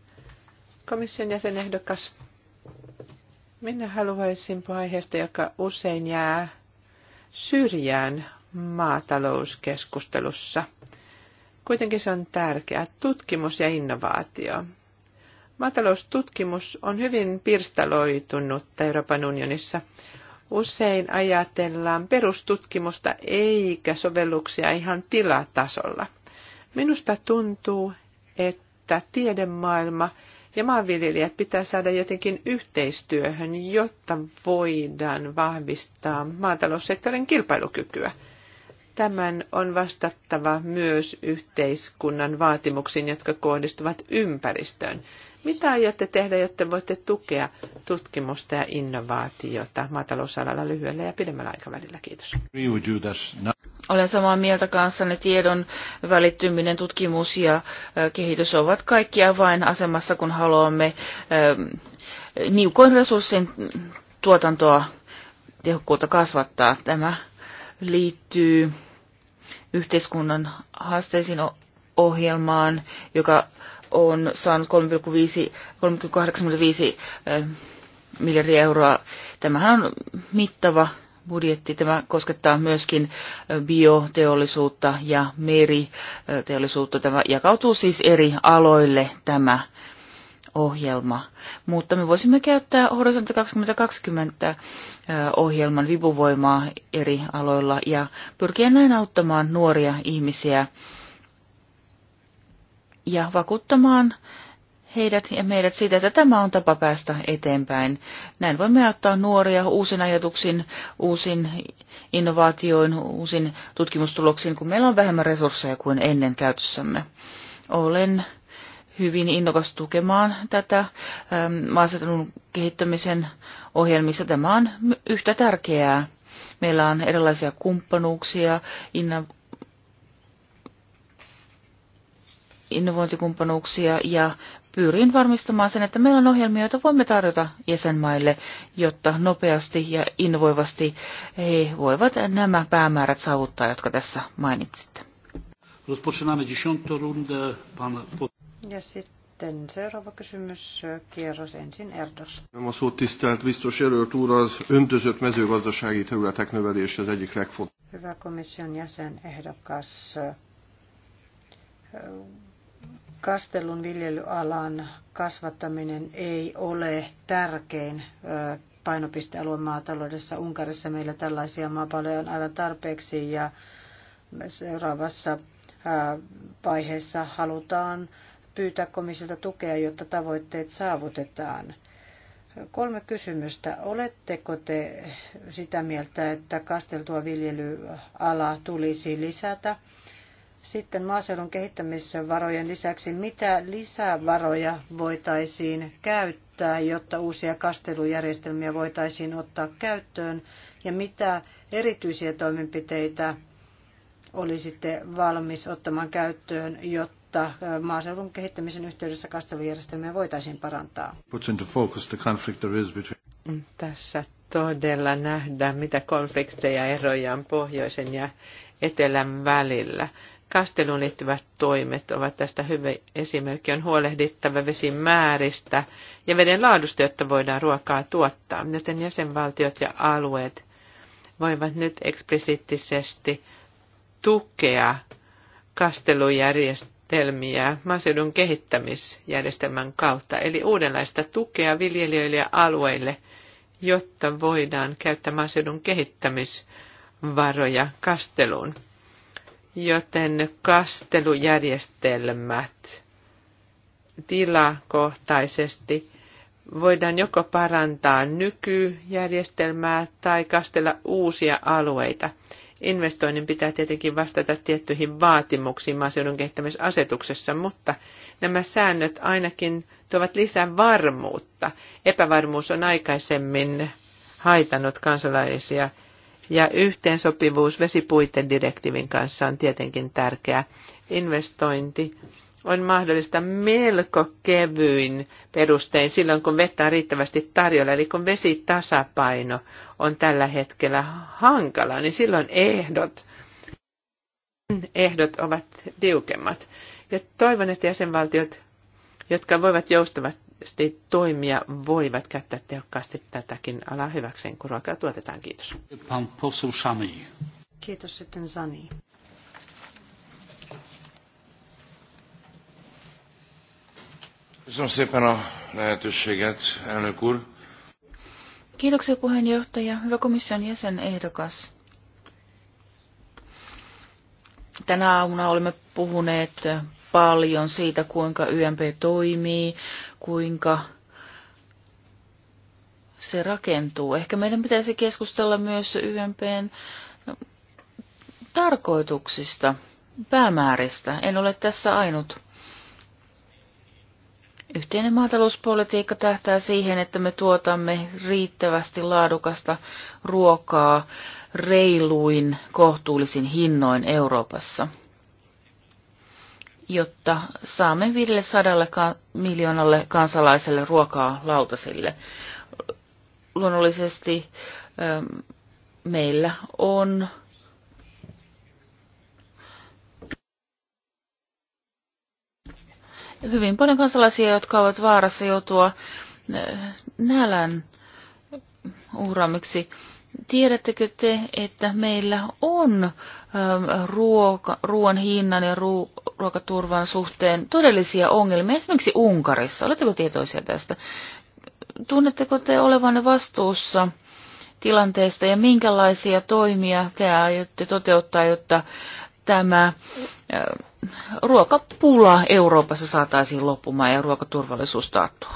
Komission jäsenehdokas. Minä haluaisin puhua aiheesta, joka usein jää syrjään maatalouskeskustelussa. Kuitenkin se on tärkeää. Tutkimus ja innovaatio. Maataloustutkimus on hyvin pirstaloitunut Euroopan unionissa. Usein ajatellaan perustutkimusta eikä sovelluksia ihan tilatasolla. Minusta tuntuu, että tiedemaailma ja maanviljelijät pitää saada jotenkin yhteistyöhön, jotta voidaan vahvistaa maataloussektorin kilpailukykyä. Tämän on vastattava myös yhteiskunnan vaatimuksiin, jotka kohdistuvat ympäristöön. Mitä aiotte tehdä, jotta voitte tukea tutkimusta ja innovaatiota maatalousalalla lyhyellä ja pidemmällä aikavälillä? Kiitos. Olen samaa mieltä kanssanne. Tiedon välittyminen, tutkimus ja kehitys ovat kaikki avainasemassa, kun haluamme niukoin resurssin tuotantoa tehokkuutta kasvattaa. Tämä liittyy yhteiskunnan haasteisiin ohjelmaan, joka on saanut 3,85 eh, miljardia euroa. Tämähän on mittava budjetti. Tämä koskettaa myöskin eh, bioteollisuutta ja meriteollisuutta. Tämä jakautuu siis eri aloille tämä ohjelma. Mutta me voisimme käyttää Horisontti 2020 eh, ohjelman vipuvoimaa eri aloilla ja pyrkiä näin auttamaan nuoria ihmisiä ja vakuuttamaan heidät ja meidät siitä, että tämä on tapa päästä eteenpäin. Näin voimme auttaa nuoria uusin ajatuksin, uusin innovaatioin, uusin tutkimustuloksiin, kun meillä on vähemmän resursseja kuin ennen käytössämme. Olen hyvin innokas tukemaan tätä ähm, maaseudun kehittämisen ohjelmissa. Tämä on yhtä tärkeää. Meillä on erilaisia kumppanuuksia, innovaatioita innovointikumppanuuksia ja pyrin varmistamaan sen, että meillä on ohjelmia, joita voimme tarjota jäsenmaille, jotta nopeasti ja innovoivasti he voivat nämä päämäärät saavuttaa, jotka tässä mainitsitte. Ja sitten seuraava kysymys, kierros ensin Erdos. Nem a szót tisztelt biztos erőt úr, az öntözött mezőgazdasági területek az egyik legfontosabb. Hyvä komission jäsen ehdokas kastelun viljelyalan kasvattaminen ei ole tärkein painopistealue maataloudessa. Unkarissa meillä tällaisia maapalloja on aivan tarpeeksi ja seuraavassa vaiheessa halutaan pyytää komissilta tukea, jotta tavoitteet saavutetaan. Kolme kysymystä. Oletteko te sitä mieltä, että kasteltua viljelyalaa tulisi lisätä? Sitten maaseudun varojen lisäksi, mitä lisävaroja voitaisiin käyttää, jotta uusia kastelujärjestelmiä voitaisiin ottaa käyttöön, ja mitä erityisiä toimenpiteitä olisitte valmis ottamaan käyttöön, jotta maaseudun kehittämisen yhteydessä kastelujärjestelmiä voitaisiin parantaa? Tässä todella nähdään, mitä konflikteja eroja on pohjoisen ja etelän välillä kasteluun liittyvät toimet ovat tästä hyvä esimerkki. On huolehdittava vesin määristä ja veden laadusta, jotta voidaan ruokaa tuottaa, joten jäsenvaltiot ja alueet voivat nyt eksplisiittisesti tukea kastelujärjestelmiä maaseudun kehittämisjärjestelmän kautta, eli uudenlaista tukea viljelijöille ja alueille, jotta voidaan käyttää maaseudun kehittämisvaroja kasteluun joten kastelujärjestelmät tilakohtaisesti voidaan joko parantaa nykyjärjestelmää tai kastella uusia alueita. Investoinnin pitää tietenkin vastata tiettyihin vaatimuksiin maaseudun kehittämisasetuksessa, mutta nämä säännöt ainakin tuovat lisää varmuutta. Epävarmuus on aikaisemmin haitanut kansalaisia ja yhteensopivuus direktiivin kanssa on tietenkin tärkeä investointi. On mahdollista melko kevyin perustein silloin, kun vettä on riittävästi tarjolla. Eli kun vesitasapaino on tällä hetkellä hankala, niin silloin ehdot, ehdot ovat tiukemmat. Ja toivon, että jäsenvaltiot, jotka voivat joustavat, mahdollisesti toimia voivat käyttää tehokkaasti tätäkin alaa hyväkseen, kun ruokaa tuotetaan. Kiitos. Kiitos sitten Sani. Kiitoksia puheenjohtaja. Hyvä komission jäsen ehdokas. Tänä aamuna olemme puhuneet paljon siitä, kuinka YMP toimii, kuinka se rakentuu. Ehkä meidän pitäisi keskustella myös YMPn tarkoituksista, päämääristä. En ole tässä ainut. Yhteinen maatalouspolitiikka tähtää siihen, että me tuotamme riittävästi laadukasta ruokaa reiluin, kohtuullisin hinnoin Euroopassa jotta saamme 500 miljoonalle kansalaiselle ruokaa lautasille. Luonnollisesti ähm, meillä on hyvin paljon kansalaisia, jotka ovat vaarassa joutua äh, nälän uhraamiksi. Tiedättekö te, että meillä on ruoka, ruoan hinnan ja ruo, ruokaturvan suhteen todellisia ongelmia, esimerkiksi Unkarissa? Oletteko tietoisia tästä? Tunnetteko te olevanne vastuussa tilanteesta ja minkälaisia toimia te aiotte toteuttaa, jotta tämä ruokapula Euroopassa saataisiin loppumaan ja ruokaturvallisuus taattua?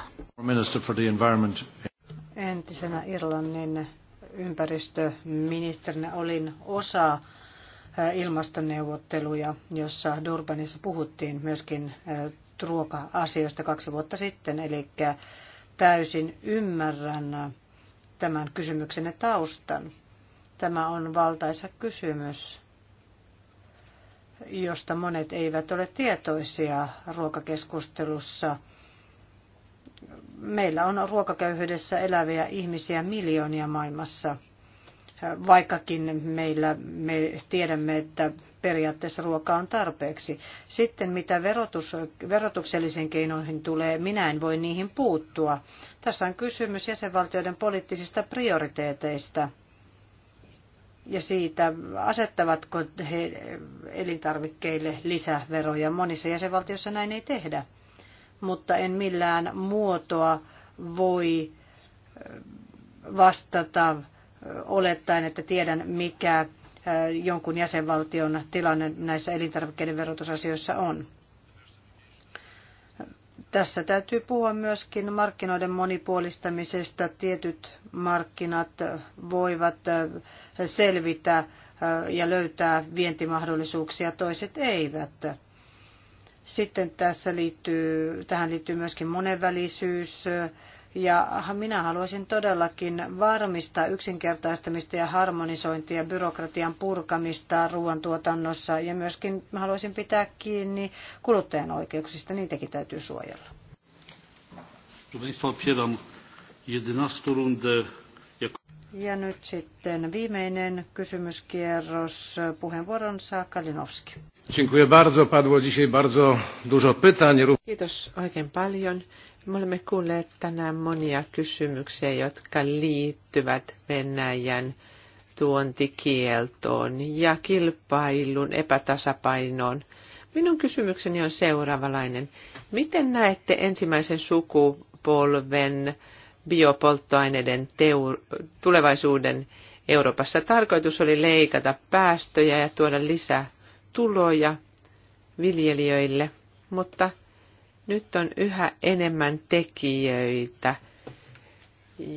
entisenä Irlannin ympäristöministerinä olin osa ilmastoneuvotteluja, jossa Durbanissa puhuttiin myöskin ruoka-asioista kaksi vuotta sitten, eli täysin ymmärrän tämän kysymyksenne taustan. Tämä on valtaisa kysymys, josta monet eivät ole tietoisia ruokakeskustelussa – meillä on ruokaköyhyydessä eläviä ihmisiä miljoonia maailmassa, vaikkakin meillä me tiedämme, että periaatteessa ruokaa on tarpeeksi. Sitten mitä verotus, verotuksellisiin keinoihin tulee, minä en voi niihin puuttua. Tässä on kysymys jäsenvaltioiden poliittisista prioriteeteista ja siitä, asettavatko he elintarvikkeille lisäveroja. Monissa jäsenvaltioissa näin ei tehdä mutta en millään muotoa voi vastata olettaen, että tiedän mikä jonkun jäsenvaltion tilanne näissä elintarvikkeiden verotusasioissa on. Tässä täytyy puhua myöskin markkinoiden monipuolistamisesta. Tietyt markkinat voivat selvitä ja löytää vientimahdollisuuksia, toiset eivät. Sitten tässä liittyy, tähän liittyy myöskin monenvälisyys, ja minä haluaisin todellakin varmistaa yksinkertaistamista ja harmonisointia, byrokratian purkamista ruoantuotannossa ja myöskin haluaisin pitää kiinni kuluttajan oikeuksista, niitäkin täytyy suojella. Ja nyt sitten viimeinen kysymyskierros. Puheenvuoron saa Kalinovski. Dziękuję bardzo. Padło dzisiaj bardzo dużo pytań. Kiitos oikein paljon. Me olemme kuulleet tänään monia kysymyksiä, jotka liittyvät Venäjän tuontikieltoon ja kilpailun epätasapainoon. Minun kysymykseni on seuraavalainen. Miten näette ensimmäisen sukupolven biopolttoaineiden tulevaisuuden Euroopassa? Tarkoitus oli leikata päästöjä ja tuoda lisää tuloja viljelijöille, mutta nyt on yhä enemmän tekijöitä,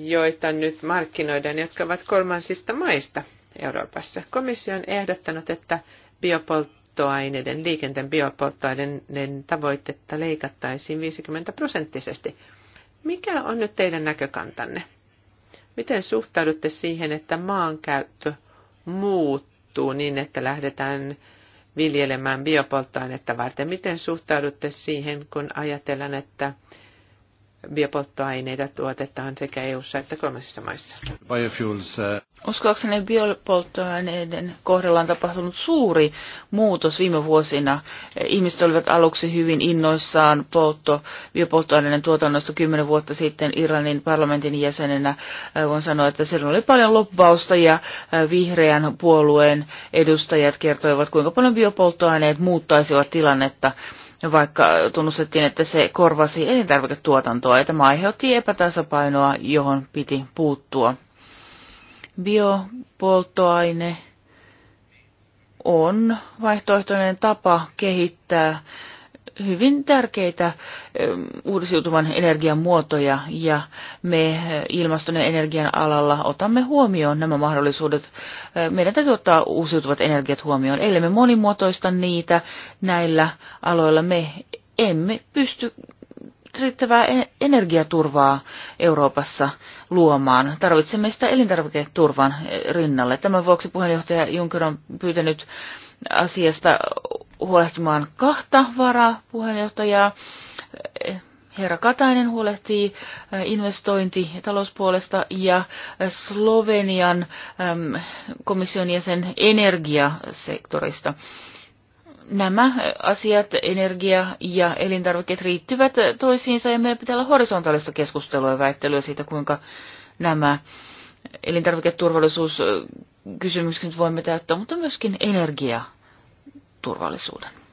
joita nyt markkinoidaan, jotka ovat kolmansista maista Euroopassa. Komissio on ehdottanut, että biopolttoaineiden, liikenteen biopolttoaineiden tavoitetta leikattaisiin 50 prosenttisesti. Mikä on nyt teidän näkökantanne? Miten suhtaudutte siihen, että maankäyttö muuttuu niin, että lähdetään viljelemään biopolttoainetta varten. Miten suhtaudutte siihen, kun ajatellaan, että biopolttoaineita tuotetaan sekä EU:ssa että kolmansissa maissa. Biofuels, uh... Uskoakseni biopolttoaineiden kohdalla on tapahtunut suuri muutos viime vuosina. Ihmiset olivat aluksi hyvin innoissaan poltto, biopolttoaineiden tuotannosta kymmenen vuotta sitten Irlannin parlamentin jäsenenä. Äh, voin sanoa, että siellä oli paljon loppausta ja äh, vihreän puolueen edustajat kertoivat, kuinka paljon biopolttoaineet muuttaisivat tilannetta vaikka tunnustettiin, että se korvasi elintarviketuotantoa ja tämä aiheutti epätasapainoa, johon piti puuttua. Biopolttoaine on vaihtoehtoinen tapa kehittää hyvin tärkeitä uusiutuvan energian muotoja ja me eh, ilmaston ja energian alalla otamme huomioon nämä mahdollisuudet. Eh, meidän täytyy ottaa uusiutuvat energiat huomioon. Ellei me monimuotoista niitä näillä aloilla, me emme pysty riittävää e- energiaturvaa Euroopassa luomaan. Tarvitsemme sitä elintarviketurvan rinnalle. Tämän vuoksi puheenjohtaja Juncker on pyytänyt asiasta huolehtimaan kahta puheenjohtajaa. Herra Katainen huolehtii eh, investointi- ja talouspuolesta ja Slovenian komission jäsen energiasektorista nämä asiat, energia ja elintarvikkeet, riittyvät toisiinsa ja meillä pitää olla horisontaalista keskustelua ja väittelyä siitä, kuinka nämä elintarviketurvallisuuskysymykset voimme täyttää, mutta myöskin energiaturvallisuuden.